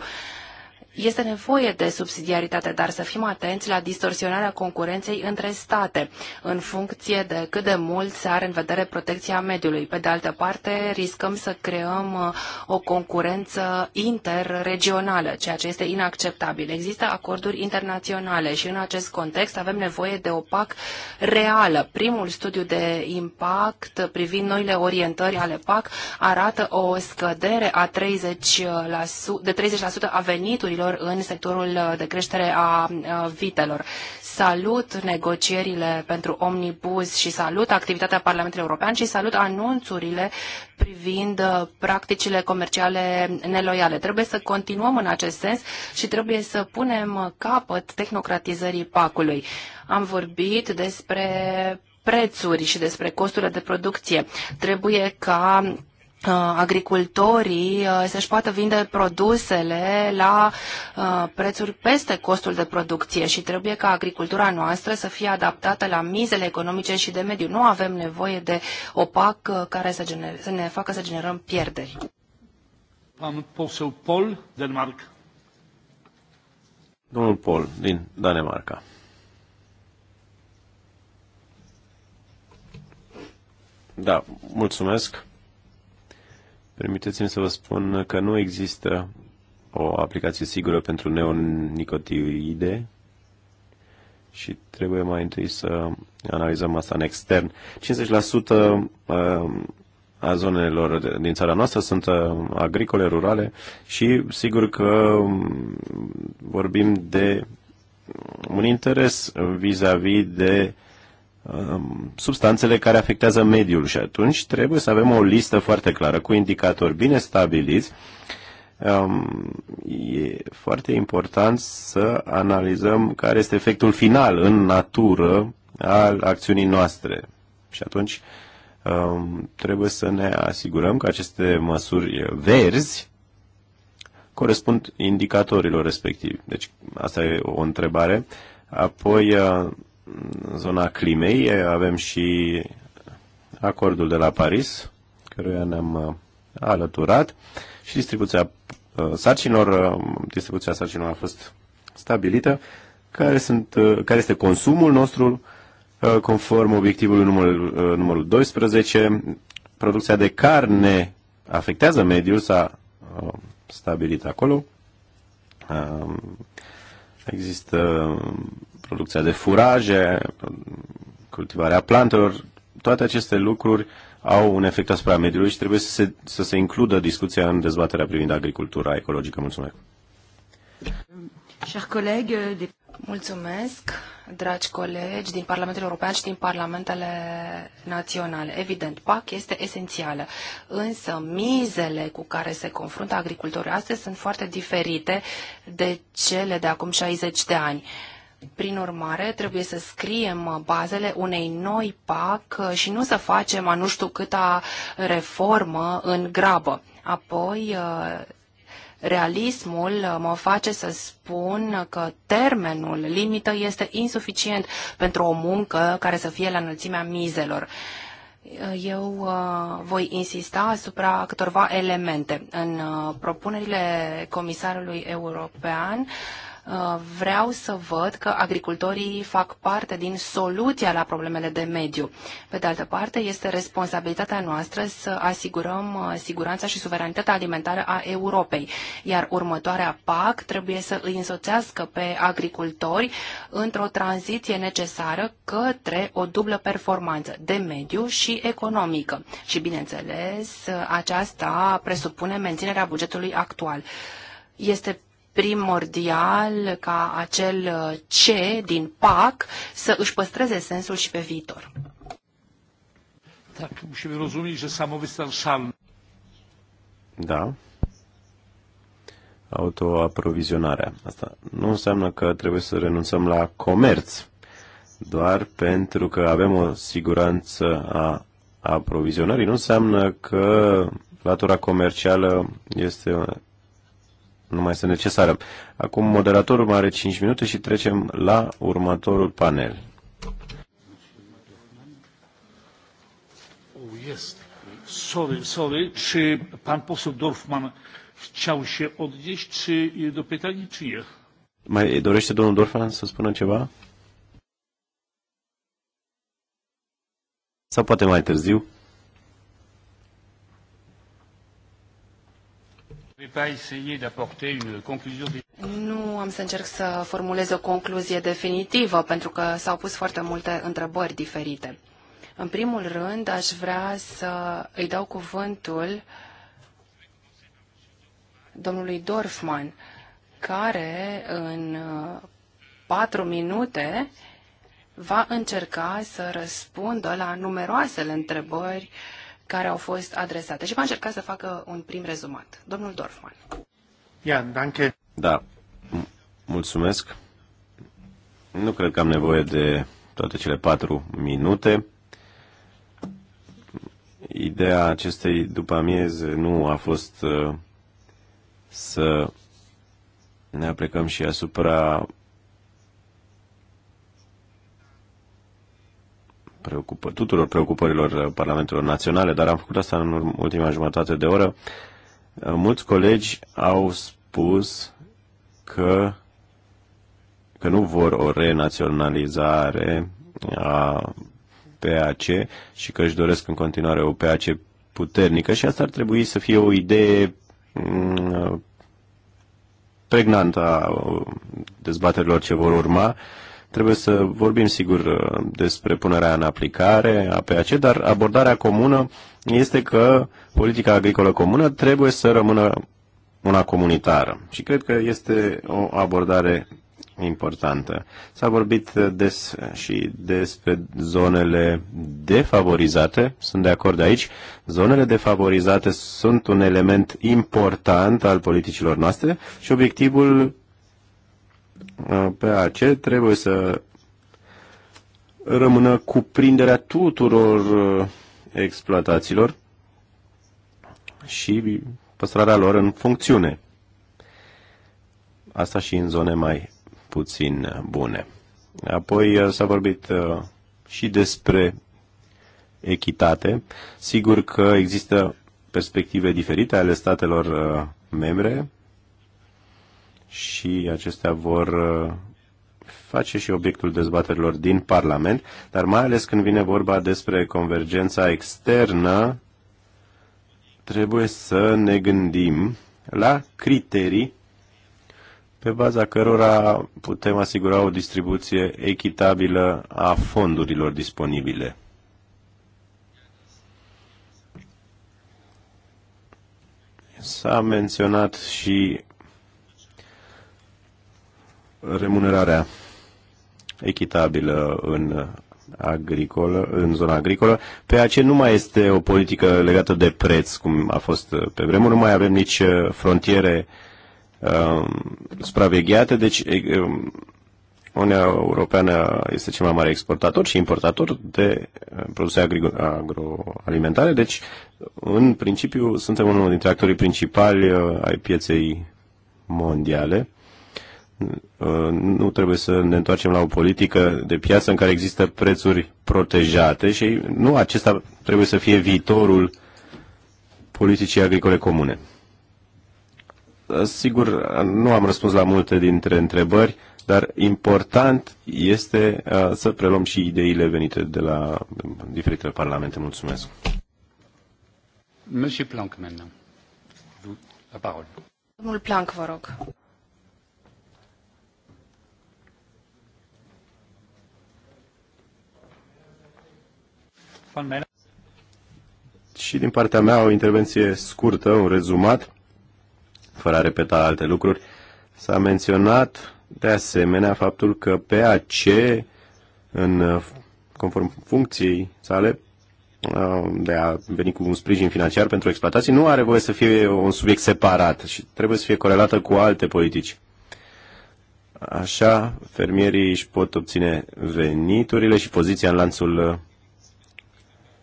Este nevoie de subsidiaritate, dar să fim atenți la distorsionarea concurenței între state, în funcție de cât de mult se are în vedere protecția mediului. Pe de altă parte, riscăm să creăm uh, o concurență interregională, ceea ce este inacceptabil. Există acorduri internaționale și în acest context avem nevoie de o PAC reală. Primul studiu de impact privind noile orientări ale PAC arată o scădere a 30%, de 30% a veniturilor negocierilor în sectorul uh, de creștere a uh, vitelor. Salut negocierile pentru omnibus și salut activitatea Parlamentului European și salut anunțurile privind uh, practicile comerciale neloiale. Trebuie să continuăm în acest sens și trebuie să punem capăt tehnocratizării pacului. Am vorbit despre prețuri și despre costurile de producție. Trebuie ca agricultorii uh, să-și poată vinde produsele la uh, prețuri peste costul de producție și trebuie ca agricultura noastră să fie adaptată la mizele economice și de mediu. Nu avem nevoie de opac uh, care să, gener- să ne facă să generăm pierderi. Am poseu Pol, Denmark. Domnul Pol, din Danemarca. Da, mulțumesc. Permiteți-mi să vă spun că nu există o aplicație sigură pentru neonicotinoide și trebuie mai întâi să analizăm asta în extern. 50% uh, a zonelor din țara noastră sunt uh, agricole, rurale și sigur că um, vorbim de un interes vis-a-vis -vis de Um, substanțele care afectează mediul și atunci trebuie să avem o listă foarte clară cu indicatori bine stabiliți. Um, e foarte important să analizăm care este efectul final în natură al acțiunii noastre. Și atunci um, trebuie să ne asigurăm că aceste măsuri verzi corespund indicatorilor respectivi. Deci asta e o întrebare. Apoi uh, zona climei. Avem și acordul de la Paris, căruia ne-am uh, alăturat și distribuția uh, sarcinilor, uh, distribuția sarcinilor a fost stabilită, care, sunt, care este consumul nostru conform obiectivului numărul, numărul 12. Producția de carne afectează mediul, s-a stabilit acolo. Există producția de furaje, cultivarea plantelor, toate aceste lucruri au un efect asupra mediului și trebuie să se, să se includă discuția în dezbaterea privind agricultura ecologică. Mulțumesc! Chers colegi Mulțumesc, dragi colegi din Parlamentul European și din Parlamentele Naționale. Evident, PAC este esențială, însă mizele cu care se confruntă agricultorii astăzi sunt foarte diferite de cele de acum 60 de ani. Prin urmare, trebuie să scriem bazele unei noi PAC și nu să facem a nu știu câta reformă în grabă. Apoi, uh, realismul uh, mă face să spun că termenul limită este insuficient pentru o muncă care să fie la înălțimea mizelor. Uh, eu voi insista asupra câtorva elemente. În propunerile Comisarului European Uh, vreau să văd că agricultorii fac parte din soluția la problemele de mediu. Pe de altă parte, este responsabilitatea noastră să asigurăm uh, siguranța și suveranitatea alimentară a Europei, iar următoarea PAC trebuie să îi însoțească pe agricultori într-o tranziție necesară către o dublă performanță de mediu și economică. Și, bineînțeles, aceasta presupune menținerea bugetului actual. Este primordial ca acel C din PAC să își păstreze sensul și pe viitor. Tak, musimy rozumieć, że samowystarczalny. Da. Autoaprovizionarea. Asta nu înseamnă că trebuie să renunțăm la comerț, doar pentru că avem o siguranță a aprovizionării. Nu înseamnă că latura comercială este nu mai este necesară. Acum moderatorul mai are 5 minute și trecem la următorul panel. Oh, sorry, sorry. Czy pan poseł Dorfman chciał się odnieść czy do pytań, czy nie? Mai dorește domnul Dorfman să spună ceva? Sau poate mai târziu? Nu am să încerc să formulez o concluzie definitivă, pentru că s-au pus foarte multe întrebări diferite. În primul rând, aș vrea să îi dau cuvântul domnului Dorfman, care în uh, patru minute va încerca să răspundă la numeroasele întrebări uh, care au fost adresate și va încerca să facă un prim rezumat. Domnul Dorfman. Ia, danke. Da, mulțumesc. Nu cred că am nevoie de toate cele patru minute. Ideea acestei după amieze nu a fost uh, să ne aplecăm și asupra preocupă, tuturor preocupărilor Parlamentelor Naționale, dar am făcut asta în ultima jumătate de oră. Mulți colegi au spus că, că nu vor o renaționalizare a PAC și că își doresc în continuare o PAC puternică și asta ar trebui să fie o idee mm, pregnantă a dezbaterilor ce vor urma Trebuie să vorbim, sigur, despre punerea în aplicare a PAC, dar abordarea comună este că politica agricolă comună trebuie să rămână una comunitară. Și cred că este o abordare importantă. S-a vorbit des și despre zonele defavorizate, sunt de acord aici. Zonele defavorizate sunt un element important al politicilor noastre și obiectivul Uh, pe AC trebuie să rămână cuprinderea tuturor uh, exploatațiilor și păstrarea lor în funcțiune. Asta și în zone mai puțin uh, bune. Apoi s-a vorbit și despre echitate. Sigur că există perspective diferite ale statelor membre și acestea vor uh, face și obiectul dezbaterilor din Parlament, dar mai ales când vine vorba despre convergența externă, trebuie să ne gândim la criterii pe baza cărora putem asigura o distribuție echitabilă a fondurilor disponibile. S-a menționat și remunerarea echitabilă în agricolă, în zona agricolă. Pe ce nu mai este o politică legată de preț, cum a fost pe vremuri, nu mai avem nici uh, frontiere uh, supravegheate, deci uh, Uniunea Europeană este cel mai mare exportator și importator de uh, produse agroalimentare, deci în principiu suntem unul dintre actorii principali uh, ai pieței mondiale Uh, nu trebuie să ne întoarcem la o politică de piață în care există prețuri protejate și nu acesta trebuie să fie viitorul politicii agricole comune. Uh, sigur, nu am răspuns la multe dintre întrebări, dar important este uh, să preluăm și ideile venite de la diferitele parlamente. Mulțumesc. Monsieur Planck, maintenant. La parole. Domnul Planck, vă rog. Și din partea mea o intervenție scurtă, un rezumat, fără a repeta alte lucruri. S-a menționat de asemenea faptul că PAC în conform funcției sale uh, de a veni cu un sprijin financiar pentru exploatații, nu are voie să fie un subiect separat și trebuie să fie corelată cu alte politici. Așa, fermierii își pot obține veniturile și poziția în lanțul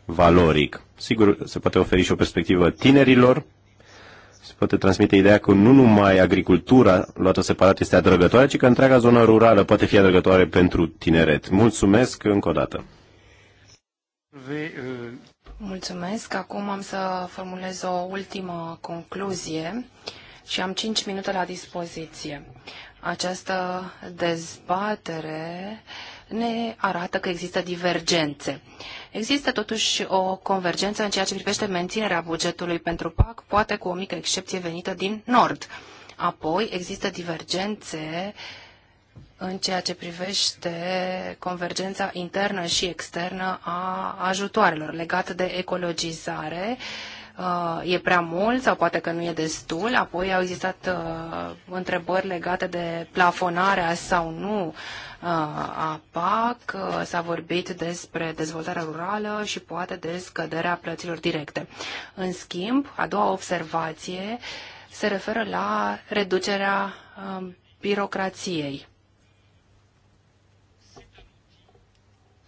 valoric. Sigur, se poate oferi și o perspectivă tinerilor, se poate transmite ideea că nu numai agricultura luată separat este adrăgătoare, ci că întreaga zonă rurală poate fi adrăgătoare pentru tineret. Mulțumesc încă o dată! Mulțumesc! Acum am să formulez o ultimă concluzie și am 5 minute la dispoziție. Această dezbatere uh, ne arată că există divergențe. Există totuși o convergență în ceea ce privește menținerea bugetului pentru PAC, poate cu o mică excepție venită din Nord. Apoi există divergențe în ceea ce privește convergența internă și externă a ajutoarelor legată de ecologizare, uh, Uh, e prea mult sau poate că nu e destul. Apoi au existat uh, întrebări legate de plafonarea sau nu uh, a PAC. S-a vorbit despre dezvoltarea rurală și poate de scăderea plăților directe. În schimb, a doua observație se referă la reducerea birocrației.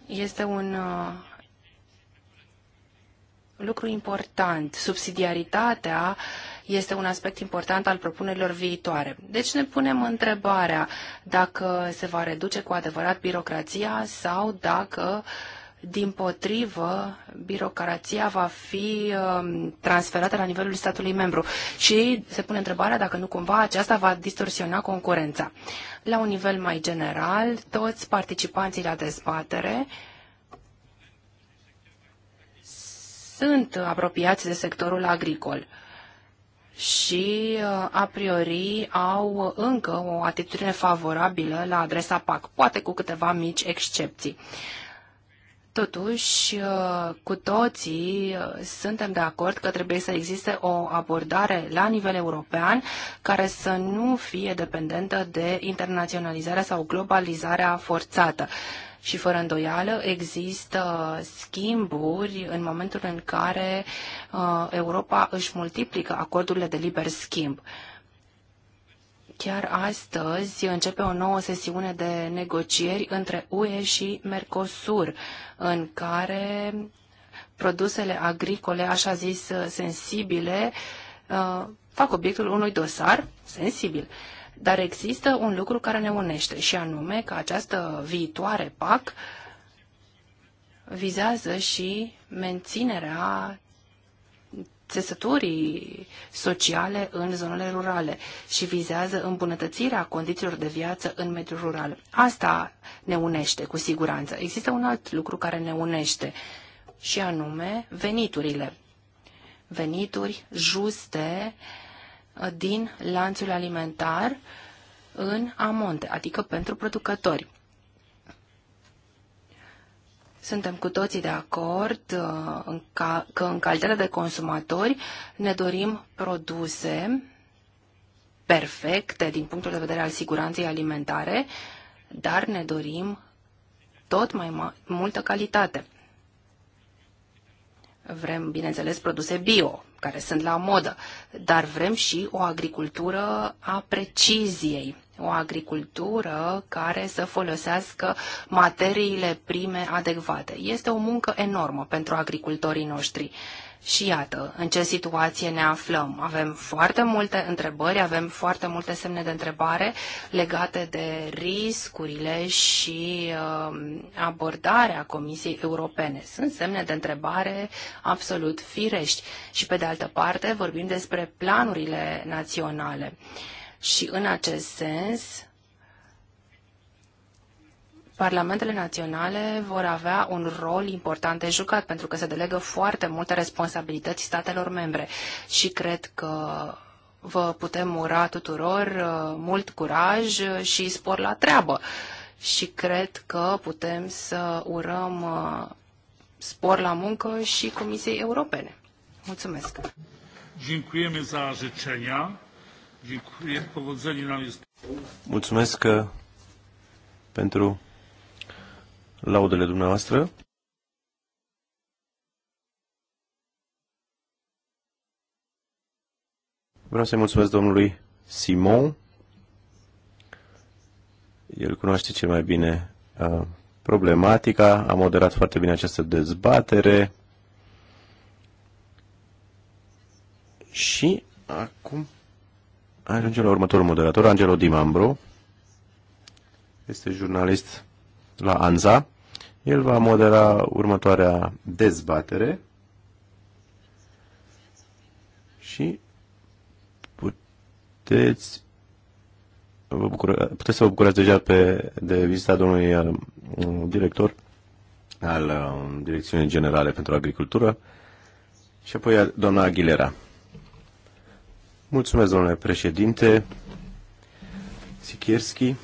Este un lucru important. Subsidiaritatea este un aspect important al propunerilor viitoare. Deci ne punem întrebarea dacă se va reduce cu adevărat birocrația sau dacă din potrivă, birocrația va fi um, transferată la nivelul statului membru și se pune întrebarea dacă nu cumva aceasta va distorsiona concurența. La un nivel mai general, toți participanții la dezbatere sunt apropiați de sectorul agricol și uh, a priori au încă o atitudine favorabilă la adresa PAC, poate cu câteva mici excepții. Totuși, uh, cu toții uh, suntem de acord că trebuie să existe o abordare la nivel european care să nu fie dependentă de internaționalizarea sau globalizarea forțată și fără îndoială există schimburi în momentul în care uh, Europa își multiplică acordurile de liber schimb. Chiar astăzi începe o nouă sesiune de negocieri între UE și Mercosur, în care produsele agricole, așa zis, sensibile, uh, fac obiectul unui dosar sensibil. Dar există un lucru care ne unește și anume că această viitoare PAC vizează și menținerea țesăturii sociale în zonele rurale și vizează îmbunătățirea condițiilor de viață în mediul rural. Asta ne unește, cu siguranță. Există un alt lucru care ne unește și anume veniturile. Venituri juste uh, Uh, din lanțul alimentar în amonte, adică pentru producători. Suntem cu toții de acord uh, că în calitate de consumatori ne dorim produse perfecte din punctul de vedere al siguranței alimentare, dar ne dorim tot mai multă calitate. Vrem, bineînțeles, produse bio, care sunt la modă, dar vrem și o agricultură a preciziei, o agricultură care să folosească materiile prime adecvate. Este o muncă enormă pentru agricultorii noștri și iată în ce situație ne aflăm. Avem foarte multe întrebări, avem foarte multe semne de întrebare legate de riscurile și uh, abordarea Comisiei Europene. Sunt semne de întrebare absolut firești. Și pe de altă parte vorbim despre planurile naționale. Și în acest sens, Parlamentele naționale vor avea un rol important de jucat pentru că se delegă foarte multe responsabilități statelor membre și cred că vă putem ura tuturor uh, mult curaj și spor la treabă. Și cred că putem să urăm uh, spor la muncă și Comisiei Europene. Mulțumesc! Mulțumesc uh, pentru laudele dumneavoastră. Vreau să-i mulțumesc domnului Simon. El cunoaște cel mai bine uh, problematica, a moderat foarte bine această dezbatere. Și acum ajungem la următorul moderator, Angelo Dimambro. Este jurnalist la ANZA el va modera următoarea dezbatere și puteți, vă bucura, puteți să vă bucurați deja pe, de vizita domnului uh, director al uh, Direcțiunii Generale pentru Agricultură și apoi doamna Aguilera. Mulțumesc, domnule președinte. Sikierski.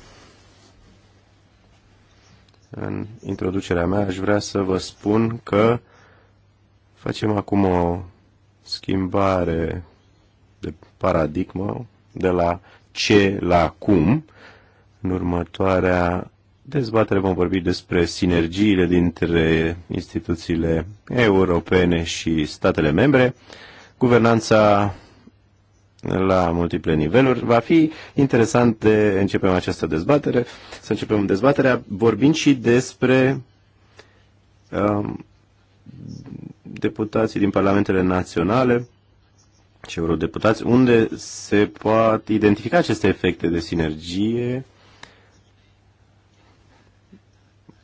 În introducerea mea aș vrea să vă spun că facem acum o schimbare de paradigmă de la ce la cum. În următoarea dezbatere vom vorbi despre sinergiile dintre instituțiile europene și statele membre, guvernanța la multiple niveluri. Va fi interesant de începem această dezbatere, să începem dezbaterea vorbind și despre um, deputații din parlamentele naționale și eurodeputați, unde se pot identifica aceste efecte de sinergie,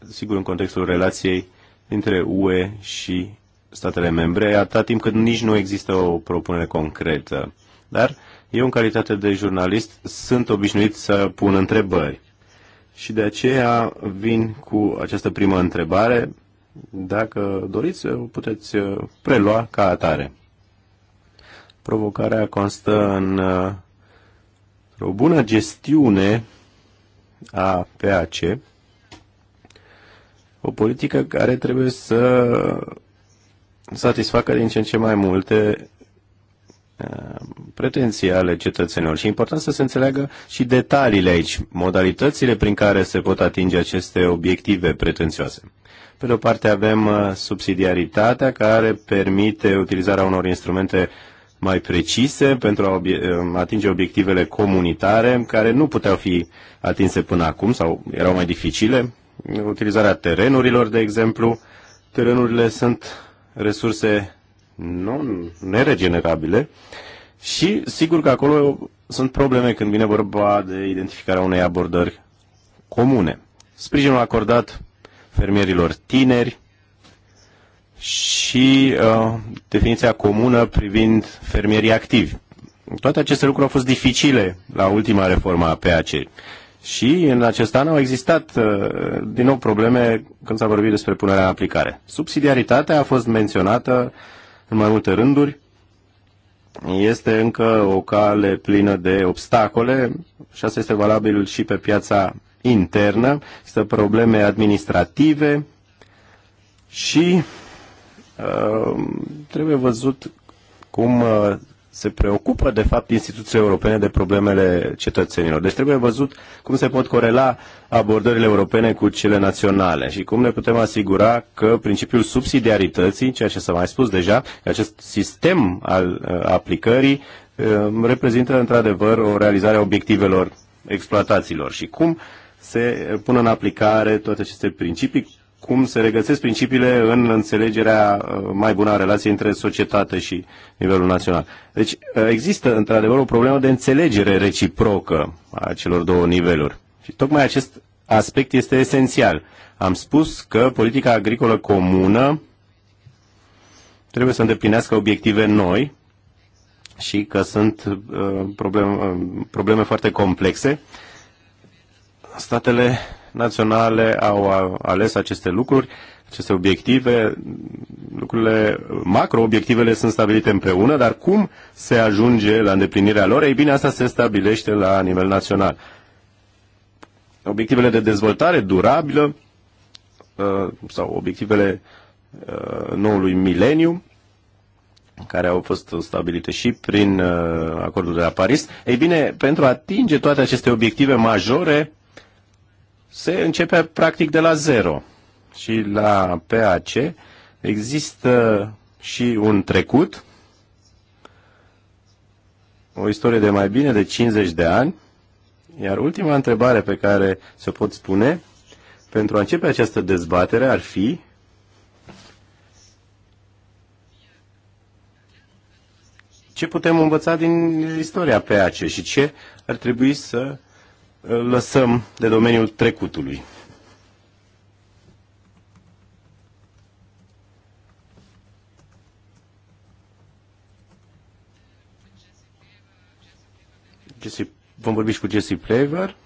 sigur în contextul relației dintre UE și statele membre, atâta timp cât nici nu există o propunere concretă. Dar eu, în calitate de jurnalist, sunt obișnuit să pun întrebări. Și de aceea vin cu această primă întrebare. Dacă doriți, o puteți uh, prelua ca atare. Provocarea constă în uh, o bună gestiune a PAC, o politică care trebuie să satisfacă din ce în ce mai multe pretenții ale cetățenilor și e important să se înțeleagă și detaliile aici, modalitățile prin care se pot atinge aceste obiective pretențioase. Pe de o parte avem uh, subsidiaritatea care permite utilizarea unor instrumente mai precise pentru a obie uh, atinge obiectivele comunitare care nu puteau fi atinse până acum sau erau mai dificile. Utilizarea terenurilor, de exemplu. Terenurile sunt resurse non, neregenerabile și sigur că acolo sunt probleme când vine vorba de identificarea unei abordări comune. Sprijinul acordat fermierilor tineri și uh, definiția comună privind fermierii activi. Toate aceste lucruri au fost dificile la ultima reformă a PAC. Și în acest an au existat uh, din nou probleme când s-a vorbit despre punerea în aplicare. Subsidiaritatea a fost menționată uh, în mai multe rânduri, este încă o cale plină de obstacole și asta este valabil și pe piața internă. Există probleme administrative și uh, trebuie văzut cum uh, se preocupă, de fapt, instituțiile europene de problemele cetățenilor. Deci trebuie văzut cum se pot corela abordările europene cu cele naționale și cum ne putem asigura că principiul subsidiarității, ceea ce s-a mai spus deja, acest sistem al uh, aplicării uh, reprezintă într-adevăr o realizare a obiectivelor exploatațiilor și cum se pun în aplicare toate aceste principii cum se regăsesc principiile în înțelegerea uh, mai bună a relației între societate și nivelul național. Deci uh, există într-adevăr o problemă de înțelegere reciprocă a celor două niveluri. Și tocmai acest aspect este esențial. Am spus că politica agricolă comună trebuie să îndeplinească obiective noi și că sunt uh, probleme, uh, probleme foarte complexe. Statele naționale au ales aceste lucruri, aceste obiective, lucrurile, macro-obiectivele sunt stabilite împreună, dar cum se ajunge la îndeplinirea lor? Ei bine, asta se stabilește la nivel național. Obiectivele de dezvoltare durabilă uh, sau obiectivele uh, noului mileniu, care au fost stabilite și prin uh, acordul de la Paris. Ei bine, pentru a atinge toate aceste obiective majore, se începe practic de la zero. Și la PAC există și un trecut, o istorie de mai bine de 50 de ani, iar ultima întrebare pe care se pot spune pentru a începe această dezbatere ar fi ce putem învăța din istoria PAC și ce ar trebui să lăsăm de domeniul trecutului. Jesse, vom vorbi și cu Jesse Plever,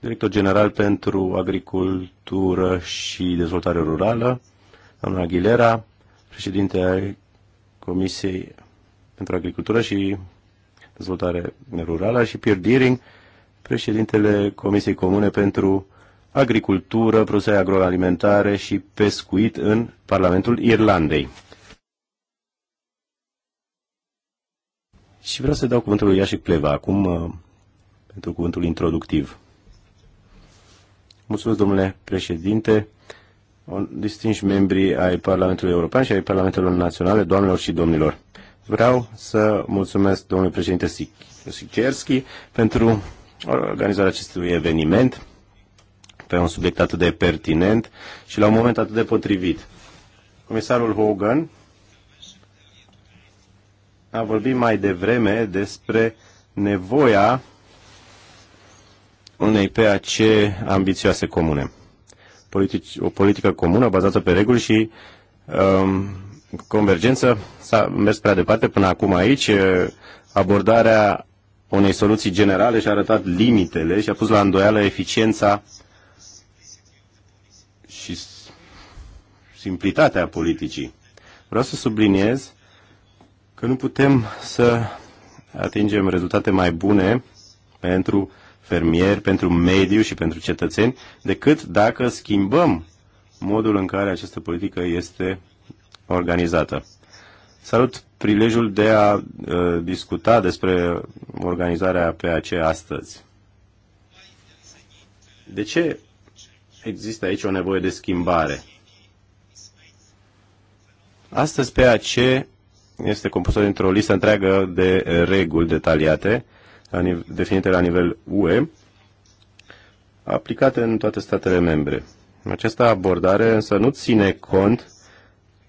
director general pentru agricultură și dezvoltare rurală, doamna Aguilera, președinte al Comisiei pentru Agricultură și Dezvoltare Rurală și Pierre Deering, președintele Comisiei Comune pentru Agricultură, Produse Agroalimentare și Pescuit în Parlamentul Irlandei. Și vreau să dau cuvântul lui Iașic Pleva acum uh, pentru cuvântul introductiv. Mulțumesc, domnule președinte, distinși membri ai Parlamentului European și ai Parlamentelor Naționale, doamnelor și domnilor. Vreau să mulțumesc domnului președinte Sikerski pentru organizarea acestui eveniment pe un subiect atât de pertinent și la un moment atât de potrivit. Comisarul Hogan a vorbit mai devreme despre nevoia unei PAC ambițioase comune. Politici, o politică comună bazată pe reguli și um, convergență s-a mers prea departe până acum aici. Abordarea unei soluții generale și-a arătat limitele și a pus la îndoială eficiența și simplitatea politicii. Vreau să subliniez că nu putem să atingem rezultate mai bune pentru fermieri, pentru mediu și pentru cetățeni, decât dacă schimbăm modul în care această politică este organizată. Salut prilejul de a uh, discuta despre organizarea PAC astăzi. De ce există aici o nevoie de schimbare? Astăzi PAC este compusă dintr-o listă întreagă de reguli detaliate, definite la nivel UE, aplicate în toate statele membre. Această abordare însă nu ține cont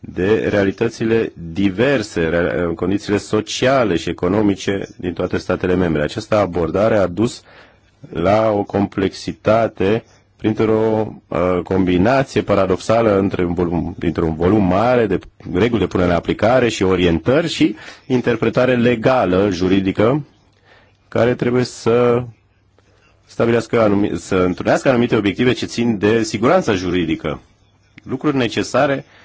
de realitățile diverse, condițiile sociale și economice din toate statele membre. Această abordare a dus la o complexitate printr-o uh, combinație paradoxală între un volum, dintr-un volum mare de reguli de punere în aplicare și orientări și interpretare legală, juridică, care trebuie să stabilească anumi- să întrunească anumite obiective ce țin de siguranța juridică. Lucruri necesare uh,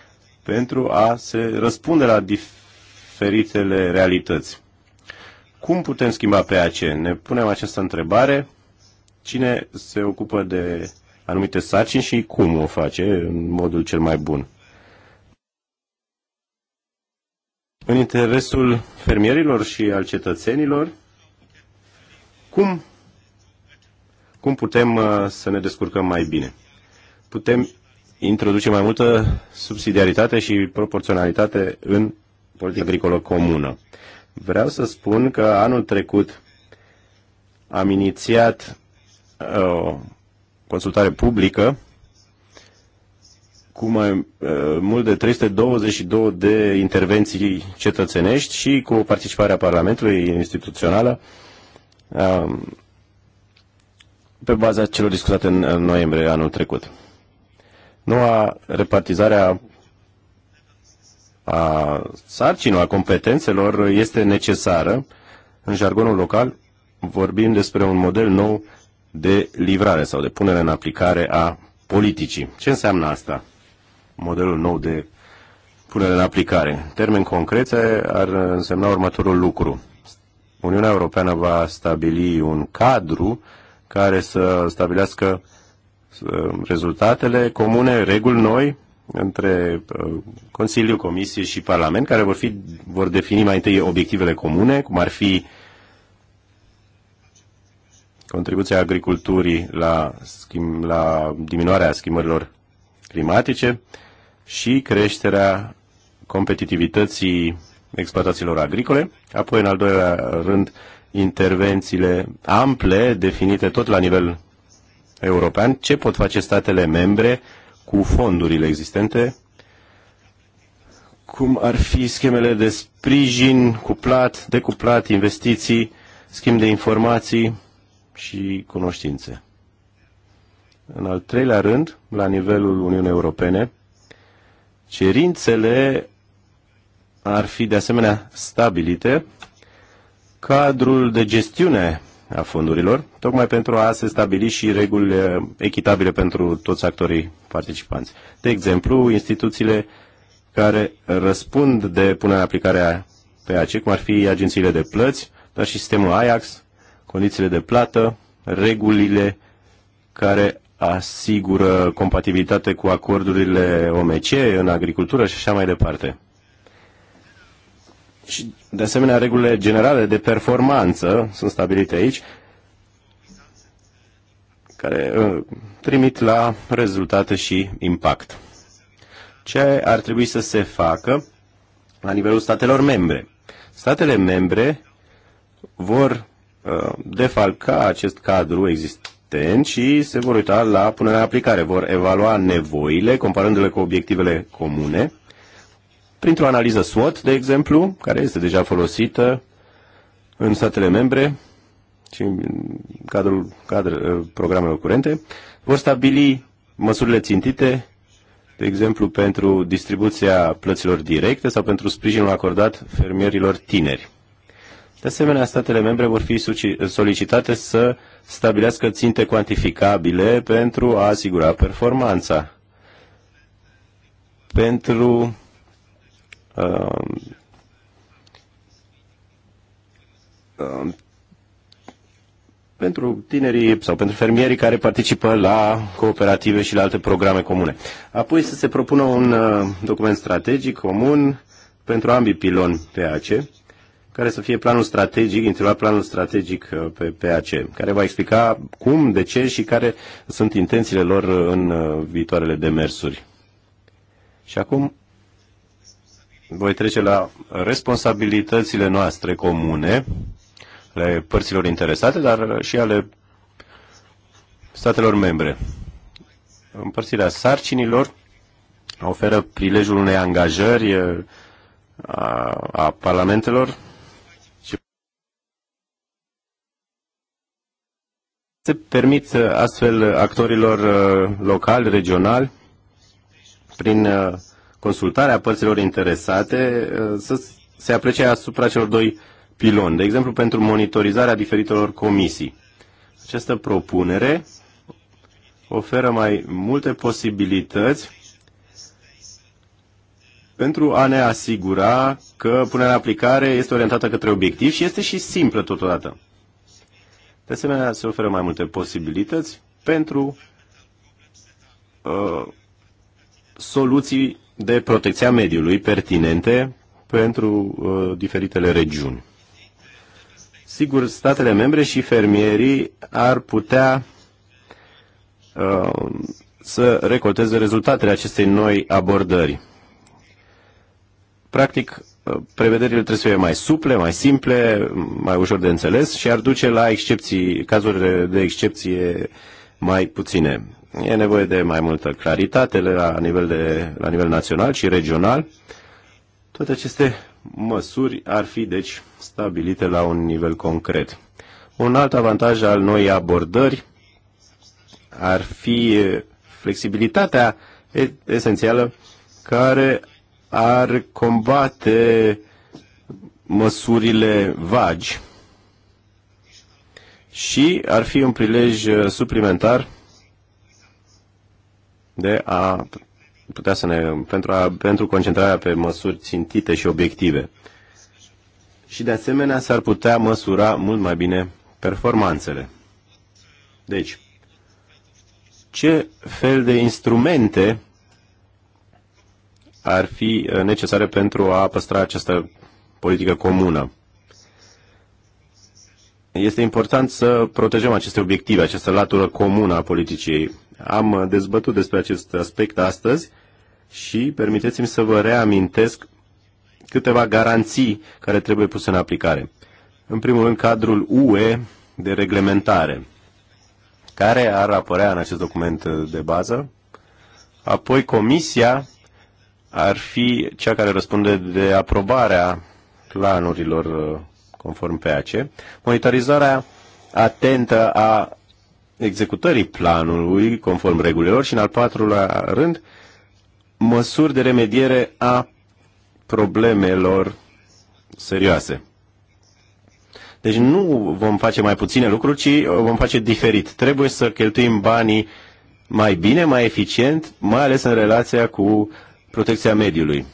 pentru a se răspunde la diferitele realități. Cum putem schimba PAC? Ne punem această întrebare. Cine se ocupă de anumite sarcini și cum o face în modul cel mai bun? În interesul fermierilor și al cetățenilor, cum, cum putem uh, să ne descurcăm mai bine? Putem introduce mai multă subsidiaritate și proporționalitate în politica agricolă comună. Vreau să spun că anul trecut am inițiat uh, o consultare publică cu mai uh, mult de 322 de intervenții cetățenești și cu participarea Parlamentului instituțională um, pe baza celor discutate în noiembrie anul trecut. Noua repartizare a, a sarcinilor, a competențelor este necesară. În jargonul local vorbim despre un model nou de livrare sau de punere în aplicare a politicii. Ce înseamnă asta? Modelul nou de punere în aplicare. Termeni concrete ar însemna următorul lucru. Uniunea Europeană va stabili un cadru care să stabilească Ehm, rezultatele comune, reguli noi între ehm, Consiliu, Comisie și Parlament, care vor, fi, vor defini mai întâi obiectivele comune, cum ar fi contribuția agriculturii la, schimb, la diminuarea schimbărilor climatice și creșterea competitivității exploatațiilor agricole, apoi în al doilea rând intervențiile ample definite tot la nivel european, ce pot face statele membre cu fondurile existente, cum ar fi schemele de sprijin, cuplat, decuplat, investiții, schimb de informații și cunoștințe. În al treilea rând, la nivelul Uniunii Europene, cerințele ar fi de asemenea stabilite, cadrul de gestiune a fondurilor, tocmai pentru a se stabili și reguli echitabile pentru toți actorii participanți. De exemplu, instituțiile care răspund de punerea în aplicare a PAC, cum ar fi agențiile de plăți, dar și sistemul Ajax, condițiile de plată, regulile care asigură compatibilitate cu acordurile OMC în agricultură și așa mai departe. Și de asemenea, regulile generale de performanță sunt stabilite aici, care uh, trimit la rezultate și impact. Ce ar trebui să se facă la nivelul statelor membre? Statele membre vor uh, defalca acest cadru existent și se vor uita la punerea în aplicare. Vor evalua nevoile, comparându-le cu obiectivele comune printr-o analiză SWOT, de exemplu, care este deja folosită în statele membre și în cadrul, cadrul uh, programelor curente, vor stabili măsurile țintite, de exemplu, pentru distribuția plăților directe sau pentru sprijinul acordat fermierilor tineri. De asemenea, statele membre vor fi solicitate să stabilească ținte cuantificabile pentru a asigura performanța. Pentru Um, um, pentru tinerii sau pentru fermierii care participă la cooperative și la alte programe comune. Apoi să se propună un uh, document strategic comun pentru ambii piloni PAC, care să fie planul strategic, intitulat planul strategic uh, pe PAC, care va explica cum, de ce și care sunt intențiile lor în uh, viitoarele demersuri. Și acum voi trece la responsabilitățile noastre comune, ale părților interesate, dar și ale statelor membre. Împărțirea sarcinilor oferă prilejul unei angajări eh, a, a parlamentelor și se permit eh, astfel actorilor eh, locali, regionali, prin consultarea părților interesate uh, să se aprecie asupra celor doi piloni, de exemplu pentru monitorizarea diferitelor comisii. Această propunere oferă mai multe posibilități pentru a ne asigura că punerea în aplicare este orientată către obiectiv și este și simplă totodată. De asemenea, se oferă mai multe posibilități pentru uh, soluții de protecția mediului pertinente pentru uh, diferitele regiuni. Sigur, statele membre și fermierii ar putea uh, să recolteze rezultatele acestei noi abordări. Practic, uh, prevederile trebuie să fie mai suple, mai simple, mai ușor de înțeles și ar duce la excepții, cazuri de excepție mai puține. E nevoie de mai multă claritate la nivel, de, la nivel național și regional. Toate aceste măsuri ar fi, deci, stabilite la un nivel concret. Un alt avantaj al noii abordări ar fi flexibilitatea esențială care ar combate măsurile vagi și ar fi un prilej suplimentar de a putea să ne, pentru, a, pentru concentrarea pe măsuri țintite și obiective. Și de asemenea s-ar putea măsura mult mai bine performanțele. Deci, ce fel de instrumente ar fi necesare pentru a păstra această politică comună? Este important să protejăm aceste obiective, această latură comună a politicii am uh, dezbătut despre acest aspect astăzi și permiteți-mi să vă reamintesc câteva garanții care trebuie puse în aplicare. În primul rând, cadrul UE de reglementare, care ar apărea în acest document uh, de bază. Apoi, Comisia ar fi cea care răspunde de aprobarea planurilor uh, conform PAC, monitorizarea atentă a executării planului conform regulilor și în al patrulea rând măsuri de remediere a problemelor serioase. Deci nu vom face mai puține lucruri, ci vom face diferit. Trebuie să cheltuim banii mai bine, mai eficient, mai ales în relația cu protecția mediului.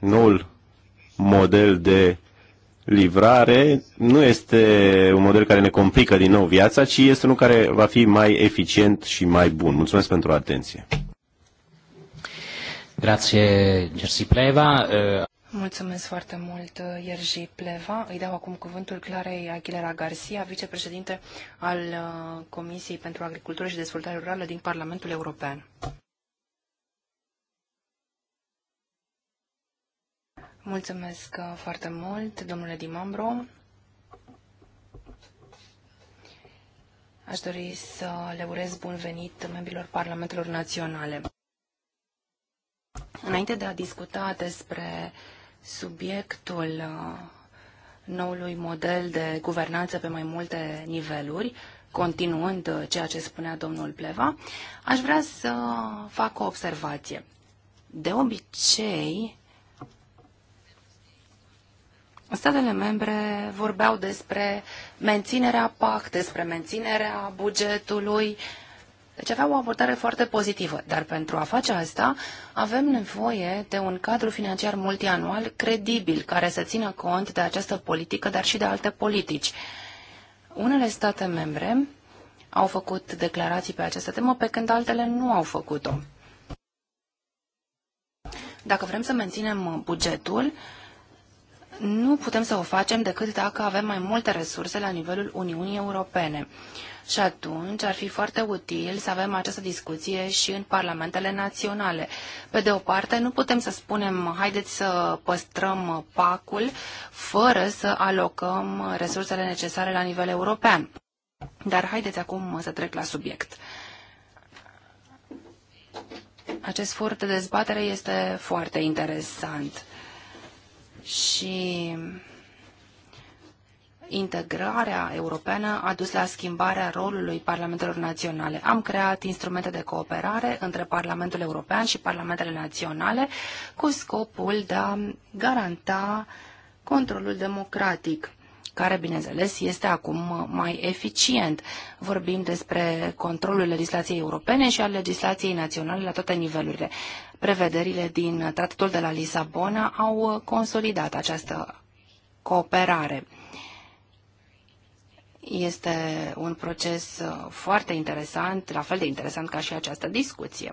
Noul model de livrare nu este un model care ne complică din nou viața, ci este unul care va fi mai eficient și mai bun. Mulțumesc pentru atenție. Grazie, Gersi Pleva. Eh, mulțumesc foarte mult, Ierji eh, Pleva. Îi dau acum cuvântul Clarei Aguilera Garcia, vicepreședinte al eh, Comisiei pentru Agricultură și Dezvoltare Rurală din Parlamentul European. Mulțumesc uh, foarte mult, domnule Dimambro. Aș dori să le urez bun venit membrilor Parlamentelor Naționale. Înainte de a discuta despre subiectul uh, noului model de guvernanță pe mai multe niveluri, continuând uh, ceea ce spunea domnul Pleva, aș vrea să fac o observație. De obicei, statele membre vorbeau despre menținerea PAC, despre menținerea bugetului, deci aveau o abordare foarte pozitivă, dar pentru a face asta avem nevoie de un cadru financiar multianual credibil care să țină cont de această politică, dar și de alte politici. Unele state membre au făcut declarații pe această temă, pe când altele nu au făcut-o. Dacă vrem să menținem bugetul, nu putem să o facem decât dacă avem mai multe resurse la nivelul Uniunii Europene. Și atunci ar fi foarte util să avem această discuție și în parlamentele naționale. Pe de o parte, nu putem să spunem, haideți să păstrăm pacul fără să alocăm resursele necesare la nivel european. Dar haideți acum să trec la subiect. Acest furt de dezbatere este foarte interesant și integrarea europeană a dus la schimbarea rolului parlamentelor naționale. Am creat instrumente de cooperare între Parlamentul European și Parlamentele naționale cu scopul de a garanta controlul democratic care, bineînțeles, este acum mai eficient. Vorbim despre controlul legislației europene și al legislației naționale la toate nivelurile. Prevederile din Tratatul de la Lisabona au consolidat această cooperare. Este un proces foarte interesant, la fel de interesant ca și această discuție.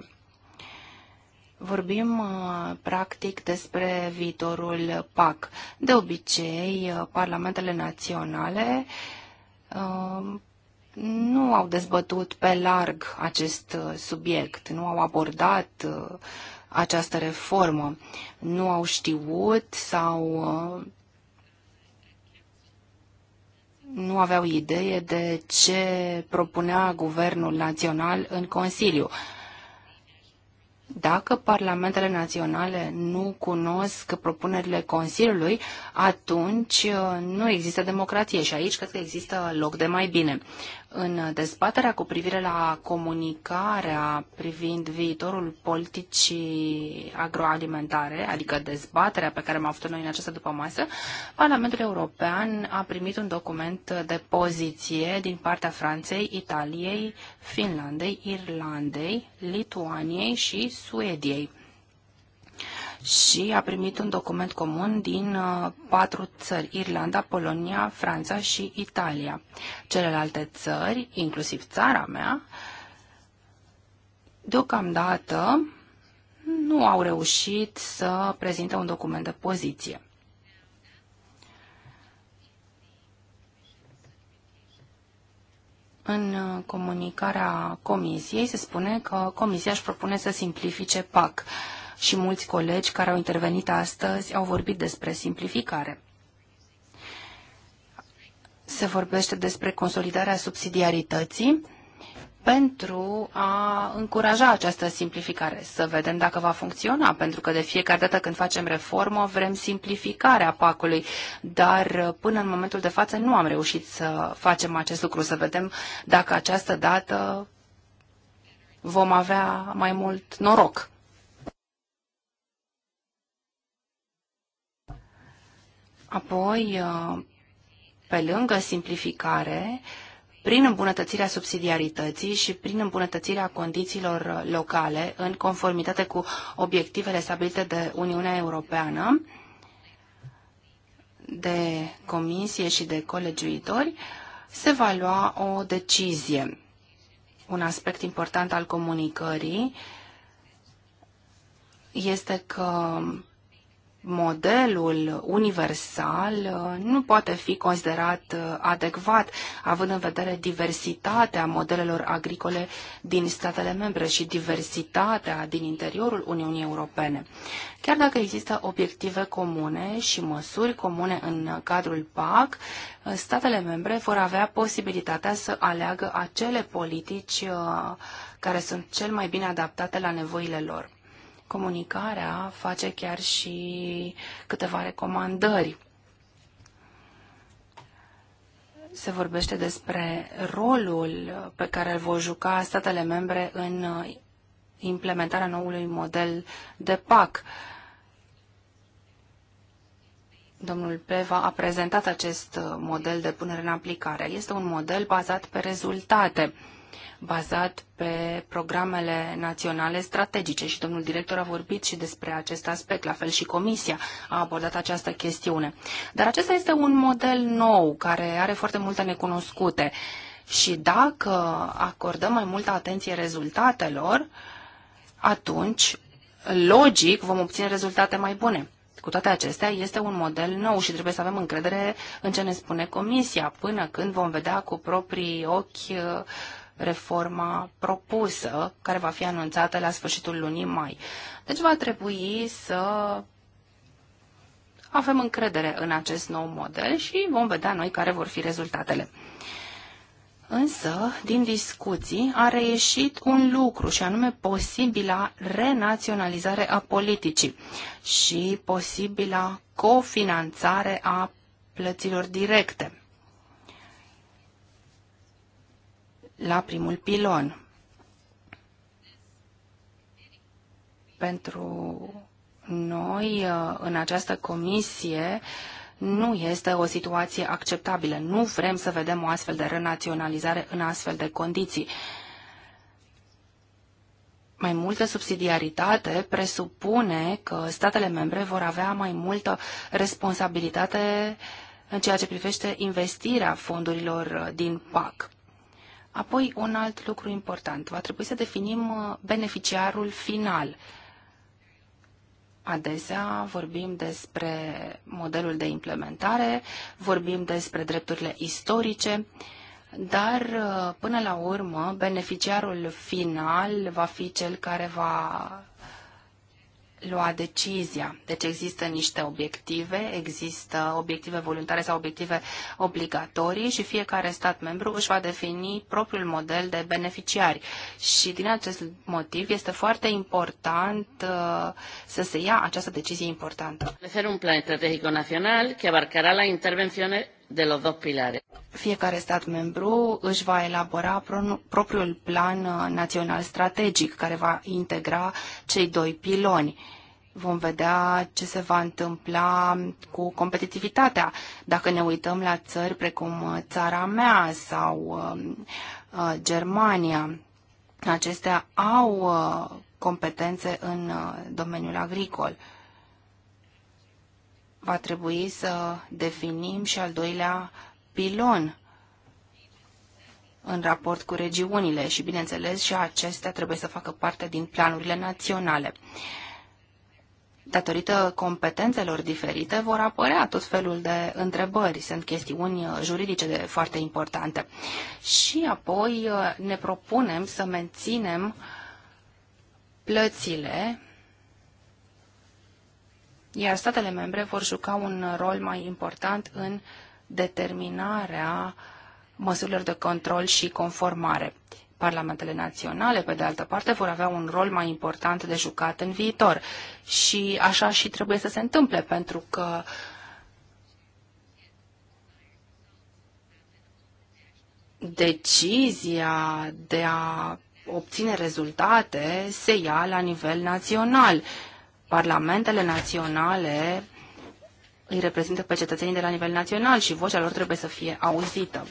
Vorbim uh, practic despre viitorul PAC. De obicei, uh, parlamentele naționale uh, nu au dezbătut pe larg acest subiect, nu au abordat această reformă, nu au știut sau nu aveau idee de ce propunea guvernul național în Consiliu. Dacă parlamentele naționale nu cunosc propunerile Consiliului, atunci uh, nu există democrație și aici cred că există loc de mai bine. În dezbaterea cu privire la comunicarea privind viitorul politicii agroalimentare, adică dezbaterea pe care am avut-o noi în această dupămasă, Parlamentul European a primit un document de poziție din partea Franței, Italiei, Finlandei, Irlandei, Lituaniei și Suediei și a primit un document comun din uh, patru țări, Irlanda, Polonia, Franța și Italia. Celelalte țări, inclusiv țara mea, deocamdată nu au reușit să prezinte un document de poziție. În uh, comunicarea comisiei se spune că comisia își propune să simplifice PAC și mulți colegi care au intervenit astăzi au vorbit despre simplificare. Se vorbește despre consolidarea subsidiarității pentru a încuraja această simplificare. Să vedem dacă va funcționa, pentru că de fiecare dată când facem reformă vrem simplificarea pacului, dar până în momentul de față nu am reușit să facem acest lucru, să vedem dacă această dată vom avea mai mult noroc. Apoi, uh, pe lângă simplificare, prin îmbunătățirea subsidiarității și prin îmbunătățirea condițiilor locale în conformitate cu obiectivele stabilite de Uniunea Europeană, de comisie și de colegiuitori, se va lua o decizie. Un aspect important al comunicării este că modelul universal uh, nu poate fi considerat uh, adecvat, având în vedere diversitatea modelelor agricole din statele membre și diversitatea din interiorul Uniunii Europene. Chiar dacă există obiective comune și măsuri comune în cadrul PAC, uh, statele membre vor avea posibilitatea să aleagă acele politici care sunt cel mai bine adaptate la nevoile lor comunicarea face chiar și câteva recomandări. Se vorbește despre rolul pe care îl vor juca statele membre în implementarea noului model de PAC. Domnul Peva a prezentat acest model de punere în aplicare. Este un model bazat pe rezultate bazat pe programele naționale strategice și domnul director a vorbit și despre acest aspect, la fel și comisia a abordat această chestiune. Dar acesta este un model nou care are foarte multe necunoscute și dacă acordăm mai multă atenție rezultatelor, atunci, logic, vom obține rezultate mai bune. Cu toate acestea, este un model nou și trebuie să avem încredere în ce ne spune Comisia, până când vom vedea cu proprii ochi reforma propusă, care va fi anunțată la sfârșitul lunii mai. Deci va trebui să avem încredere în acest nou model și vom vedea noi care vor fi rezultatele. Însă, din discuții a reieșit un lucru și anume posibila renaționalizare a politicii și posibila cofinanțare a plăților directe. la primul pilon. Pentru noi, uh, în această comisie, nu este o situație acceptabilă. Nu vrem să vedem o astfel de renaționalizare în astfel de condiții. Mai multă subsidiaritate presupune că statele membre vor avea mai multă responsabilitate în ceea ce privește investirea fondurilor din PAC. Apoi, un alt lucru important. Va trebui să definim uh, beneficiarul final. Adesea vorbim despre modelul de implementare, vorbim despre drepturile istorice, dar uh, până la urmă beneficiarul final va fi cel care va lua decizia. Deci există niște obiective, există obiective voluntare sau obiective obligatorii și fiecare stat membru își va defini propriul model de beneficiari. Și din acest motiv este foarte important uh, să se ia această decizie importantă. un plan estrategic național care abarcará las intervenciones de los dos pilares. Fiecare stat membru își va elabora propriul plan uh, național strategic care va integra cei doi piloni. Vom vedea ce se va întâmpla cu competitivitatea. Dacă ne uităm la țări precum uh, țara mea sau uh, uh, Germania, acestea au uh, competențe în uh, domeniul agricol. Uh, va trebui să definim și al doilea pilon în raport cu regiunile și, bineînțeles, și acestea trebuie să facă parte din planurile naționale. Datorită competențelor diferite vor apărea tot felul de întrebări, sunt chestiuni uh, juridice de foarte importante. Și apoi uh, ne propunem să menținem plățile iar statele membre vor juca un rol mai important în determinarea măsurilor de control și conformare. Parlamentele naționale, pe de altă parte, vor avea un rol mai important de jucat în viitor. Și așa și trebuie să se întâmple, pentru că decizia de a obține rezultate se ia la nivel național Parlamentele naționale îi reprezintă pe cetățenii de la nivel național și vocea lor trebuie să fie auzită.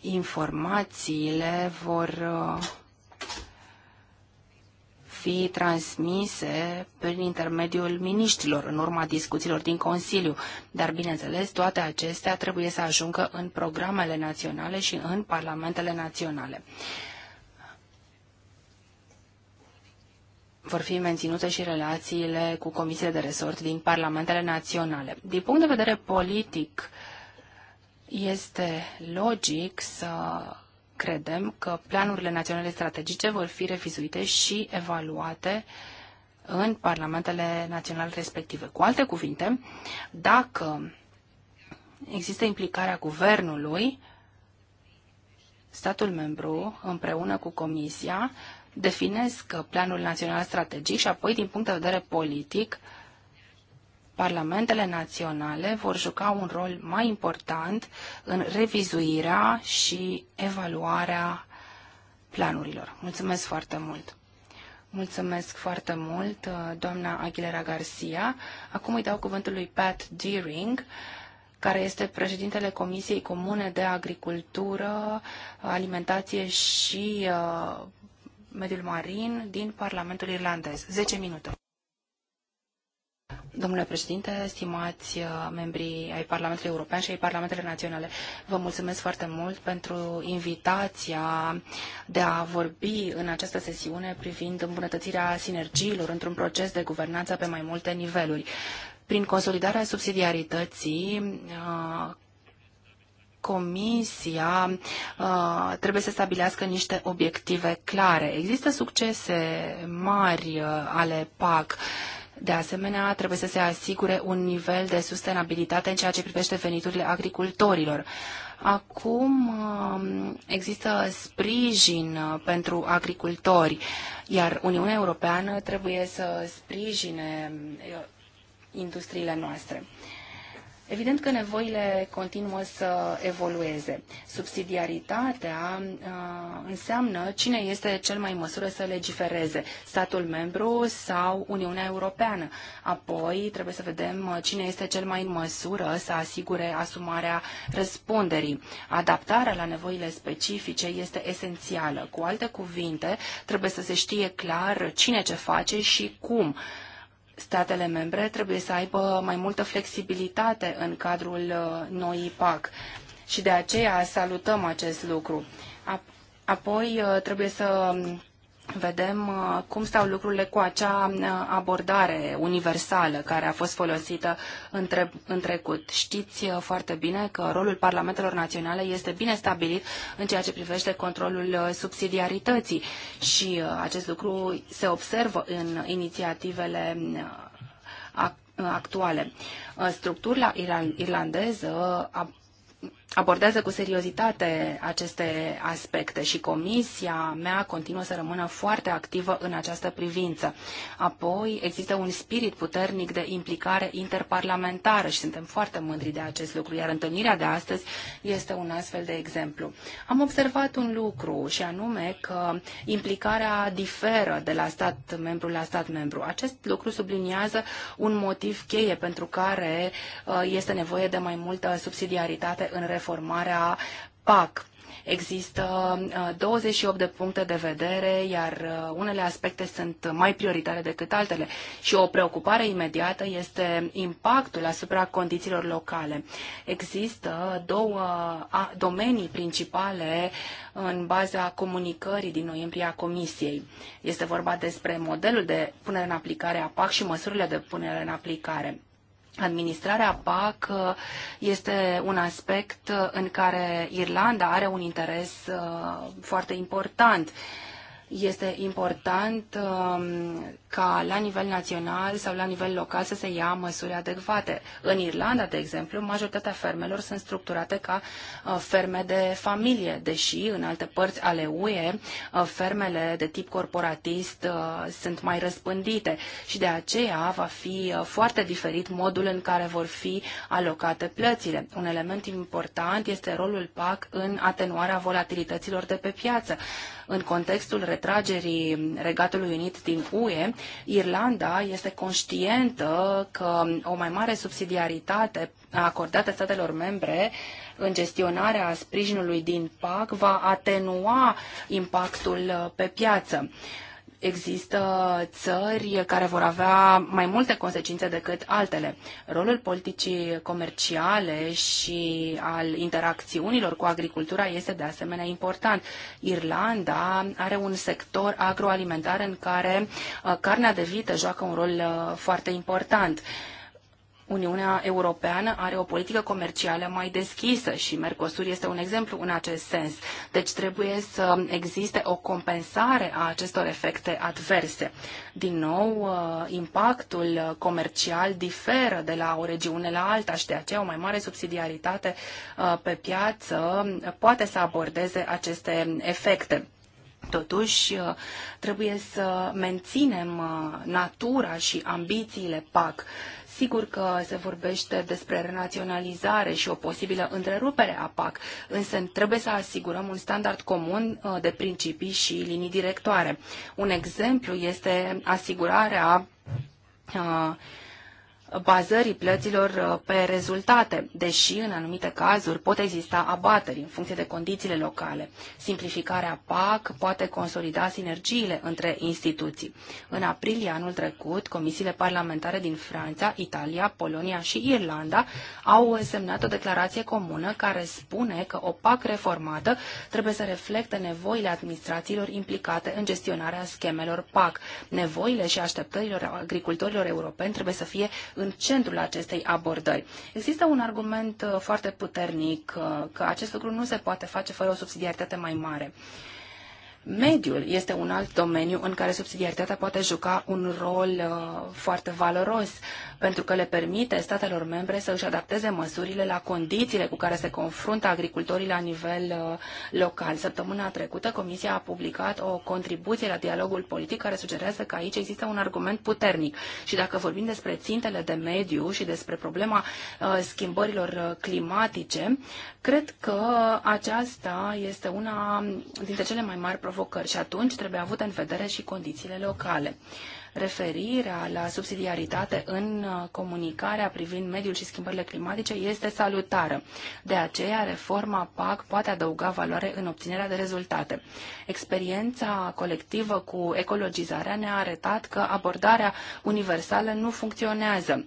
Informațiile vor uh, fi transmise prin intermediul miniștrilor în urma discuțiilor din Consiliu, dar bineînțeles toate acestea trebuie să ajungă în programele naționale și în parlamentele naționale. vor fi menținute și relațiile cu comisiile de resort din parlamentele naționale. Din punct de vedere politic, este logic să credem că planurile naționale strategice vor fi revizuite și evaluate în parlamentele naționale respective. Cu alte cuvinte, dacă există implicarea guvernului, statul membru, împreună cu Comisia, definesc planul național strategic și apoi, din punct de vedere politic, parlamentele naționale vor juca un rol mai important în revizuirea și evaluarea planurilor. Mulțumesc foarte mult! Mulțumesc foarte mult, uh, doamna Aguilera Garcia. Acum îi dau cuvântul lui Pat Deering, care este președintele Comisiei Comune de Agricultură, Alimentație și uh, mediul marin din Parlamentul Irlandez. 10 minute. Domnule președinte, stimați uh, membrii ai Parlamentului European și ai Parlamentele Naționale, vă mulțumesc foarte mult pentru invitația de a vorbi în această sesiune privind îmbunătățirea sinergiilor într-un proces de guvernanță pe mai multe niveluri. Prin consolidarea subsidiarității, uh, Comisia uh, trebuie să stabilească niște obiective clare. Există succese mari uh, ale PAC. De asemenea, trebuie să se asigure un nivel de sustenabilitate în ceea ce privește veniturile agricultorilor. Acum um, există sprijin uh, pentru agricultori, iar Uniunea Europeană trebuie să sprijine uh, industriile noastre. Evident că nevoile continuă să evolueze. Subsidiaritatea înseamnă cine este cel mai în măsură să legifereze, statul membru sau Uniunea Europeană. Apoi trebuie să vedem cine este cel mai în măsură să asigure asumarea răspunderii. Adaptarea la nevoile specifice este esențială. Cu alte cuvinte, trebuie să se știe clar cine ce face și cum statele membre trebuie să aibă mai multă flexibilitate în cadrul uh, noii PAC și de aceea salutăm acest lucru. Apoi uh, trebuie să um, vedem uh, cum stau lucrurile cu acea uh, abordare universală care a fost folosită în, în trecut. Știți uh, foarte bine că rolul parlamentelor naționale este bine stabilit în ceea ce privește controlul subsidiarității și acest lucru se observă în inițiativele actuale. Structura irlandeză a abordează cu seriozitate aceste aspecte și comisia mea continuă să rămână foarte activă în această privință. Apoi există un spirit puternic de implicare interparlamentară și suntem foarte mândri de acest lucru, iar întâlnirea de astăzi este un astfel de exemplu. Am observat un lucru și anume că implicarea diferă de la stat membru la stat membru. Acest lucru subliniază un motiv cheie pentru care uh, este nevoie de mai multă subsidiaritate în reformă reformarea PAC. Există 28 uh, de puncte de vedere, iar uh, unele aspecte sunt mai prioritare decât altele și o preocupare imediată este impactul asupra condițiilor locale. Există două domenii principale în baza comunicării din noiembrie a Comisiei. Este vorba despre modelul de punere în aplicare a PAC și măsurile de punere în aplicare. Administrarea PAC uh, este un aspect uh, în care Irlanda are un interes uh, foarte important. Este important um, ca la nivel național sau la nivel local să se ia măsuri adecvate. În Irlanda, de exemplu, majoritatea fermelor sunt structurate ca uh, ferme de familie, deși în alte părți ale UE uh, fermele de tip corporatist uh, sunt mai răspândite și de aceea va fi foarte diferit modul în care vor fi alocate plățile. Un element important este rolul PAC în atenuarea volatilităților de pe piață. În contextul retragerii Regatului Unit din UE, Irlanda este conștientă că o mai mare subsidiaritate acordată statelor membre în gestionarea sprijinului din PAC va atenua impactul pe piață există țări care vor avea mai multe consecințe decât altele. Rolul politicii comerciale și al interacțiunilor cu agricultura este de asemenea important. Irlanda are un sector agroalimentar în care uh, carnea de vită joacă un rol uh, foarte important. Uniunea Europeană are o politică comercială mai deschisă și Mercosur este un exemplu în acest sens. Deci trebuie să existe o compensare a acestor efecte adverse. Din nou, uh, impactul comercial diferă de la o regiune la alta și de aceea o mai mare subsidiaritate uh, pe piață poate să abordeze aceste efecte. Totuși, uh, trebuie să menținem natura și ambițiile PAC Sigur că se vorbește despre renaționalizare și o posibilă întrerupere a PAC, însă trebuie să asigurăm un standard comun uh, de principii și linii directoare. Un exemplu este asigurarea uh, bazării plăților uh, pe rezultate, deși în anumite cazuri pot exista abateri în funcție de condițiile locale. Simplificarea PAC poate consolida sinergiile între instituții. În aprilie anul trecut, comisiile parlamentare din Franța, Italia, Polonia și Irlanda au semnat o declarație comună care spune că o PAC reformată trebuie să reflecte nevoile administrațiilor implicate în gestionarea schemelor PAC. Nevoile și așteptărilor agricultorilor europeni trebuie să fie în centrul acestei abordări. Există un argument uh, foarte puternic uh, că acest lucru nu se poate face fără o subsidiaritate mai mare. Mediul este un alt domeniu în care subsidiaritatea poate juca un rol uh, foarte valoros, pentru că le permite statelor membre să își adapteze măsurile la condițiile cu care se confruntă agricultorii la nivel uh, local. Săptămâna trecută, Comisia a publicat o contribuție la dialogul politic care sugerează că aici există un argument puternic. Și dacă vorbim despre țintele de mediu și despre problema uh, schimbărilor climatice, cred că aceasta este una dintre cele mai mari probleme provocări și atunci trebuie avut în vedere și condițiile locale. Referirea la subsidiaritate în uh, comunicarea privind mediul și schimbările climatice este salutară. De aceea, reforma PAC poate adăuga valoare în obținerea de rezultate. Experiența colectivă cu ecologizarea ne-a arătat că abordarea universală nu funcționează.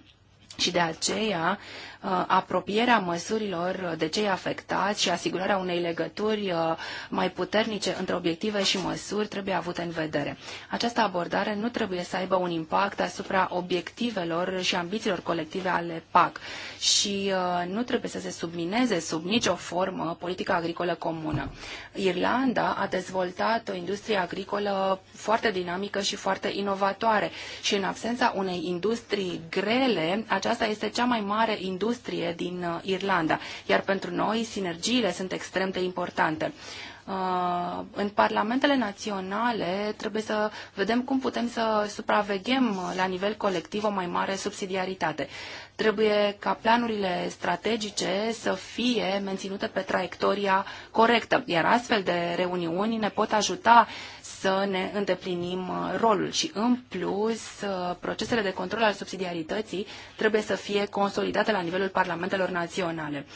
Și de aceea Uh, apropierea măsurilor de cei afectați și asigurarea unei legături uh, mai puternice între obiective și măsuri trebuie avută în vedere. Această abordare nu trebuie să aibă un impact asupra obiectivelor și ambițiilor colective ale PAC și uh, nu trebuie să se submineze sub nicio formă politica agricolă comună. Irlanda a dezvoltat o industrie agricolă foarte dinamică și foarte inovatoare și în absența unei industrii grele, aceasta este cea mai mare industrie industrie din uh, Irlanda, iar pentru noi sinergiile sunt extrem de importante. Uh, în parlamentele naționale trebuie să vedem cum putem să supraveghem uh, la nivel colectiv o mai mare subsidiaritate. Trebuie ca planurile strategice să fie menținute pe traiectoria corectă, iar astfel de reuniuni ne pot ajuta să ne îndeplinim uh, rolul și, în plus, uh, procesele de control al subsidiarității trebuie să fie consolidate la nivelul parlamentelor naționale.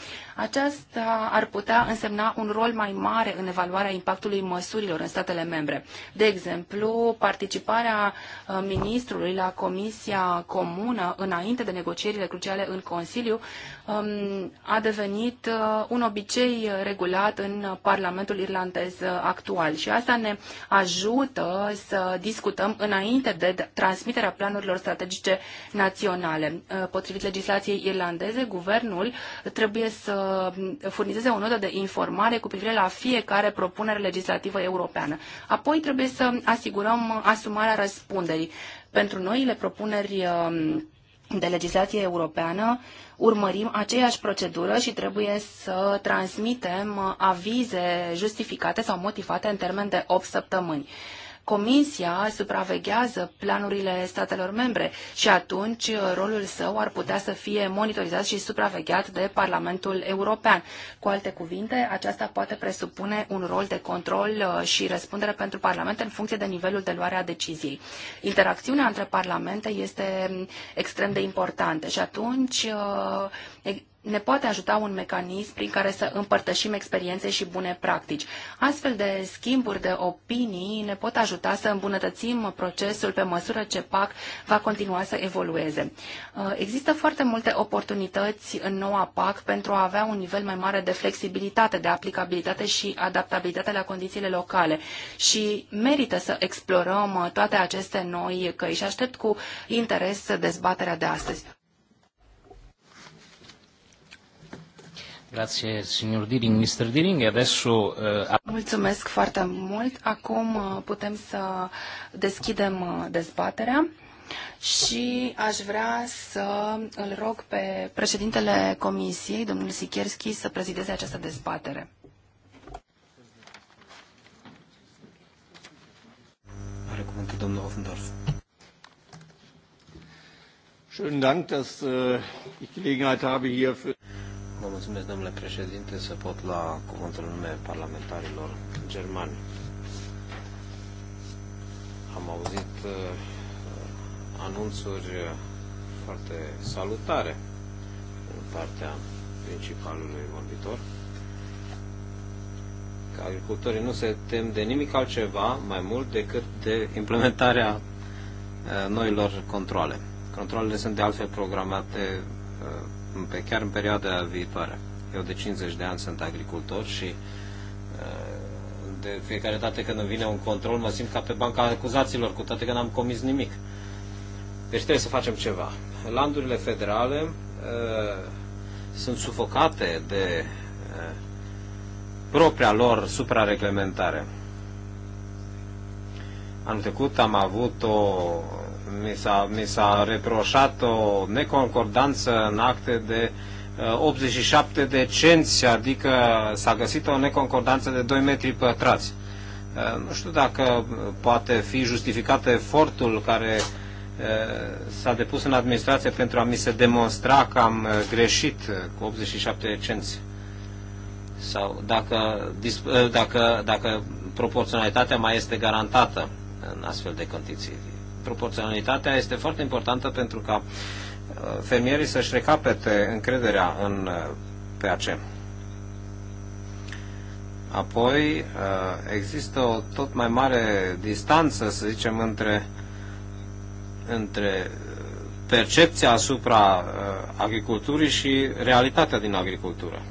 Aceasta ar putea însemna un rol mai mare în evaluarea impactului măsurilor în statele membre. De exemplu, participarea uh, ministrului la Comisia Comună înainte de negocierile cruciale în Consiliu um, a devenit uh, un obicei regulat în Parlamentul irlandez uh, actual și asta ne ajută să discutăm înainte de transmiterea planurilor strategice naționale. Potrivit legislației irlandeze, guvernul trebuie să Uh, furnizeze o notă de informare cu privire la fiecare propunere legislativă europeană. Apoi trebuie să asigurăm asumarea răspunderii. Pentru noile propuneri um, de legislație europeană, urmărim aceeași procedură și trebuie să transmitem avize justificate sau motivate în termen de 8 săptămâni. Comisia supraveghează planurile statelor membre și atunci uh, rolul său ar putea să fie monitorizat și supravegheat de Parlamentul European. Cu alte cuvinte, aceasta poate presupune un rol de control uh, și răspundere pentru Parlament în funcție de nivelul de luare a deciziei. Interacțiunea între parlamente este mm, extrem de importantă și atunci uh, ne poate ajuta un mecanism prin care să împărtășim experiențe și bune practici. Astfel de schimburi de opinii ne pot ajuta să îmbunătățim procesul pe măsură ce PAC va continua să evolueze. Uh, există foarte multe oportunități în noua PAC pentru a avea un nivel mai mare de flexibilitate, de aplicabilitate și adaptabilitate la condițiile locale și merită să explorăm uh, toate aceste noi căi și aștept cu interes dezbaterea de astăzi. Grazie, signor Diring, Mr. Diring. Adesso, uh... Mulțumesc foarte mult. Acum eh, putem să deschidem eh, dezbaterea și aș vrea să îl rog pe președintele Comisiei, domnul Sikierski, să prezideze această dezbatere. Are cuvântul domnul Offendorf. Schönen Dank, dass ich äh, Gelegenheit habe, hier für Vă mulțumesc, domnule președinte, să pot la cuvântul nume parlamentarilor germani. Am auzit uh, anunțuri uh, foarte salutare în partea principalului vorbitor că agricultorii nu se tem de nimic altceva mai mult decât de implementarea uh, noilor controle. Controlele sunt de altfel programate pe chiar în perioada viitoare. Eu de 50 de ani sunt agricultor și uh, de fiecare dată când îmi vine un control mă simt ca pe banca acuzaților, cu toate că n-am comis nimic. Deci trebuie să facem ceva. Landurile federale uh, sunt sufocate de uh, propria lor suprareglementare. Anul trecut am avut o mi s-a, mi s-a reproșat o neconcordanță în acte de 87 uh, de cenți, adică s-a găsit o neconcordanță de 2 metri pătrați. Uh, nu știu dacă uh, poate fi justificat efortul care s-a depus în administrație pentru a mi se demonstra că am greșit cu 87 de cenți. Sau dacă, dacă, dacă proporționalitatea mai este garantată în astfel de condiții proporționalitatea este foarte importantă pentru ca uh, fermierii să-și recapete încrederea în uh, PAC. Apoi uh, există o tot mai mare distanță, să zicem, între, între percepția asupra agriculturii și realitatea din agricultură.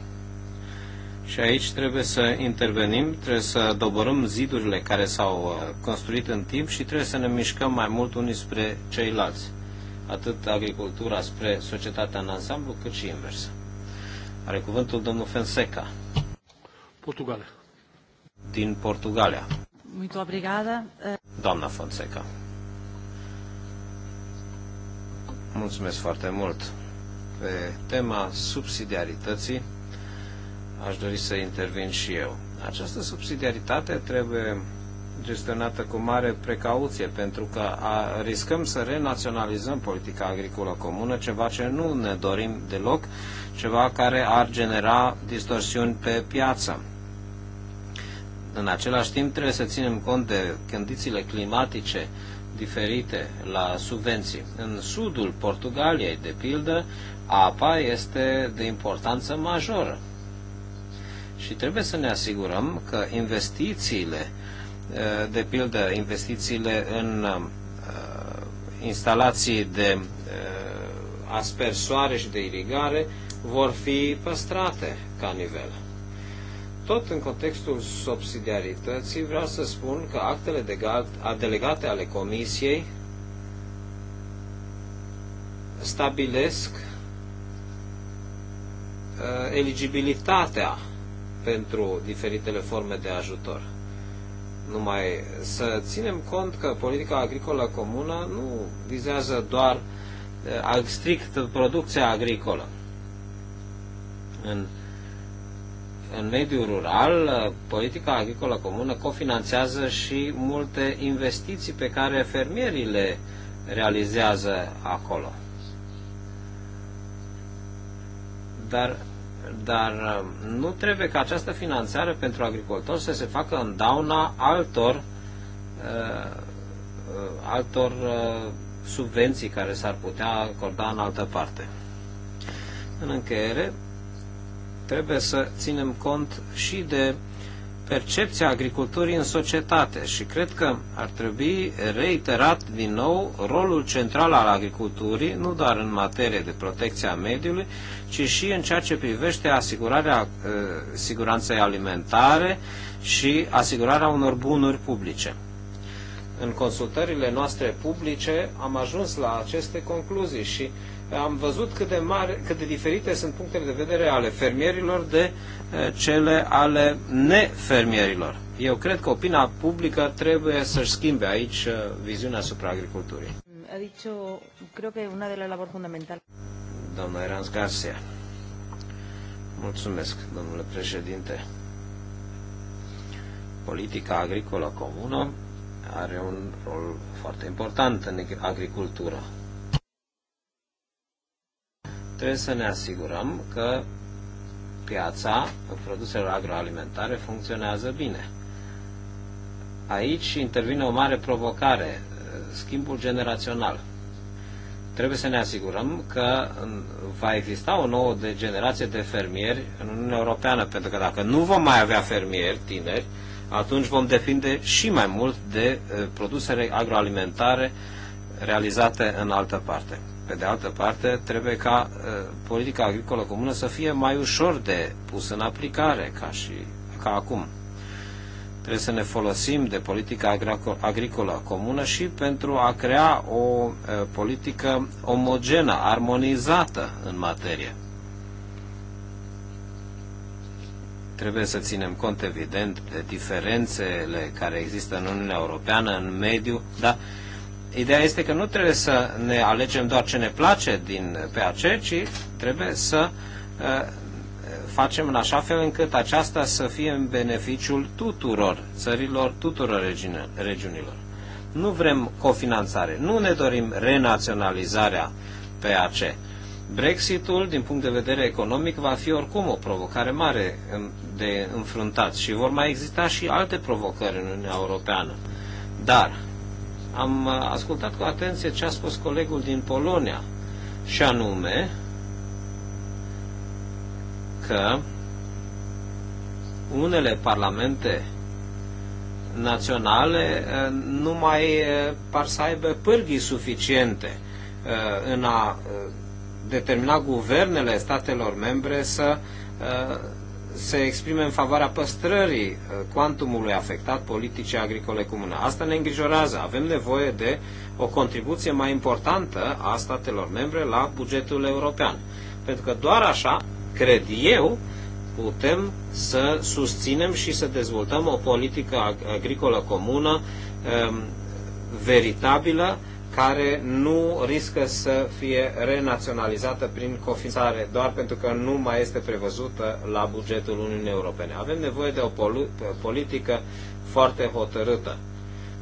Și aici trebuie să intervenim, trebuie să doborâm zidurile care s-au uh, construit în timp și trebuie să ne mișcăm mai mult unii spre ceilalți. Atât agricultura spre societatea în ansamblu, cât și invers. Are cuvântul domnul Fenseca. Portugalia. Din Portugalia. Muito obrigada. Doamna Fonseca. Mulțumesc foarte mult. Pe tema subsidiarității, aș dori să intervin și eu. Această subsidiaritate trebuie gestionată cu mare precauție, pentru că a, riscăm să renaționalizăm politica agricolă comună, ceva ce nu ne dorim deloc, ceva care ar genera distorsiuni pe piață. În același timp, trebuie să ținem cont de condițiile climatice diferite la subvenții. În sudul Portugaliei, de pildă, apa este de importanță majoră și trebuie să ne asigurăm că investițiile, eh, de pildă investițiile în eh, instalații de eh, aspersoare și de irigare, vor fi păstrate ca nivel. Tot în contextul subsidiarității vreau să spun că actele delegate ale Comisiei stabilesc eligibilitatea pentru diferitele forme de ajutor. Numai să ținem cont că politica agricolă comună nu vizează doar eh, strict producția agricolă. În, în mediul rural, eh, politica agricolă comună cofinanțează și multe investiții pe care fermierii le realizează acolo. Dar dar um, nu trebuie ca această finanțare pentru agricultori să se facă în dauna altor, uh, altor uh, subvenții care s-ar putea acorda în altă parte. În încheiere, trebuie să ținem cont și de percepția agriculturii în societate și cred că ar trebui reiterat din nou rolul central al agriculturii, nu doar în materie de protecție a mediului, ci și în ceea ce privește asigurarea uh, siguranței alimentare și asigurarea unor bunuri publice. În consultările noastre publice am ajuns la aceste concluzii și uh, am văzut cât de, mare, cât de diferite sunt punctele de vedere ale fermierilor de eh, cele ale nefermierilor. Eu cred că opinia publică trebuie să-și schimbe aici eh, viziunea asupra agriculturii. A dicho, creo que una de las labor fundamental. Doamna Erans Garcia. Mulțumesc, domnule președinte. Politica agricolă comună are un rol foarte important în agricultură Trebuie să ne asigurăm că piața produselor agroalimentare funcționează bine. Aici intervine o mare provocare, schimbul generațional. Trebuie să ne asigurăm că va exista o nouă de generație de fermieri în Uniunea Europeană, pentru că dacă nu vom mai avea fermieri tineri, atunci vom depinde și mai mult de eh, produsele agroalimentare realizate în altă parte. Pe de altă parte, trebuie ca uh, politica agricolă comună să fie mai ușor de pus în aplicare ca, și, ca acum. Trebuie să ne folosim de politica agricolă comună și pentru a crea o uh, politică omogenă, armonizată în materie. Trebuie să ținem cont, evident, de diferențele care există în Uniunea Europeană, în mediu, dar ideea este că nu trebuie să ne alegem doar ce ne place din PAC, ci trebuie să uh, facem în așa fel încât aceasta să fie în beneficiul tuturor țărilor, tuturor regiunilor. Nu vrem cofinanțare, nu ne dorim renaționalizarea PAC. Brexitul, din punct de vedere economic, va fi oricum o provocare mare um, de înfruntat și vor mai exista și alte provocări în Uniunea Europeană. Dar am uh, ascultat cu atenție ce a spus colegul din Polonia, și anume că unele parlamente naționale uh, nu mai uh, par să aibă pârghii suficiente în a determina guvernele statelor membre să se exprime în favoarea păstrării uh, cuantumului afectat politicii agricole comune. Asta ne îngrijorează. Avem nevoie de o contribuție mai importantă a statelor membre la bugetul european. Pentru că doar așa, cred eu, putem să susținem și să dezvoltăm o politică agricolă comună um, veritabilă care nu riscă să fie renaționalizată prin cofințare, doar pentru că nu mai este prevăzută la bugetul Uniunii Europene. Avem nevoie de o politică foarte hotărâtă.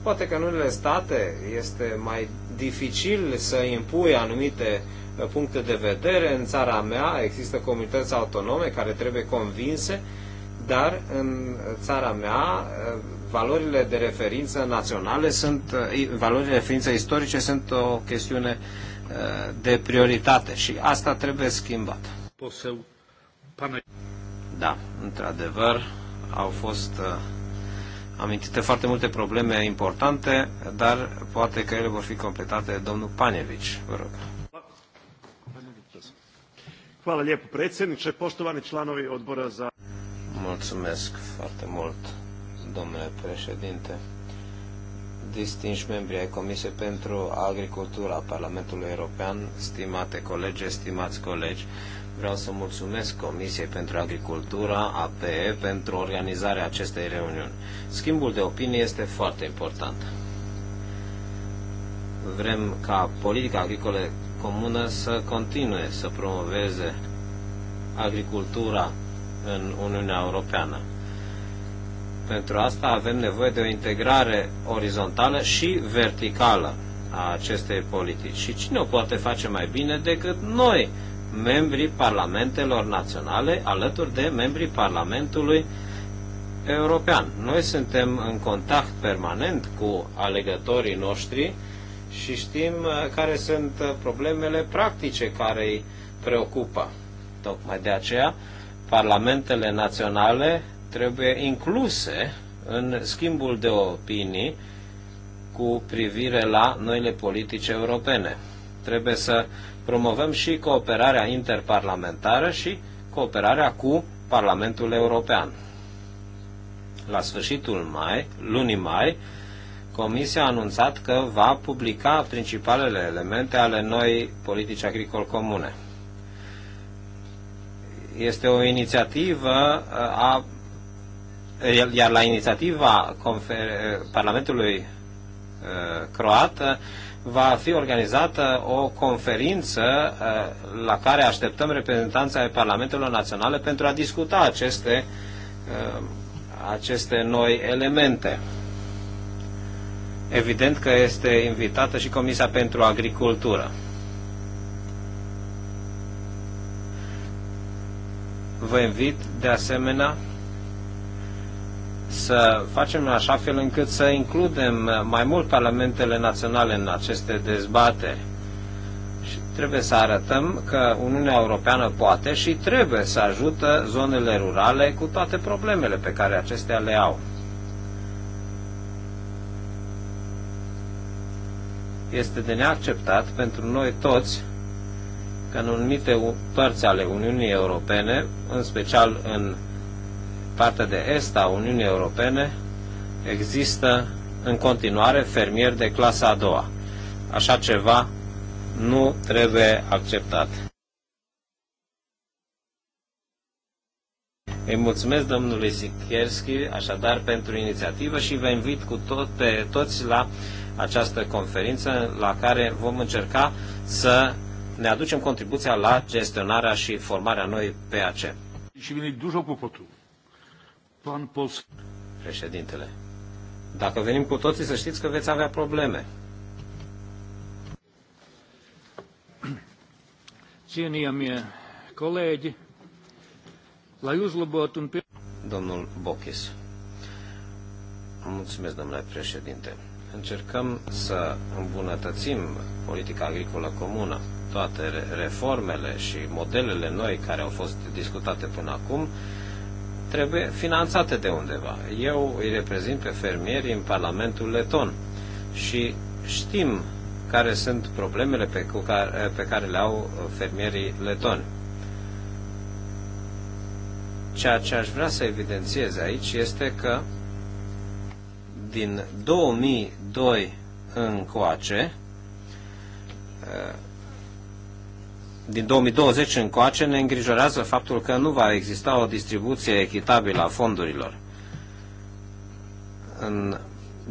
Poate că în unele state este mai dificil să impui anumite uh, puncte de vedere. În țara mea există comunități autonome care trebuie convinse, dar în țara mea uh, valorile de referință naționale sunt, eh, valorile de referință istorice sunt o chestiune eh, de prioritate și asta trebuie schimbat. Da, într-adevăr, au fost eh, amintite foarte multe probleme importante, dar poate că ele vor fi completate de domnul Panevici. Vă rog. Hvala lijepo predsjedniče, poštovani članovi odbora za... Mulțumesc foarte mult, domnule președinte. Distinși membri ai Comisiei pentru Agricultura Parlamentului European, stimate colegi, stimați colegi, vreau să mulțumesc Comisiei pentru Agricultura, APE, pentru organizarea acestei reuniuni. Schimbul de opinie este foarte important. Vrem ca politica agricolă comună să continue să promoveze agricultura în Uniunea Europeană. Pentru asta avem nevoie de o integrare orizontală și verticală a acestei politici. Și cine o poate face mai bine decât noi, membrii parlamentelor naționale, alături de membrii Parlamentului European. Noi suntem în contact permanent cu alegătorii noștri și știm uh, care sunt uh, problemele practice care îi preocupă. Tocmai de aceea, parlamentele naționale trebuie incluse în schimbul de opinii cu privire la noile politici europene. Trebuie să promovăm și cooperarea interparlamentară și cooperarea cu Parlamentul European. La sfârșitul mai, lunii mai, Comisia a anunțat că va publica principalele elemente ale noi politici agricol comune. Este o inițiativă a iar la inițiativa Parlamentului uh, croat uh, va fi organizată o conferință uh, la care așteptăm reprezentanța ai Parlamentelor Naționale pentru a discuta aceste, aceste noi elemente. Evident că este invitată și Comisia pentru Agricultură. Vă invit de asemenea să facem în așa fel încât să includem mai mult parlamentele naționale în aceste dezbateri. Și trebuie să arătăm că Uniunea Europeană poate și trebuie să ajută zonele rurale cu toate problemele pe care acestea le au. Este de neacceptat pentru noi toți că în anumite părți ale Uniunii Europene, în special în partea de est a Uniunii Europene, există în continuare fermieri de clasa a doua. Așa ceva nu trebuie acceptat. Îi mulțumesc domnului Sikierski așadar pentru inițiativă și vă invit cu tot, pe toți la această conferință la care vom încerca să ne aducem contribuția la gestionarea și formarea noi PAC. Și vine cu potul. Președintele, dacă venim cu toții să știți că veți avea probleme. Cienījamie colegi la uzlabotu un... Domnul Bochis. Mulțumesc, domnule președinte. Încercăm să îmbunătățim politica agricolă comună. Toate reformele și modelele noi care au fost discutate până acum trebuie finanțate de undeva. Eu îi reprezint pe fermieri în Parlamentul Leton și știm care sunt problemele pe care, pe care le au uh, fermierii letoni. Ceea ce aș vrea să evidențiez aici este că din 2002 încoace, uh, din 2020 încoace ne îngrijorează faptul că nu va exista o distribuție echitabilă a fondurilor. În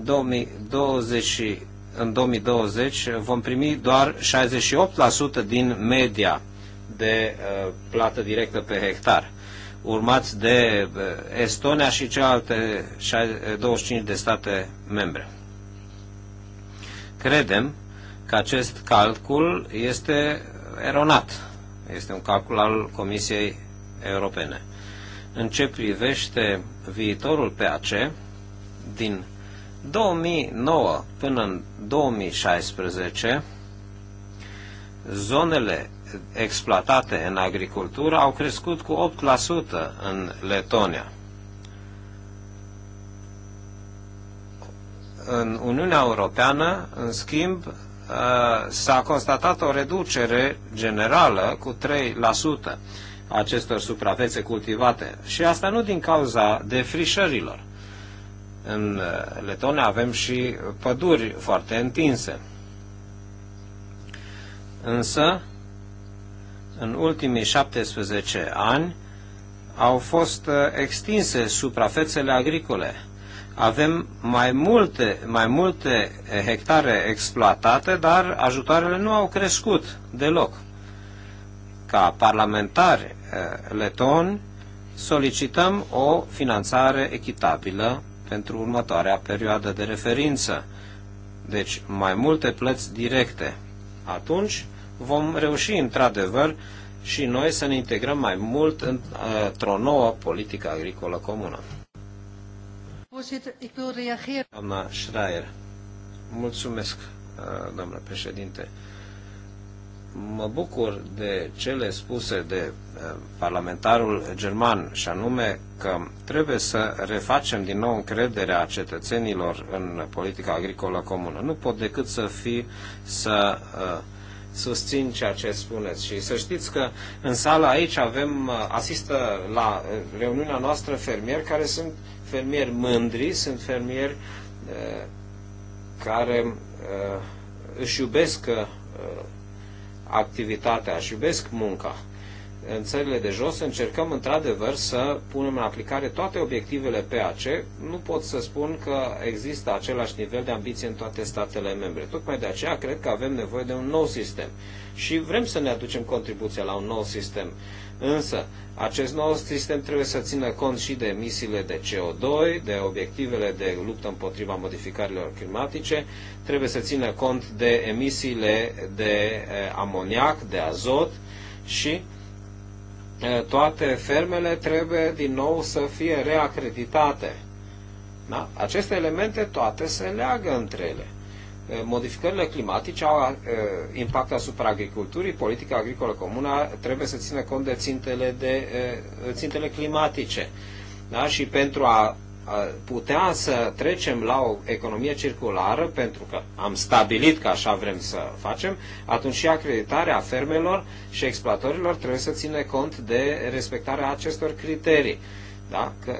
2020, în 2020 vom primi doar 68% din media de uh, plată directă pe hectar, urmați de uh, Estonia și celelalte 25 uh, de state membre. Credem că acest calcul este eronat. Este un calcul al Comisiei Europene. În ce privește viitorul PAC, din 2009 până în 2016, zonele exploatate în agricultură au crescut cu 8% în Letonia. În Uniunea Europeană, în schimb, Uh, s-a constatat o reducere generală cu 3% acestor suprafețe cultivate. Și asta nu din cauza defrișărilor. În uh, Letonia avem și păduri foarte întinse. Însă, în ultimii 17 ani, au fost uh, extinse suprafețele agricole avem mai multe, mai multe eh, hectare exploatate, dar ajutoarele nu au crescut deloc. Ca parlamentari eh, letoni solicităm o finanțare echitabilă pentru următoarea perioadă de referință. Deci mai multe plăți directe. Atunci vom reuși într-adevăr și noi să ne integrăm mai mult eh, într-o nouă politică agricolă comună. Doamna Schreier, mulțumesc, uh, doamna președinte. Mă bucur de cele spuse de uh, parlamentarul german, și anume că trebuie să refacem din nou încrederea cetățenilor în politica agricolă comună. Nu pot decât să fi să uh, susțin ceea ce spuneți. Și să știți că în sală aici avem, asistă la reuniunea noastră fermieri care sunt fermieri mândri, sunt fermieri eh, care eh, își iubesc eh, activitatea, își iubesc munca în țările de jos, încercăm într-adevăr să punem în aplicare toate obiectivele PAC. Nu pot să spun că există același nivel de ambiție în toate statele membre. Tocmai de aceea cred că avem nevoie de un nou sistem și vrem să ne aducem contribuția la un nou sistem. Însă, acest nou sistem trebuie să țină cont și de emisiile de CO2, de obiectivele de luptă împotriva modificărilor climatice, trebuie să țină cont de emisiile de eh, amoniac, de azot și toate fermele trebuie din nou să fie reacreditate. Da? Aceste elemente toate se leagă între ele. Modificările climatice au impact asupra agriculturii, politica agricolă comună trebuie să țină cont de țintele, de, țintele climatice. Da? Și pentru a putea să trecem la o economie circulară, pentru că am stabilit că așa vrem să facem, atunci și acreditarea fermelor și exploatorilor trebuie să ține cont de respectarea acestor criterii. Da? Că,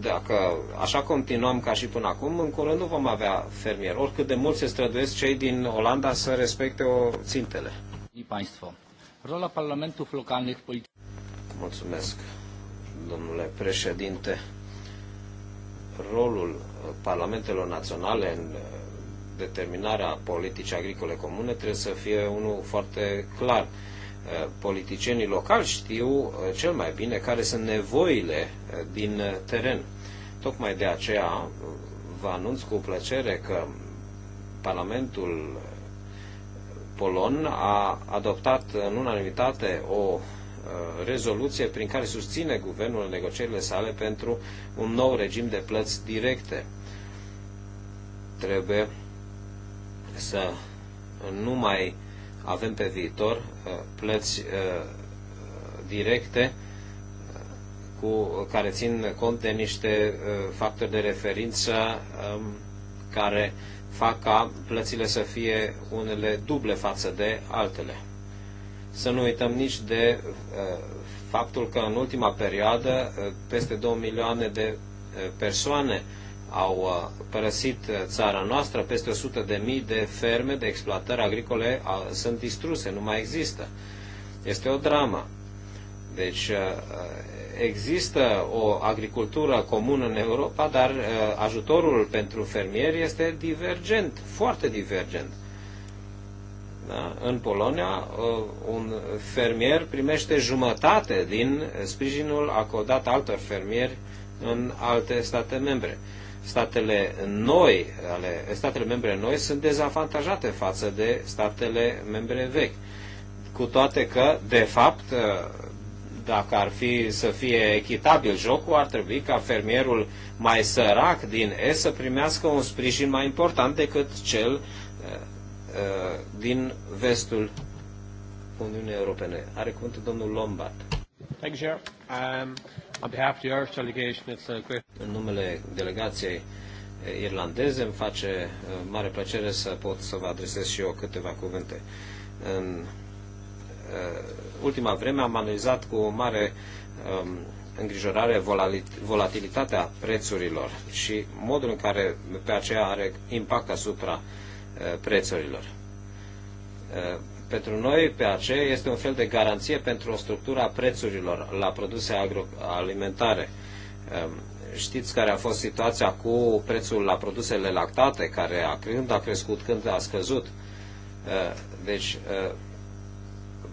dacă așa continuăm ca și până acum, în curând nu vom avea fermieri, oricât de mult se străduiesc cei din Olanda să respecte o țintele. Rola Parlamentului Local Mulțumesc, domnule președinte rolul uh, parlamentelor naționale în uh, determinarea politicii agricole comune trebuie să fie unul foarte clar. Uh, politicienii locali știu cel mai bine care sunt nevoile din teren. Tocmai de aceea vă anunț cu plăcere că Parlamentul Polon a adoptat în unanimitate o Uh, rezoluție prin care susține guvernul în negocierile sale pentru un nou regim de plăți directe. Trebuie să nu mai avem pe viitor uh, plăți uh, directe cu, care țin cont de niște factori de referință um, care fac ca plățile să fie unele duble față de altele. Să nu uităm nici de uh, faptul că în ultima perioadă uh, peste 2 milioane de uh, persoane au părăsit țara noastră, peste 100 de mii de ferme de exploatări agricole sunt distruse, nu mai există. Este o dramă. Deci există o agricultură comună în Europa, dar ajutorul pentru fermieri este divergent, foarte divergent. Da? În Polonia, ă, un fermier primește jumătate din sprijinul acordat altor fermieri în alte state membre. Statele noi, ale, statele membre noi sunt dezavantajate față de statele membre vechi. Cu toate că, de fapt, ă, dacă ar fi să fie echitabil jocul, ar trebui ca fermierul mai sărac din E să primească un sprijin mai important decât cel uh, Uh, din vestul Uniunii Europene. Are cuvântul domnul Lombard. Thank you, um, on behalf of the Irish delegation, it's a great... În numele delegației irlandeze îmi face uh, mare plăcere să pot să vă adresez și eu câteva cuvinte. În uh, ultima vreme am analizat cu mare um, îngrijorare volatilitatea prețurilor și modul în care pe aceea are impact asupra Uh, prețurilor. Uh, pentru noi, PAC este un fel de garanție pentru o structură a prețurilor la produse agroalimentare. Um, știți care a fost situația cu prețul la produsele lactate, care a, când a crescut, când a scăzut. Uh, deci,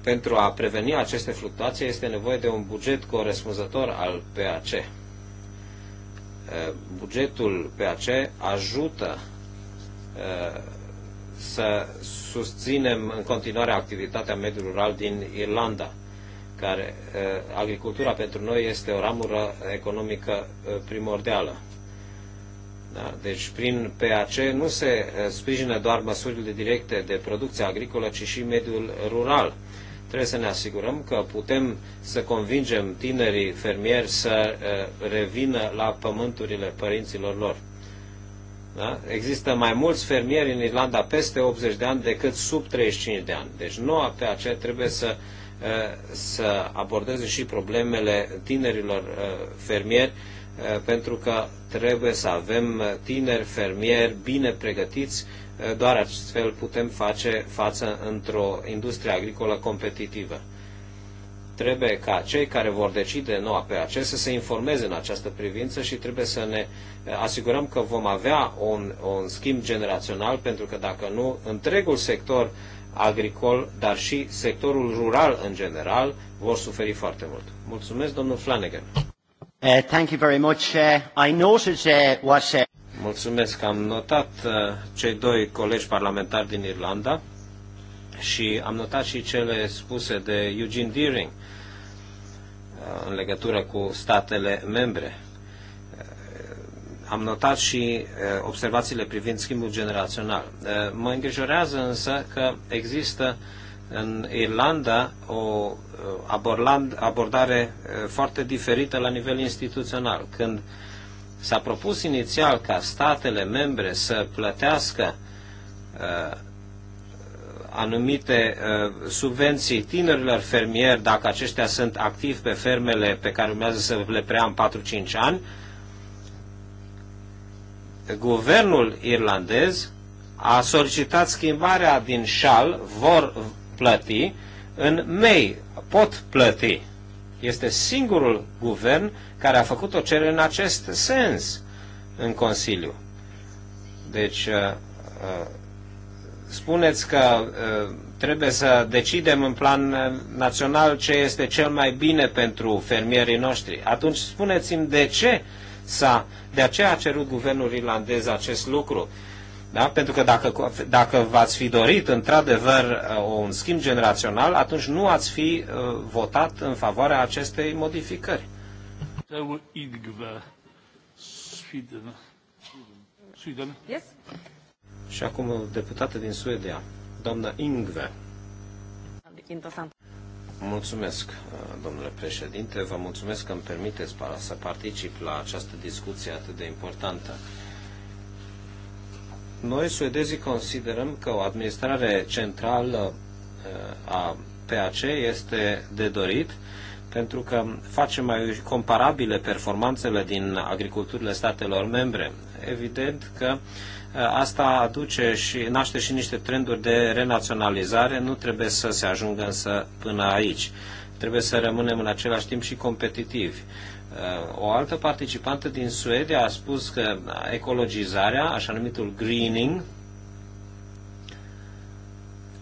pentru a preveni aceste fluctuații este nevoie de un buget corespunzător al PAC. Bugetul PAC ajută să susținem în continuare activitatea mediului rural din Irlanda, care eh, agricultura pentru noi este o ramură economică eh, primordială. Da? Deci prin PAC nu se eh, sprijină doar măsurile directe de producție agricolă, ci și mediul rural. Trebuie să ne asigurăm că putem să convingem tinerii fermieri să revină la pământurile părinților lor. Da? Există mai mulți fermieri în Irlanda peste 80 de ani decât sub 35 de ani. Deci noua pe aceea trebuie să, uh, să abordeze și problemele tinerilor uh, fermieri, uh, pentru că trebuie să avem tineri fermieri bine pregătiți, doar astfel putem face față într-o industrie agricolă competitivă. Trebuie ca cei care vor decide noua PAC să se informeze în această privință și trebuie să ne eh, asigurăm că vom avea un, un schimb generațional, pentru că dacă nu, întregul sector agricol, dar și sectorul rural în general, vor suferi foarte mult. Mulțumesc, domnul Flanagan. Uh, thank you very much. Uh, I noted uh, what... Uh... Mulțumesc. Am notat uh, cei doi colegi parlamentari din Irlanda și am notat și cele spuse de Eugene Deering. Uh, în legătură cu statele membre. Uh, am notat și uh, observațiile privind schimbul generațional. Mă îngrijorează însă că există în Irlanda o abordare foarte diferită la nivel instituțional. Când s-a propus inițial ca statele membre să plătească anumite uh, subvenții tinerilor fermieri dacă aceștia sunt activi pe fermele pe care urmează să le preia în 4-5 ani, guvernul irlandez a solicitat schimbarea din șal, vor plăti, în mei pot plăti. Este singurul guvern care a făcut o cerere în acest sens în Consiliu. Deci, uh, uh, spuneți că trebuie să decidem în plan național ce este cel mai bine pentru fermierii noștri. Atunci spuneți-mi de ce s-a, de aceea a cerut guvernul irlandez acest lucru. Da? Pentru că dacă, dacă v-ați fi dorit într-adevăr un schimb generațional, atunci nu ați fi votat în favoarea acestei modificări. Uh, Sweden. Sweden. Yes. Și acum o deputată din Suedia, doamna Ingve. Mulțumesc, domnule președinte. Vă mulțumesc că îmi permiteți să particip la această discuție atât de importantă. Noi, suedezii, considerăm că o administrare centrală eh, a PAC este de dorit pentru că face mai comparabile performanțele din agriculturile statelor membre. Evident că uh, Asta aduce și naște și niște trenduri de renaționalizare, nu trebuie să se ajungă însă până aici. Trebuie să rămânem în același timp și competitivi. Uh, o altă participantă din Suedia a spus că ecologizarea, așa numitul greening,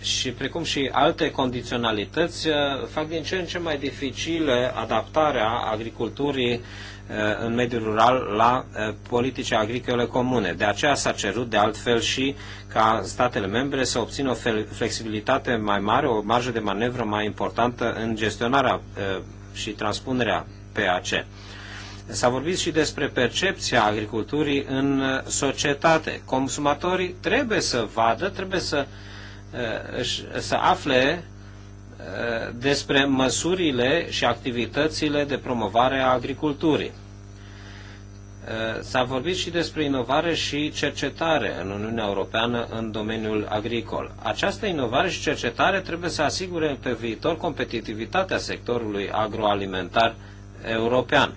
și precum și alte condiționalități uh, fac din ce în ce mai dificilă adaptarea agriculturii Uh, în mediul rural la uh, politice agricole comune. De aceea s-a cerut de altfel și ca statele membre să obțină o flexibilitate mai mare, o marjă de manevră mai importantă în gestionarea uh, și transpunerea PAC. S-a vorbit și despre percepția agriculturii în societate. Consumatorii trebuie să vadă, trebuie să, să afle Eh, despre măsurile și activitățile de promovare a agriculturii. Eh, s-a vorbit și despre inovare și cercetare în Uniunea Europeană în domeniul agricol. Această inovare și cercetare trebuie să asigure pe viitor competitivitatea sectorului agroalimentar european,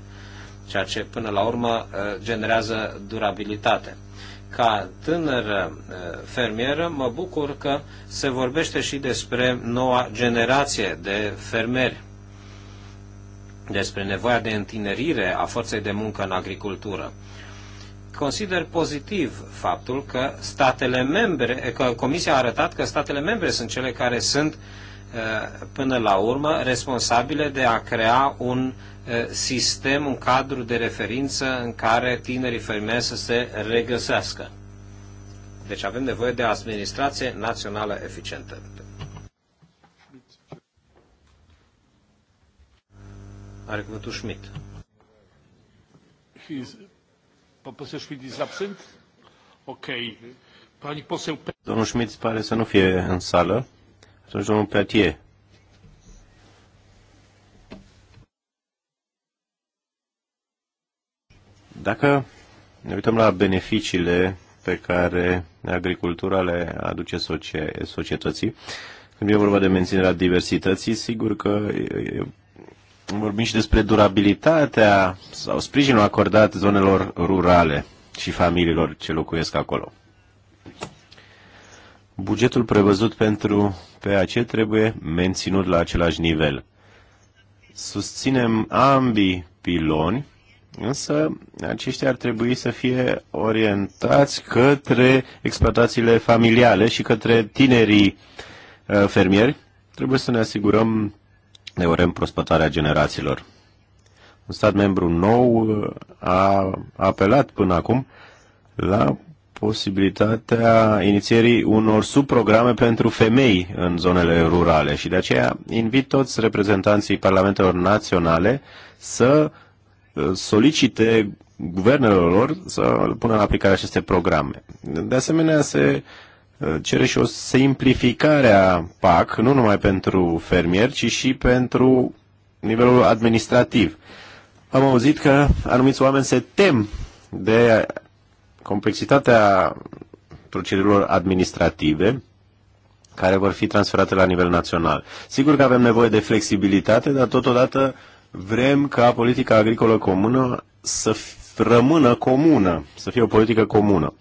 ceea ce până la urmă eh, generează durabilitate ca tânără fermieră, mă bucur că se vorbește și despre noua generație de fermieri, despre nevoia de întinerire a forței de muncă în agricultură. Consider pozitiv faptul că statele membre, că Comisia a arătat că statele membre sunt cele care sunt uh, Eh, până la urmă responsabile de a crea un eh, sistem, un cadru de referință în care tinerii fermieri să se regăsească. Deci avem nevoie de administrație națională eficientă. Are cuvântul Schmidt. Poseł Schmidt is absent? Ok. Domnul Schmidt pare să nu fie în sală. Atunci, domnul Dacă ne uităm la beneficiile pe care agricultura le aduce societății, când e vorba de menținerea diversității, sigur că vorbim și despre durabilitatea sau sprijinul acordat zonelor rurale și familiilor ce locuiesc acolo. Bugetul prevăzut pentru pe PAC trebuie menținut la același nivel. Susținem ambii piloni, însă aceștia ar trebui să fie orientați către exploatațiile familiale și către tinerii uh, fermieri. Trebuie să ne asigurăm de o reîmprospătare a generațiilor. Un stat membru nou uh, a apelat până acum la posibilitatea inițierii unor subprograme pentru femei în zonele rurale și de aceea invit toți reprezentanții parlamentelor naționale să uh, solicite guvernelor lor să pună în aplicare aceste programe. De asemenea, se uh, cere și o simplificare a PAC, nu numai pentru fermieri, ci și pentru nivelul administrativ. Am auzit că anumiți oameni se tem de complexitatea procedurilor administrative care vor fi transferate la nivel național. Sigur că avem nevoie de flexibilitate, dar totodată vrem ca politica agricolă comună să rămână comună, să fie o politică comună.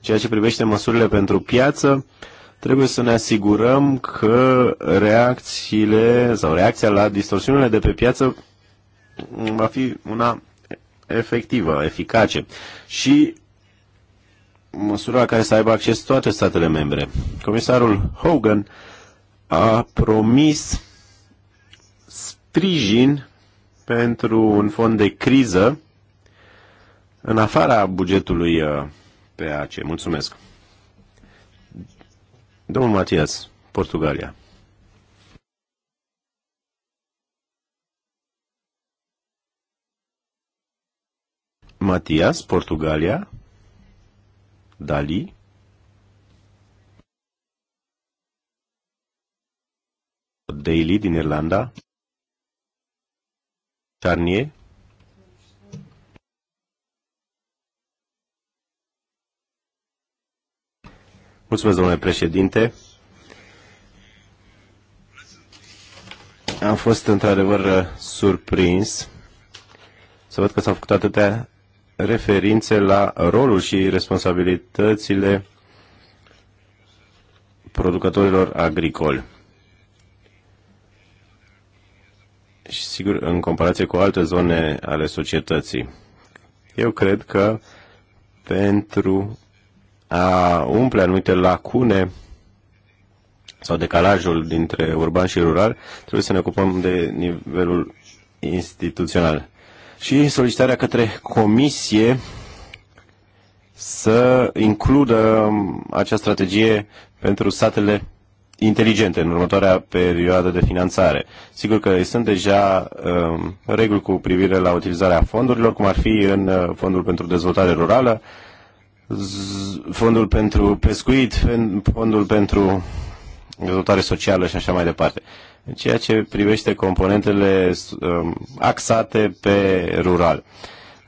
Ceea ce privește măsurile pentru piață, trebuie să ne asigurăm că reacțiile sau reacția la distorsiunile de pe piață va fi una efectivă, eficace. Și măsură la care să aibă acces toate statele membre. Comisarul Hogan a promis sprijin pentru un fond de criză în afara bugetului uh, PAC. Mulțumesc. Domnul Matias, Portugalia. Matias, Portugalia. Dali. Daily din Irlanda. Charnier. Mulțumesc, domnule președinte. Am fost într-adevăr uh, surprins să văd că s-au făcut atâtea referințe la rolul și responsabilitățile producătorilor agricoli. Și sigur, în comparație cu alte zone ale societății. Eu cred că pentru a umple anumite lacune sau decalajul dintre urban și rural, trebuie să ne ocupăm de nivelul instituțional și solicitarea către comisie să includă um, acea strategie pentru satele inteligente în următoarea perioadă de finanțare. Sigur că sunt deja uh, reguli cu privire la utilizarea fondurilor, cum ar fi în uh, Fondul pentru Dezvoltare Rurală, Fondul pentru Pescuit, Fondul pentru Dezvoltare Socială și așa mai departe. Uh, în ceea ce privește componentele um, axate pe rural.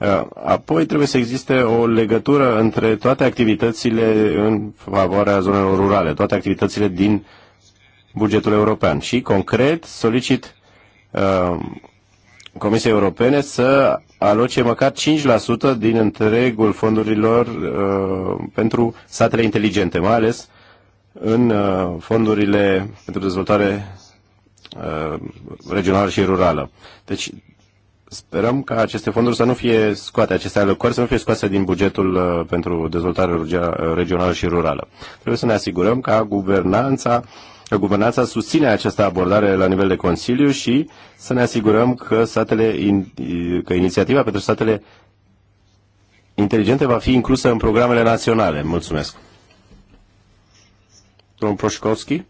Uh, apoi trebuie să existe o legătură între toate activitățile în favoarea zonelor rurale, toate activitățile din bugetul european și concret solicit uh, Comisiei Europene să aloce măcar 5% din întregul fondurilor uh, pentru satele inteligente, mai ales în uh, fondurile pentru dezvoltare Uh, regională și rurală. Deci sperăm ca aceste fonduri să nu fie scoate, aceste alocări să nu fie scoase din bugetul uh, pentru dezvoltare uh, regională și rurală. Trebuie să ne asigurăm ca guvernanța guvernanța susține această abordare la nivel de Consiliu și să ne asigurăm că, statele, că inițiativa pentru statele inteligente va fi inclusă în programele naționale. Mulțumesc. Domnul Proșkovski?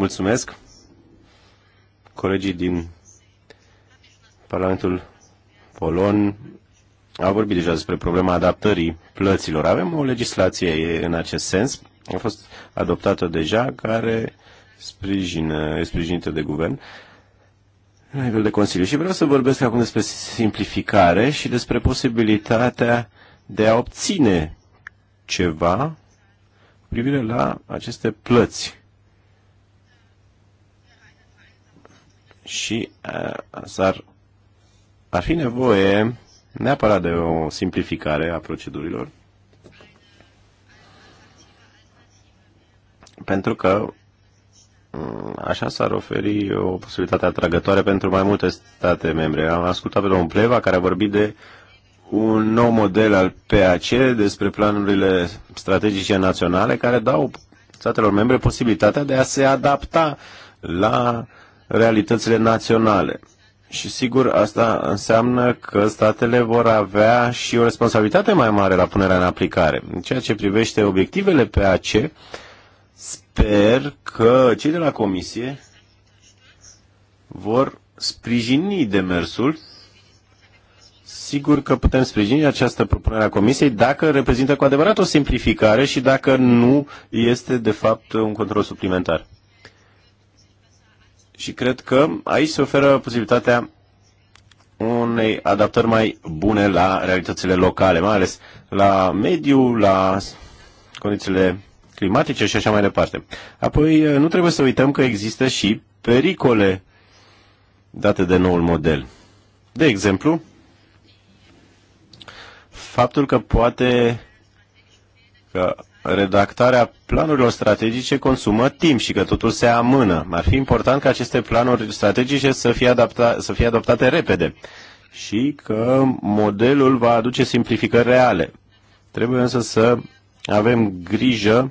Mulțumesc. Colegii din Parlamentul Polon au vorbit deja despre problema adaptării plăților. Avem o legislație în acest sens, a fost adoptată deja, care sprijină, e sprijinită de guvern la nivel de Consiliu. Și vreau să vorbesc acum despre simplificare și despre posibilitatea de a obține ceva cu privire la aceste plăți. și s-ar, ar fi nevoie neapărat de o simplificare a procedurilor, pentru că așa s-ar oferi o posibilitate atragătoare pentru mai multe state membre. Am ascultat pe domnul Pleva care a vorbit de un nou model al PAC despre planurile strategice naționale care dau statelor membre posibilitatea de a se adapta la realitățile naționale. Și sigur, asta înseamnă că statele vor avea și o responsabilitate mai mare la punerea în aplicare. În ceea ce privește obiectivele PAC, sper că cei de la Comisie vor sprijini demersul. Sigur că putem sprijini această propunere a Comisiei dacă reprezintă cu adevărat o simplificare și dacă nu este de fapt un control suplimentar. Și cred că aici se oferă posibilitatea unei adaptări mai bune la realitățile locale, mai ales la mediu, la condițiile climatice și așa mai departe. Apoi, nu trebuie să uităm că există și pericole date de noul model. De exemplu, faptul că poate că redactarea planurilor strategice consumă timp și că totul se amână. Ar fi important ca aceste planuri strategice să fie, adapta, să fie adoptate repede și că modelul va aduce simplificări reale. Trebuie însă să avem grijă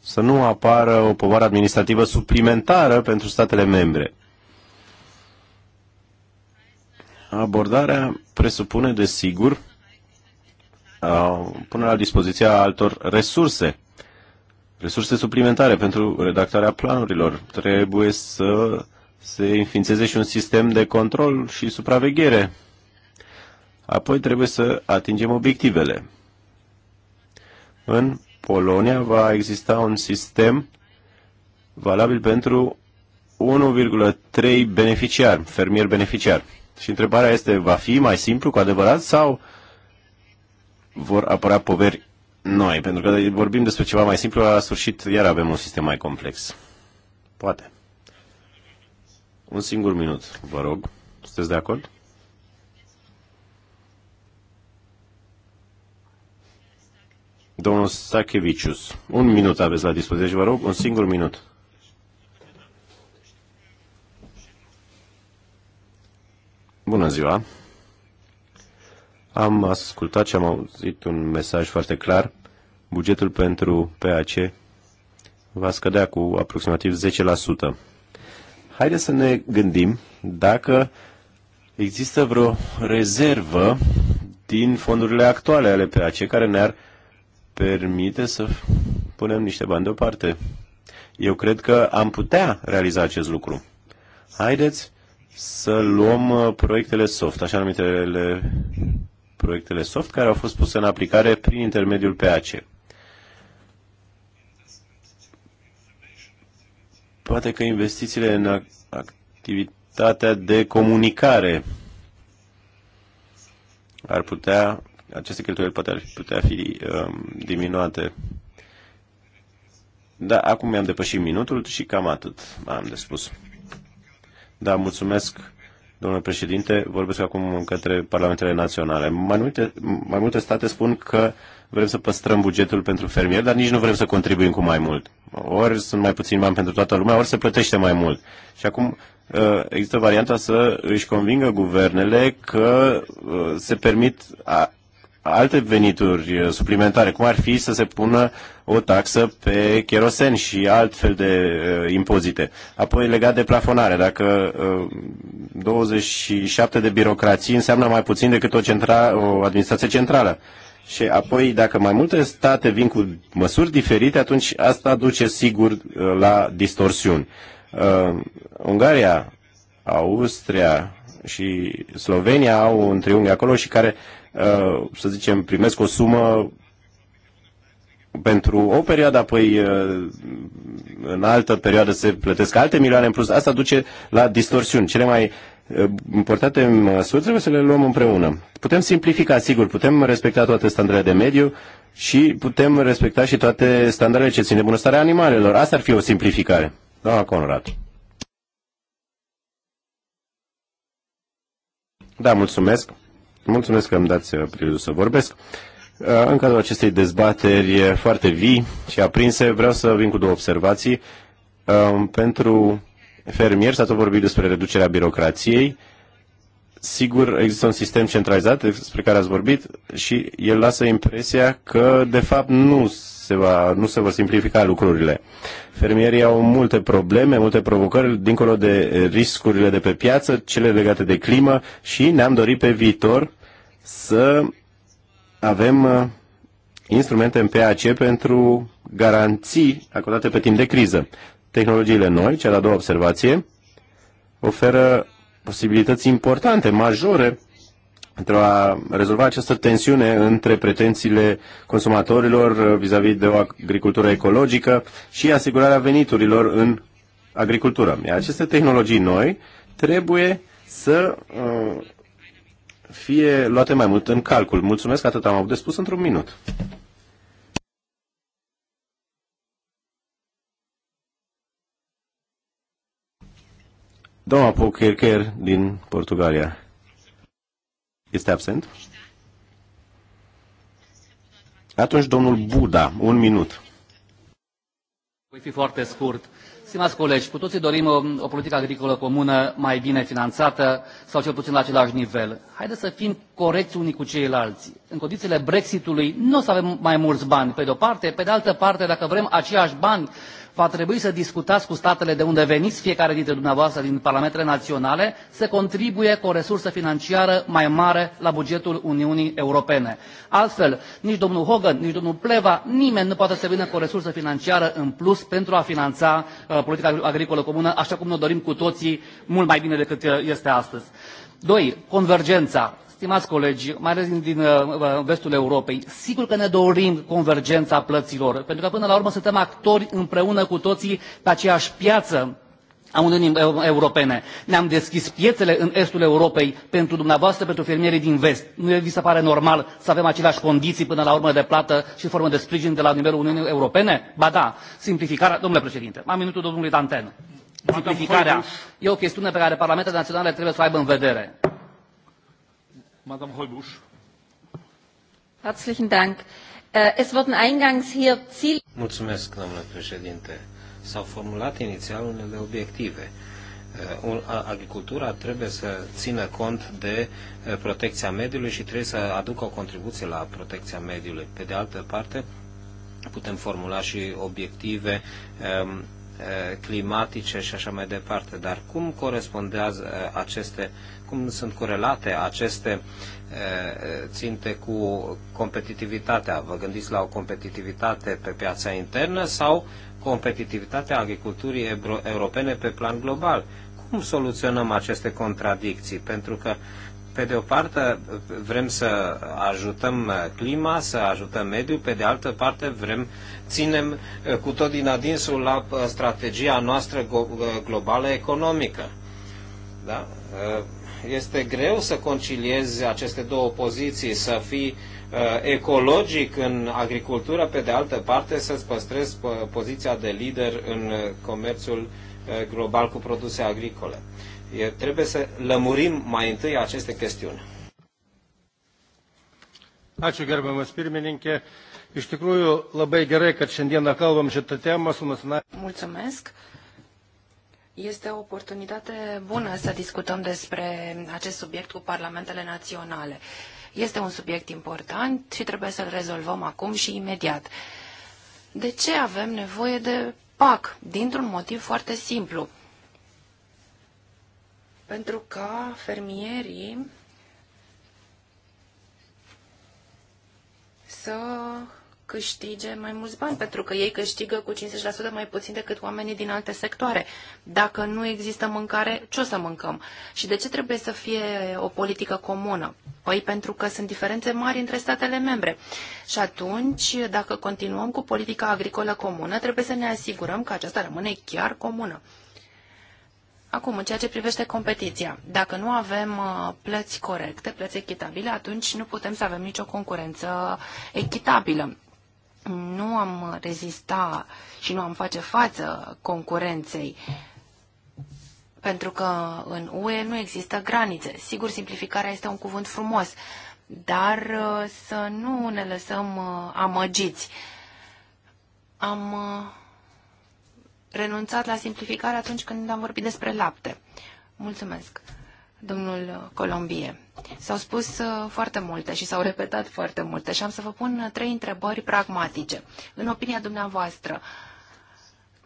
să nu apară o povară administrativă suplimentară pentru statele membre. Abordarea presupune, desigur, pune la dispoziția altor resurse, resurse suplimentare pentru redactarea planurilor. Trebuie să se înființeze și un sistem de control și supraveghere. Apoi trebuie să atingem obiectivele. În Polonia va exista un sistem valabil pentru 1,3 beneficiari, fermier beneficiar. Și întrebarea este, va fi mai simplu cu adevărat sau uh, vor apărea poveri noi, pentru că vorbim despre ceva mai simplu, la sfârșit iar avem un sistem mai complex. Poate. Un singur minut, vă rog. Sunteți de acord? Domnul Sakevicius, un minut aveți la dispoziție, vă rog, un singur minut. Bună ziua! Am ascultat și am auzit un mesaj foarte clar. Bugetul pentru PAC va scădea cu aproximativ 10%. Haideți să ne gândim dacă există vreo rezervă din fondurile actuale ale PAC care ne-ar permite să punem niște bani deoparte. Eu cred că am putea realiza acest lucru. Haideți să luăm uh, proiectele soft, așa numitele proiectele soft care au fost puse în aplicare prin intermediul PAC. Poate că investițiile în activitatea de comunicare ar putea, aceste cheltuieli poate ar putea fi um, diminuate. Da, acum mi-am depășit minutul și cam atât am de spus. Da, mulțumesc Domnule președinte, vorbesc acum către parlamentele naționale. Mai multe, mai multe state spun că vrem să păstrăm bugetul pentru fermier, dar nici nu vrem să contribuim cu mai mult. Ori sunt mai puțini bani pentru toată lumea, ori se plătește mai mult. Și acum uh, există varianta să își convingă guvernele că uh, se permit alte venituri uh, suplimentare, cum ar fi să se pună o taxă pe cherosen și alt fel de uh, impozite. Apoi legat de plafonare, dacă 27 uh, de birocrații înseamnă mai puțin decât o, centra, o administrație centrală. Și apoi, dacă mai multe state vin cu măsuri diferite, atunci asta duce sigur la distorsiuni. Uh, Ungaria, Austria și Slovenia au un triunghi acolo și care uh, Uh, să zicem, primesc o sumă pentru o perioadă, apoi uh, în altă perioadă se plătesc alte milioane în plus. Asta duce la distorsiuni. Cele mai uh, importante măsuri trebuie să le luăm împreună. Putem simplifica, sigur, putem respecta toate standardele de mediu și putem respecta și toate standardele ce țin de bunăstarea animalelor. Asta ar fi o simplificare. Doamna Conrad. Da, mulțumesc. Mulțumesc că îmi dați uh, prilejul să vorbesc. Uh, în cadrul acestei dezbateri uh, foarte vii și aprinse, vreau să vin cu două observații. Pentru fermieri s-a tot vorbit despre reducerea birocrației. Sigur, există un sistem centralizat despre care ați vorbit și el lasă impresia că, de fapt, nu se va, nu se vor simplifica lucrurile. Fermierii au multe probleme, multe provocări, dincolo de riscurile de pe piață, cele legate de climă și ne-am dorit pe viitor să avem uh, instrumente în PAC pentru garanții acordate pe timp de criză. Tehnologiile noi, cea de-a doua observație, oferă posibilități importante, majore, pentru a rezolva această tensiune între pretențiile consumatorilor vis-a-vis -vis de o agricultură ecologică și asigurarea veniturilor în agricultură. Iar aceste tehnologii noi trebuie să uh, fie luate mai mult în calcul. Mulțumesc, atât am avut de spus într-un minut. Doamna Pocherker din Portugalia. Este absent? Atunci, domnul Buda, un minut. Voi fi foarte scurt. Stimați colegi, cu toții dorim o, o politică agricolă comună mai bine finanțată sau cel puțin la același nivel. Haideți să fim corecți unii cu ceilalți. În condițiile Brexitului nu o să avem mai mulți bani, pe de-o parte, pe de altă parte, dacă vrem aceiași bani va trebui să discutați cu statele de unde veniți, fiecare dintre dumneavoastră din parlamentele naționale, să contribuie cu o resursă financiară mai mare la bugetul Uniunii Europene. Altfel, nici domnul Hogan, nici domnul Pleva, nimeni nu poate să vină cu o resursă financiară în plus pentru a finanța uh, politica agricolă comună, așa cum ne dorim cu toții, mult mai bine decât uh, este astăzi. Doi, convergența Stimați colegi, mai ales din, din uh, uh, vestul Europei, sigur că ne dorim convergența plăților, pentru că până la urmă suntem actori împreună cu toții pe aceeași piață a Uniunii Europene. Ne-am deschis piețele în estul Europei pentru dumneavoastră, pentru fermierii din vest. Nu vi se pare normal să avem aceleași condiții până la urmă de plată și formă de sprijin de la nivelul Uniunii Europene? Ba da, simplificarea, domnule președinte, am minutul domnului Dantenu. Simplificarea e o chestiune pe care Parlamentele Naționale trebuie să o aibă în vedere Herzlichen Dank. Äh, es wurden eingangs hier Ziele. Mulțumesc, domnule președinte. S-au formulat inițial unele obiective. Äh, agricultura trebuie să țină cont de äh, protecția mediului și trebuie să aducă o contribuție la protecția mediului. Pe de altă parte, putem formula și obiective ähm, climatice și așa mai departe. Dar cum corespondează aceste uh, cum sunt corelate aceste ținte cu competitivitatea. Vă gândiți la o competitivitate pe piața internă sau competitivitatea agriculturii europene pe plan global? Cum soluționăm aceste contradicții? Pentru că pe de o parte vrem să ajutăm clima, să ajutăm mediul, pe de altă parte vrem, ținem cu tot din adinsul la strategia noastră globală economică. Da? Este greu să conciliezi aceste două poziții, să fii uh, ecologic în agricultură, pe de altă parte să-ți păstrezi uh, poziția de lider în uh, comerțul global cu produse agricole. Trebuie să lămurim mai întâi aceste chestiuni. Ačiū gerbiamas pirmininkė. Iš tikrųjų labai gerai, kad šiandieną kalbam šitą temą su nacionaliniu. Mulțumesc. Este o oportunitate bună să discutăm despre acest subiect cu parlamentele naționale. Este un subiect important și trebuie să-l rezolvăm acum și imediat. De ce avem nevoie de PAC? Dintr-un motiv foarte simplu. Pentru ca fermierii să câștige mai mulți bani, pentru că ei câștigă cu 50% mai puțin decât oamenii din alte sectoare. Dacă nu există mâncare, ce o să mâncăm? Și de ce trebuie să fie o politică comună? Păi pentru că sunt diferențe mari între statele membre. Și atunci, dacă continuăm cu politica agricolă comună, trebuie să ne asigurăm că aceasta rămâne chiar comună. Acum, în ceea ce privește competiția, dacă nu avem uh, plăți corecte, plăți echitabile, atunci nu putem să avem nicio concurență echitabilă nu am rezista și nu am face față concurenței, pentru că în UE nu există granițe. Sigur, simplificarea este un cuvânt frumos, dar uh, să nu ne lăsăm uh, amăgiți. Am uh, renunțat la simplificare atunci când am vorbit despre lapte. Mulțumesc! domnul Colombie. S-au spus uh, foarte multe și s-au repetat foarte multe și am să vă pun uh, trei întrebări pragmatice. În opinia dumneavoastră,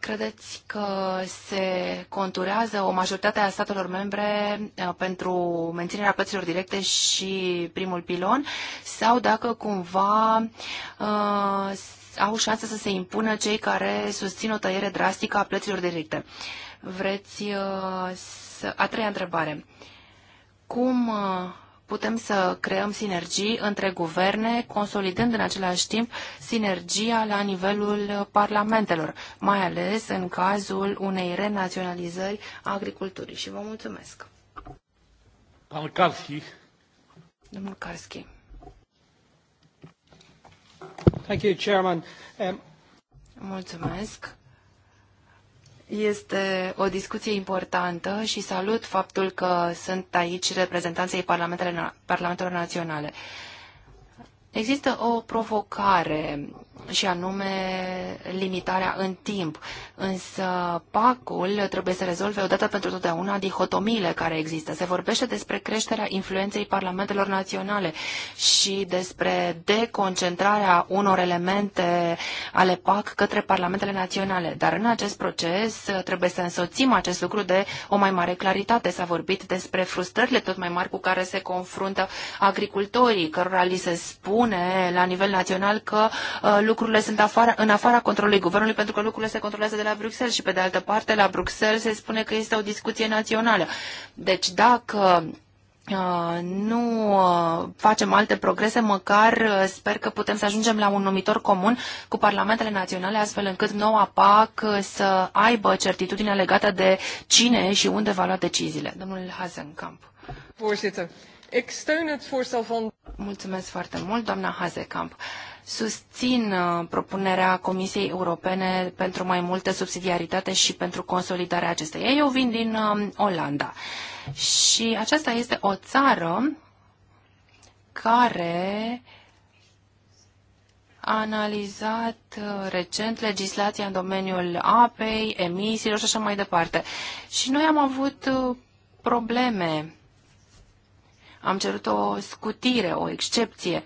credeți că se conturează o majoritate a statelor membre uh, pentru menținerea plăților directe și primul pilon sau dacă cumva uh, au șansa să se impună cei care susțin o tăiere drastică a plăților directe? Vreți uh, să... A treia întrebare. Uh, cum uh, putem să creăm sinergii între guverne, consolidând în același timp sinergia la nivelul uh, parlamentelor, mai ales în cazul unei renaționalizări a agriculturii. Și vă mulțumesc. Domnul Karski. Domnul Karski. Thank you, Chairman. Um... Mulțumesc. Este o discuție importantă și salut faptul că sunt aici reprezentanții Parlamentelor Naționale. Există o provocare și anume limitarea în timp. Însă pacul trebuie să rezolve odată pentru totdeauna dihotomiile care există. Se vorbește despre creșterea influenței parlamentelor naționale și despre deconcentrarea unor elemente ale PAC către parlamentele naționale. Dar în acest proces trebuie să însoțim acest lucru de o mai mare claritate. S-a vorbit despre frustrările tot mai mari cu care se confruntă agricultorii, cărora li se spune la nivel național că uh, lucrurile sunt afară, în afara controlului guvernului, pentru că lucrurile se controlează de la Bruxelles și, pe de altă parte, la Bruxelles se spune că este o discuție națională. Deci, dacă uh, nu uh, facem alte progrese, măcar uh, sper că putem să ajungem la un numitor comun cu parlamentele naționale, astfel încât noua PAC să aibă certitudinea legată de cine și unde va lua deciziile. Domnul Hazenkamp. Mulțumesc foarte mult, doamna Hazenkamp susțin uh, propunerea Comisiei Europene pentru mai multă subsidiaritate și pentru consolidarea acesteia. Eu vin din uh, Olanda și aceasta este o țară care a analizat uh, recent legislația în domeniul apei, emisiilor și așa mai departe. Și noi am avut probleme. Am cerut o scutire, o excepție,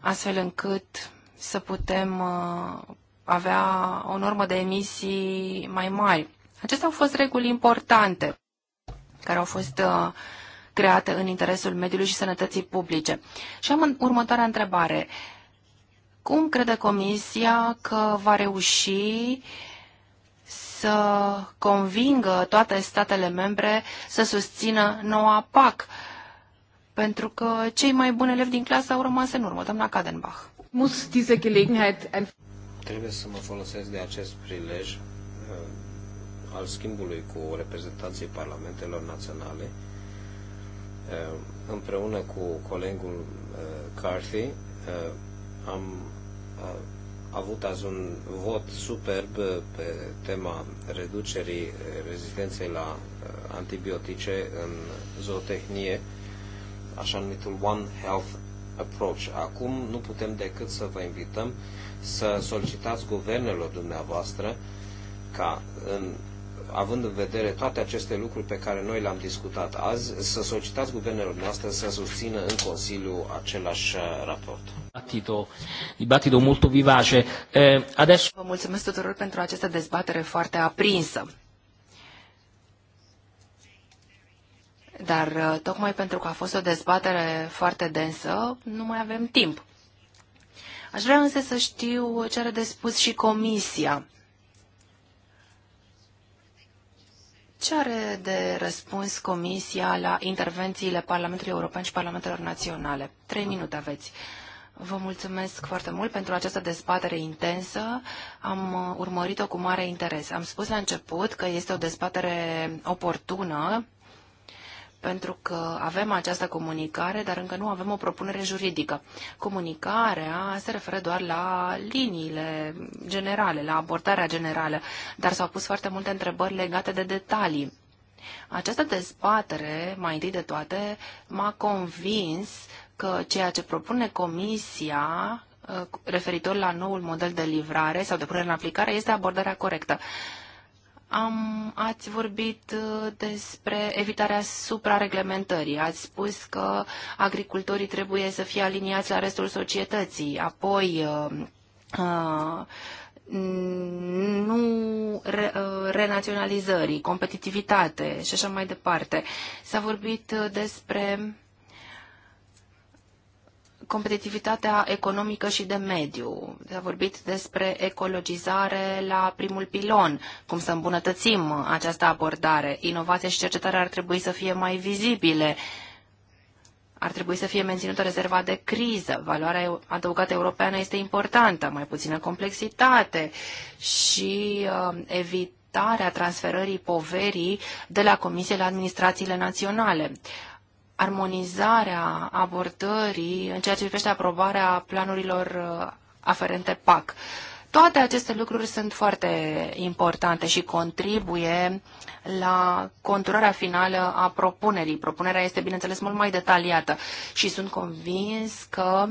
astfel încât să putem uh, avea o normă de emisii mai mari. Acestea au fost reguli importante care au fost uh, create în interesul mediului și sănătății publice. Și am următoarea întrebare. Cum crede Comisia că va reuși să convingă toate statele membre să susțină noua PAC? Pentru că cei mai buni elevi din clasă au rămas în urmă. Doamna Kadenbach. Muss diese Gelegenheit Trebuie să mă folosesc de acest prilej uh, al schimbului cu reprezentanții parlamentelor naționale uh, împreună cu colegul uh, Carthy am avut azi un vot superb pe tema reducerii rezistenței la antibiotice în zootehnie, așa numitul One Health approach. Acum nu putem decât să vă invităm să solicitați guvernelor dumneavoastră ca în având în vedere toate aceste lucruri pe care noi le-am discutat azi, să solicitați guvernelor noastre să susțină în Consiliu același uh, raport. Dibattito, dibattito molto vivace. Eh, adesso... Vă mulțumesc tuturor pentru această dezbatere foarte aprinsă. Dar uh, tocmai pentru că a fost o dezbatere foarte densă, nu mai avem timp. Aș vrea însă să știu ce are de spus și comisia. Ce are de răspuns Comisia la intervențiile Parlamentului European și Parlamentelor Naționale? Trei minute aveți. Vă mulțumesc foarte mult pentru această dezbatere intensă. Am uh, urmărit-o cu mare interes. Am spus la început că este o dezbatere oportună pentru că avem această comunicare, dar încă nu avem o propunere juridică. Comunicarea se referă doar la liniile generale, la abordarea generală, dar s-au pus foarte multe întrebări legate de detalii. Această dezbatere, mai întâi de toate, m-a convins că ceea ce propune Comisia uh, referitor la noul model de livrare sau de punere în aplicare este abordarea corectă. Am, ați vorbit uh, despre evitarea suprareglementării. Ați spus că agricultorii trebuie să fie aliniați la restul societății. Apoi, uh, uh nu re, uh, renaționalizării, competitivitate și așa mai departe. S-a vorbit despre competitivitatea economică și de mediu. S-a vorbit despre ecologizare la primul pilon, cum să îmbunătățim această abordare. Inovația și cercetarea ar trebui să fie mai vizibile. Ar trebui să fie menținută rezerva de criză. Valoarea adăugată europeană este importantă, mai puțină complexitate și uh, evitarea transferării poverii de la Comisie la administrațiile naționale. Uh, armonizarea abordării în ceea ce privește aprobarea planurilor uh, aferente PAC. Toate aceste lucruri sunt foarte importante și contribuie la conturarea finală a propunerii. Propunerea este, bineînțeles, mult mai detaliată și sunt convins că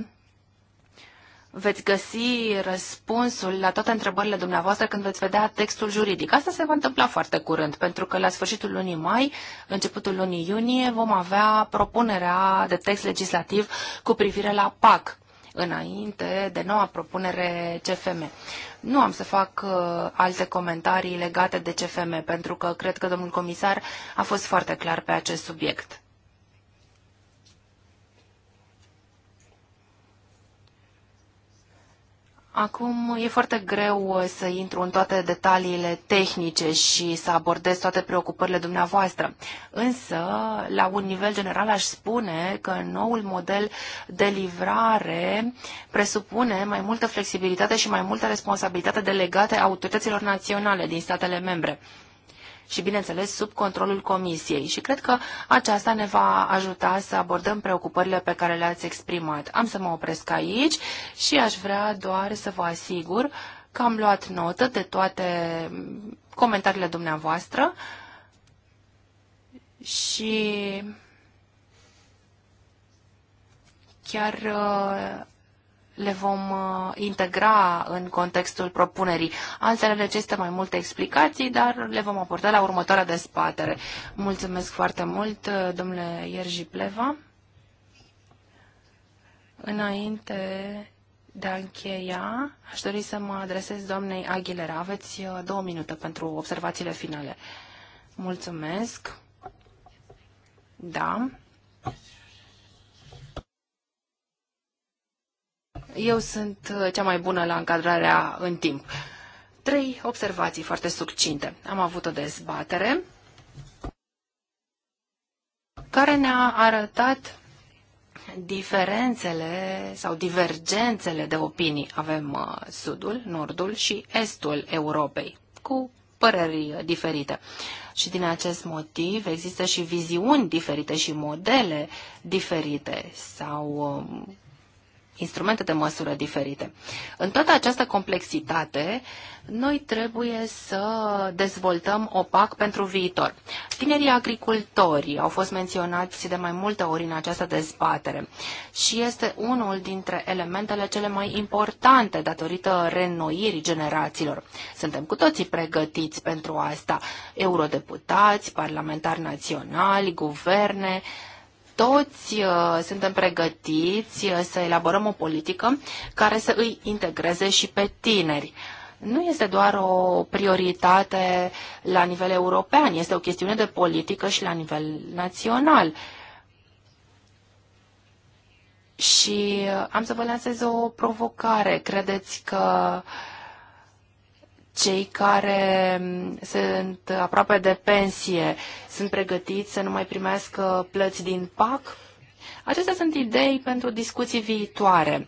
veți găsi răspunsul la toate întrebările dumneavoastră când veți vedea textul juridic. Asta se va întâmpla foarte curând, pentru că la sfârșitul lunii mai, începutul lunii iunie, vom avea propunerea de text legislativ cu privire la PAC înainte de noua propunere CFM. Nu am să fac uh, alte comentarii legate de CFM, pentru că cred că domnul comisar a fost foarte clar pe acest subiect. Acum e foarte greu uh, să intru în toate detaliile tehnice și să abordez toate preocupările dumneavoastră. Însă, la un nivel general, aș spune că noul model de livrare presupune mai multă flexibilitate și mai multă responsabilitate delegate autorităților naționale din statele membre și, bineînțeles, sub controlul Comisiei. Și cred că aceasta ne va ajuta să abordăm preocupările pe care le-ați exprimat. Am să mă opresc aici și aș vrea doar să vă asigur că am luat notă de toate comentariile dumneavoastră și chiar uh, le vom uh, integra în contextul propunerii. Altele necesită mai multe explicații, dar le vom aporta la următoarea dezbatere. Mulțumesc foarte mult, uh, domnule Ierji Pleva. Înainte de a încheia, aș dori să mă adresez doamnei Aguilera. Aveți uh, două minute pentru observațiile finale. Mulțumesc. Da. Eu sunt uh, cea mai bună la încadrarea în timp. Trei observații foarte succinte. Am avut o dezbatere care ne-a arătat diferențele sau divergențele de opinii. Avem uh, sudul, nordul și estul Europei, cu păreri uh, diferite. Și din acest motiv există și viziuni diferite și modele diferite sau um, instrumente de măsură diferite. În toată această complexitate, noi trebuie să dezvoltăm o PAC pentru viitor. Tinerii agricultori au fost menționați de mai multe ori în această dezbatere și este unul dintre elementele cele mai importante datorită reînnoirii generațiilor. Suntem cu toții pregătiți pentru asta, eurodeputați, parlamentari naționali, guverne, toți uh, suntem pregătiți uh, să elaborăm o politică care să îi integreze și pe tineri nu este doar o prioritate la nivel european, este o chestiune de politică și la nivel național. Și uh, am să vă lansez o provocare. Credeți că uh, cei care mm, sunt aproape de pensie sunt pregătiți să nu mai primească plăți din PAC? Acestea sunt idei pentru discuții viitoare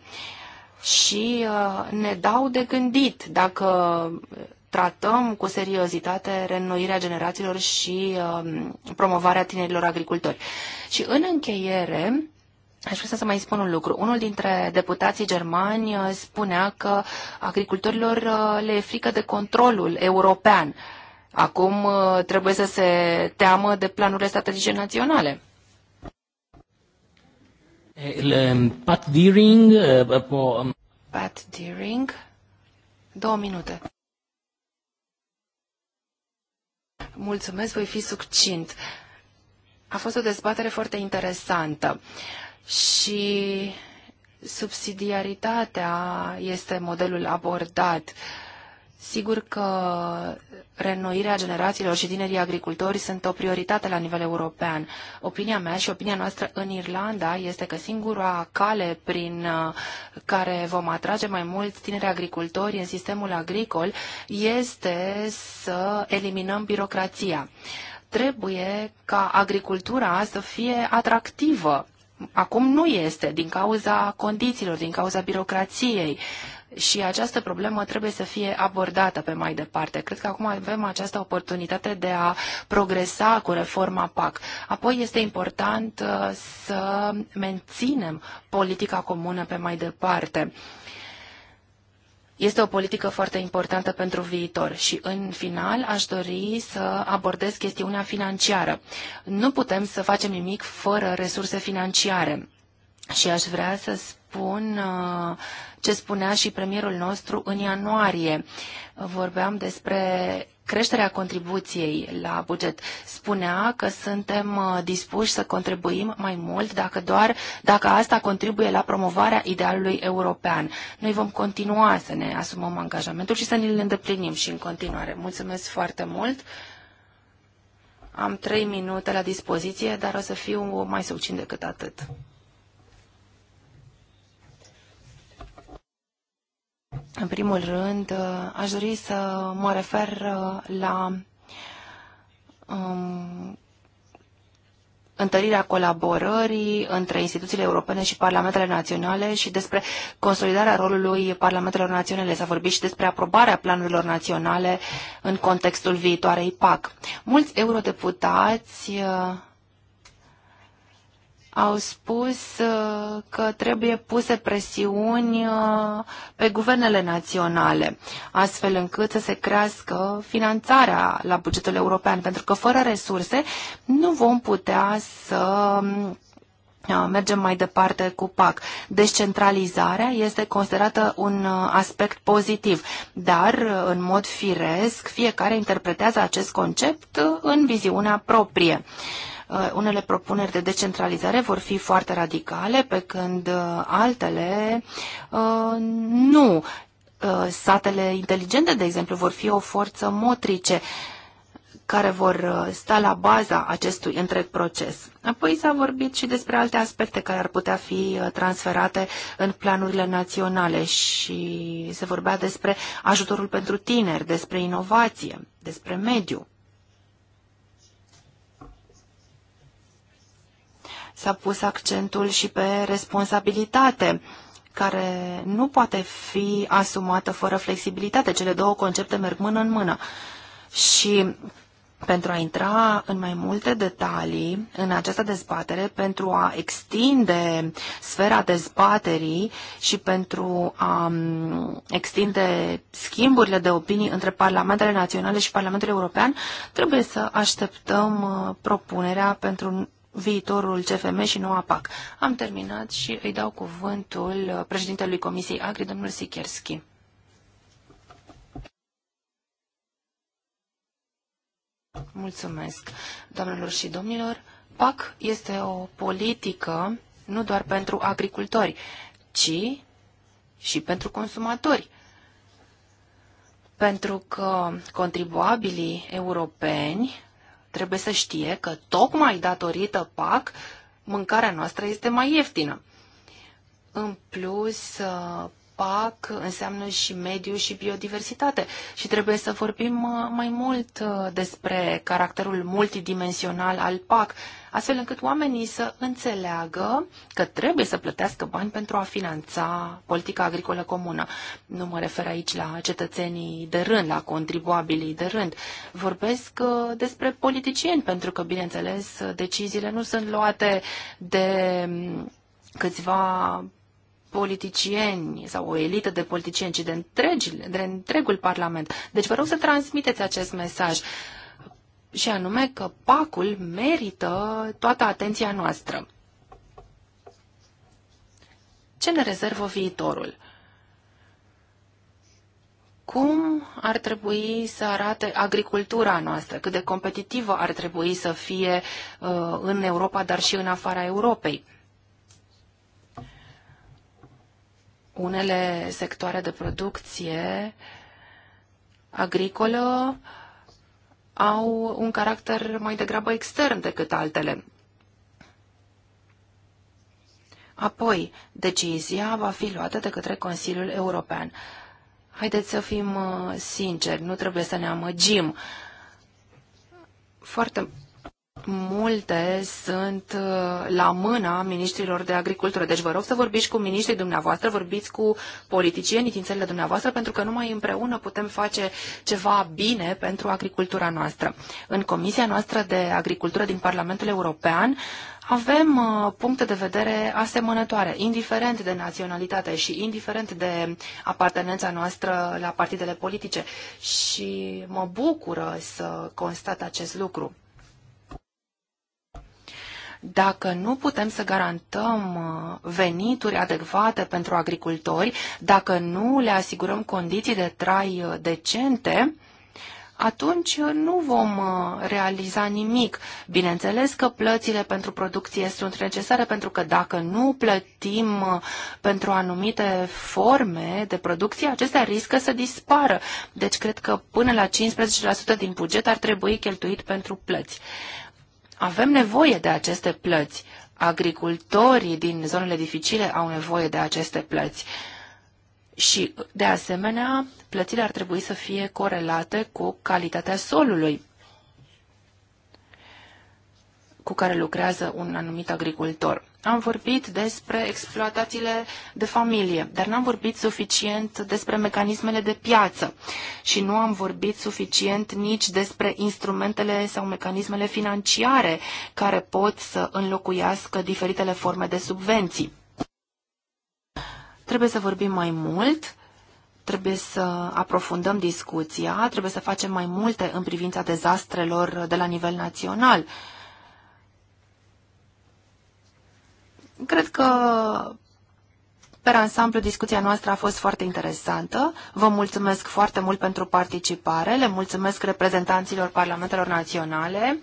și uh, ne dau de gândit dacă tratăm cu seriozitate reînnoirea generațiilor și uh, promovarea tinerilor agricultori. Și în încheiere, Aș vrea să mai spun un lucru. Unul dintre deputații germani uh, spunea că agricultorilor uh, le e frică de controlul european. Acum uh, trebuie să se teamă de planurile strategice naționale. Um, Pat Deering. Um, Pat Deering. Două minute. Mulțumesc, voi fi succint. A fost o dezbatere foarte interesantă și subsidiaritatea este modelul abordat. Sigur că renoirea generațiilor și tinerii agricultori sunt o prioritate la nivel european. Opinia mea și opinia noastră în Irlanda este că singura cale prin uh, care vom atrage mai mulți tineri agricultori în sistemul agricol este să eliminăm birocrația. Trebuie ca agricultura să fie atractivă Acum nu este, din cauza condițiilor, din cauza birocrației. Și această problemă trebuie să fie abordată pe mai departe. Cred că acum avem această oportunitate de a progresa cu reforma PAC. Apoi este important uh, să menținem politica comună pe mai departe este o politică foarte importantă pentru viitor și, în final, aș dori să abordez chestiunea financiară. Nu putem să facem nimic fără resurse financiare. Și aș vrea să spun uh, ce spunea și premierul nostru în ianuarie. Vorbeam despre creșterea contribuției la buget. Spunea că suntem uh, dispuși să contribuim mai mult dacă doar dacă asta contribuie la promovarea idealului european. Noi vom continua să ne asumăm angajamentul și să ne-l îndeplinim și în continuare. Mulțumesc foarte mult! Am trei minute la dispoziție, dar o să fiu mai subțin decât atât. În primul rând, uh, aș dori să mă refer uh, la um, întărirea colaborării între instituțiile europene și parlamentele naționale și despre consolidarea rolului parlamentelor naționale. S-a vorbit și despre aprobarea planurilor naționale în contextul viitoarei PAC. Mulți eurodeputați uh, au spus uh, că trebuie puse presiuni uh, pe guvernele naționale, astfel încât să se crească finanțarea la bugetul european, pentru că fără resurse nu vom putea să um, uh, mergem mai departe cu PAC. Descentralizarea este considerată un aspect pozitiv, dar în mod firesc fiecare interpretează acest concept în viziunea proprie. Uh, unele propuneri de decentralizare vor fi foarte radicale, pe când uh, altele uh, nu. Satele inteligente, de exemplu, vor fi o forță motrice care vor sta la baza acestui întreg proces. Apoi s-a vorbit și despre alte aspecte care ar putea fi transferate în planurile naționale și se vorbea despre ajutorul pentru tineri, despre inovație, despre mediu. S-a pus accentul și pe responsabilitate care nu poate fi asumată fără flexibilitate. Cele două concepte merg mână în mână. Și pentru a intra în mai multe detalii în această dezbatere, pentru a extinde sfera dezbaterii și pentru a extinde schimburile de opinii între Parlamentele Naționale și Parlamentul European, trebuie să așteptăm uh, propunerea pentru viitorul CFM și noua PAC. Am terminat și îi dau cuvântul uh, președintelui Comisiei Agri, domnul Sikerski. Mulțumesc, doamnelor și domnilor. PAC este o politică nu doar pentru agricultori, ci și pentru consumatori. Pentru că contribuabilii europeni trebuie să știe că tocmai datorită PAC mâncarea noastră este mai ieftină. În plus, uh, PAC înseamnă și mediu și biodiversitate și trebuie să vorbim uh, mai mult uh, despre caracterul multidimensional al PAC, astfel încât oamenii să înțeleagă că trebuie să plătească bani pentru a finanța politica agricolă comună. Nu mă refer aici la cetățenii de rând, la contribuabilii de rând. Vorbesc uh, despre politicieni, pentru că, bineînțeles, deciziile nu sunt luate de mm, câțiva politicieni sau o elită de politicieni, ci de, întregi, de întregul Parlament. Deci vă rog să transmiteți acest mesaj și anume că pacul merită toată atenția noastră. Ce ne rezervă viitorul? Cum ar trebui să arate agricultura noastră? Cât de competitivă ar trebui să fie uh, în Europa, dar și în afara Europei? Unele sectoare de producție agricolă au un caracter mai degrabă extern decât altele. Apoi, decizia va fi luată de către Consiliul European. Haideți să fim uh, sinceri, nu trebuie să ne amăgim. Foarte multe sunt uh, la mâna ministrilor de agricultură. Deci vă rog să vorbiți cu ministrii dumneavoastră, vorbiți cu politicienii din țările dumneavoastră, pentru că numai împreună putem face ceva bine pentru agricultura noastră. În Comisia noastră de Agricultură din Parlamentul European avem uh, puncte de vedere asemănătoare, indiferent de naționalitate și indiferent de apartenența noastră la partidele politice. Și mă bucură să constat acest lucru. Dacă nu putem să garantăm uh, venituri adecvate pentru agricultori, dacă nu le asigurăm condiții de trai uh, decente, atunci uh, nu vom realiza nimic. Bineînțeles că plățile pentru producție sunt necesare pentru că dacă nu plătim pentru anumite forme de producție, acestea riscă să dispară. Deci cred că până la 15% din buget ar trebui cheltuit pentru plăți. Avem nevoie de aceste plăți. Agricultorii din zonele dificile au nevoie de aceste plăți. Și, de asemenea, plățile ar trebui să fie corelate cu calitatea solului cu care lucrează un anumit agricultor. Am vorbit despre exploatațiile de familie, dar n-am vorbit suficient despre mecanismele de piață și nu am vorbit suficient nici despre instrumentele sau mecanismele financiare care pot să înlocuiască diferitele forme de subvenții. Trebuie să vorbim mai mult trebuie să aprofundăm discuția, trebuie să facem mai multe în privința dezastrelor de la nivel național. Cred că pe ansamblu, discuția noastră a fost foarte interesantă. Vă mulțumesc foarte mult pentru participare, le mulțumesc reprezentanților parlamentelor naționale,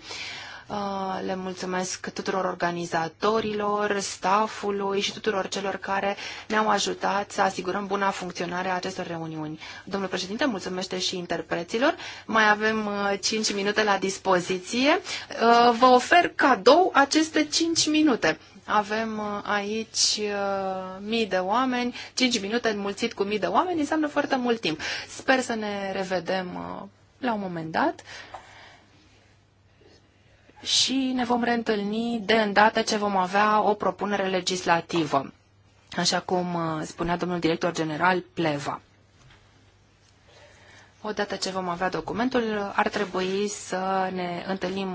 uh, le mulțumesc tuturor organizatorilor, staffului și tuturor celor care ne-au ajutat să asigurăm buna funcționare a acestor reuniuni. Domnul președinte, mulțumește și interpreților. Mai avem 5 uh, minute la dispoziție. Uh, vă ofer cadou aceste 5 minute. Avem uh, aici uh, mii de oameni, 5 minute înmulțit cu mii de oameni înseamnă foarte mult timp. Sper să ne revedem uh, la un moment dat și ne vom reîntâlni de îndată ce vom avea o propunere legislativă, așa cum spunea domnul director general Pleva. Odată ce vom avea documentul, ar trebui să ne întâlnim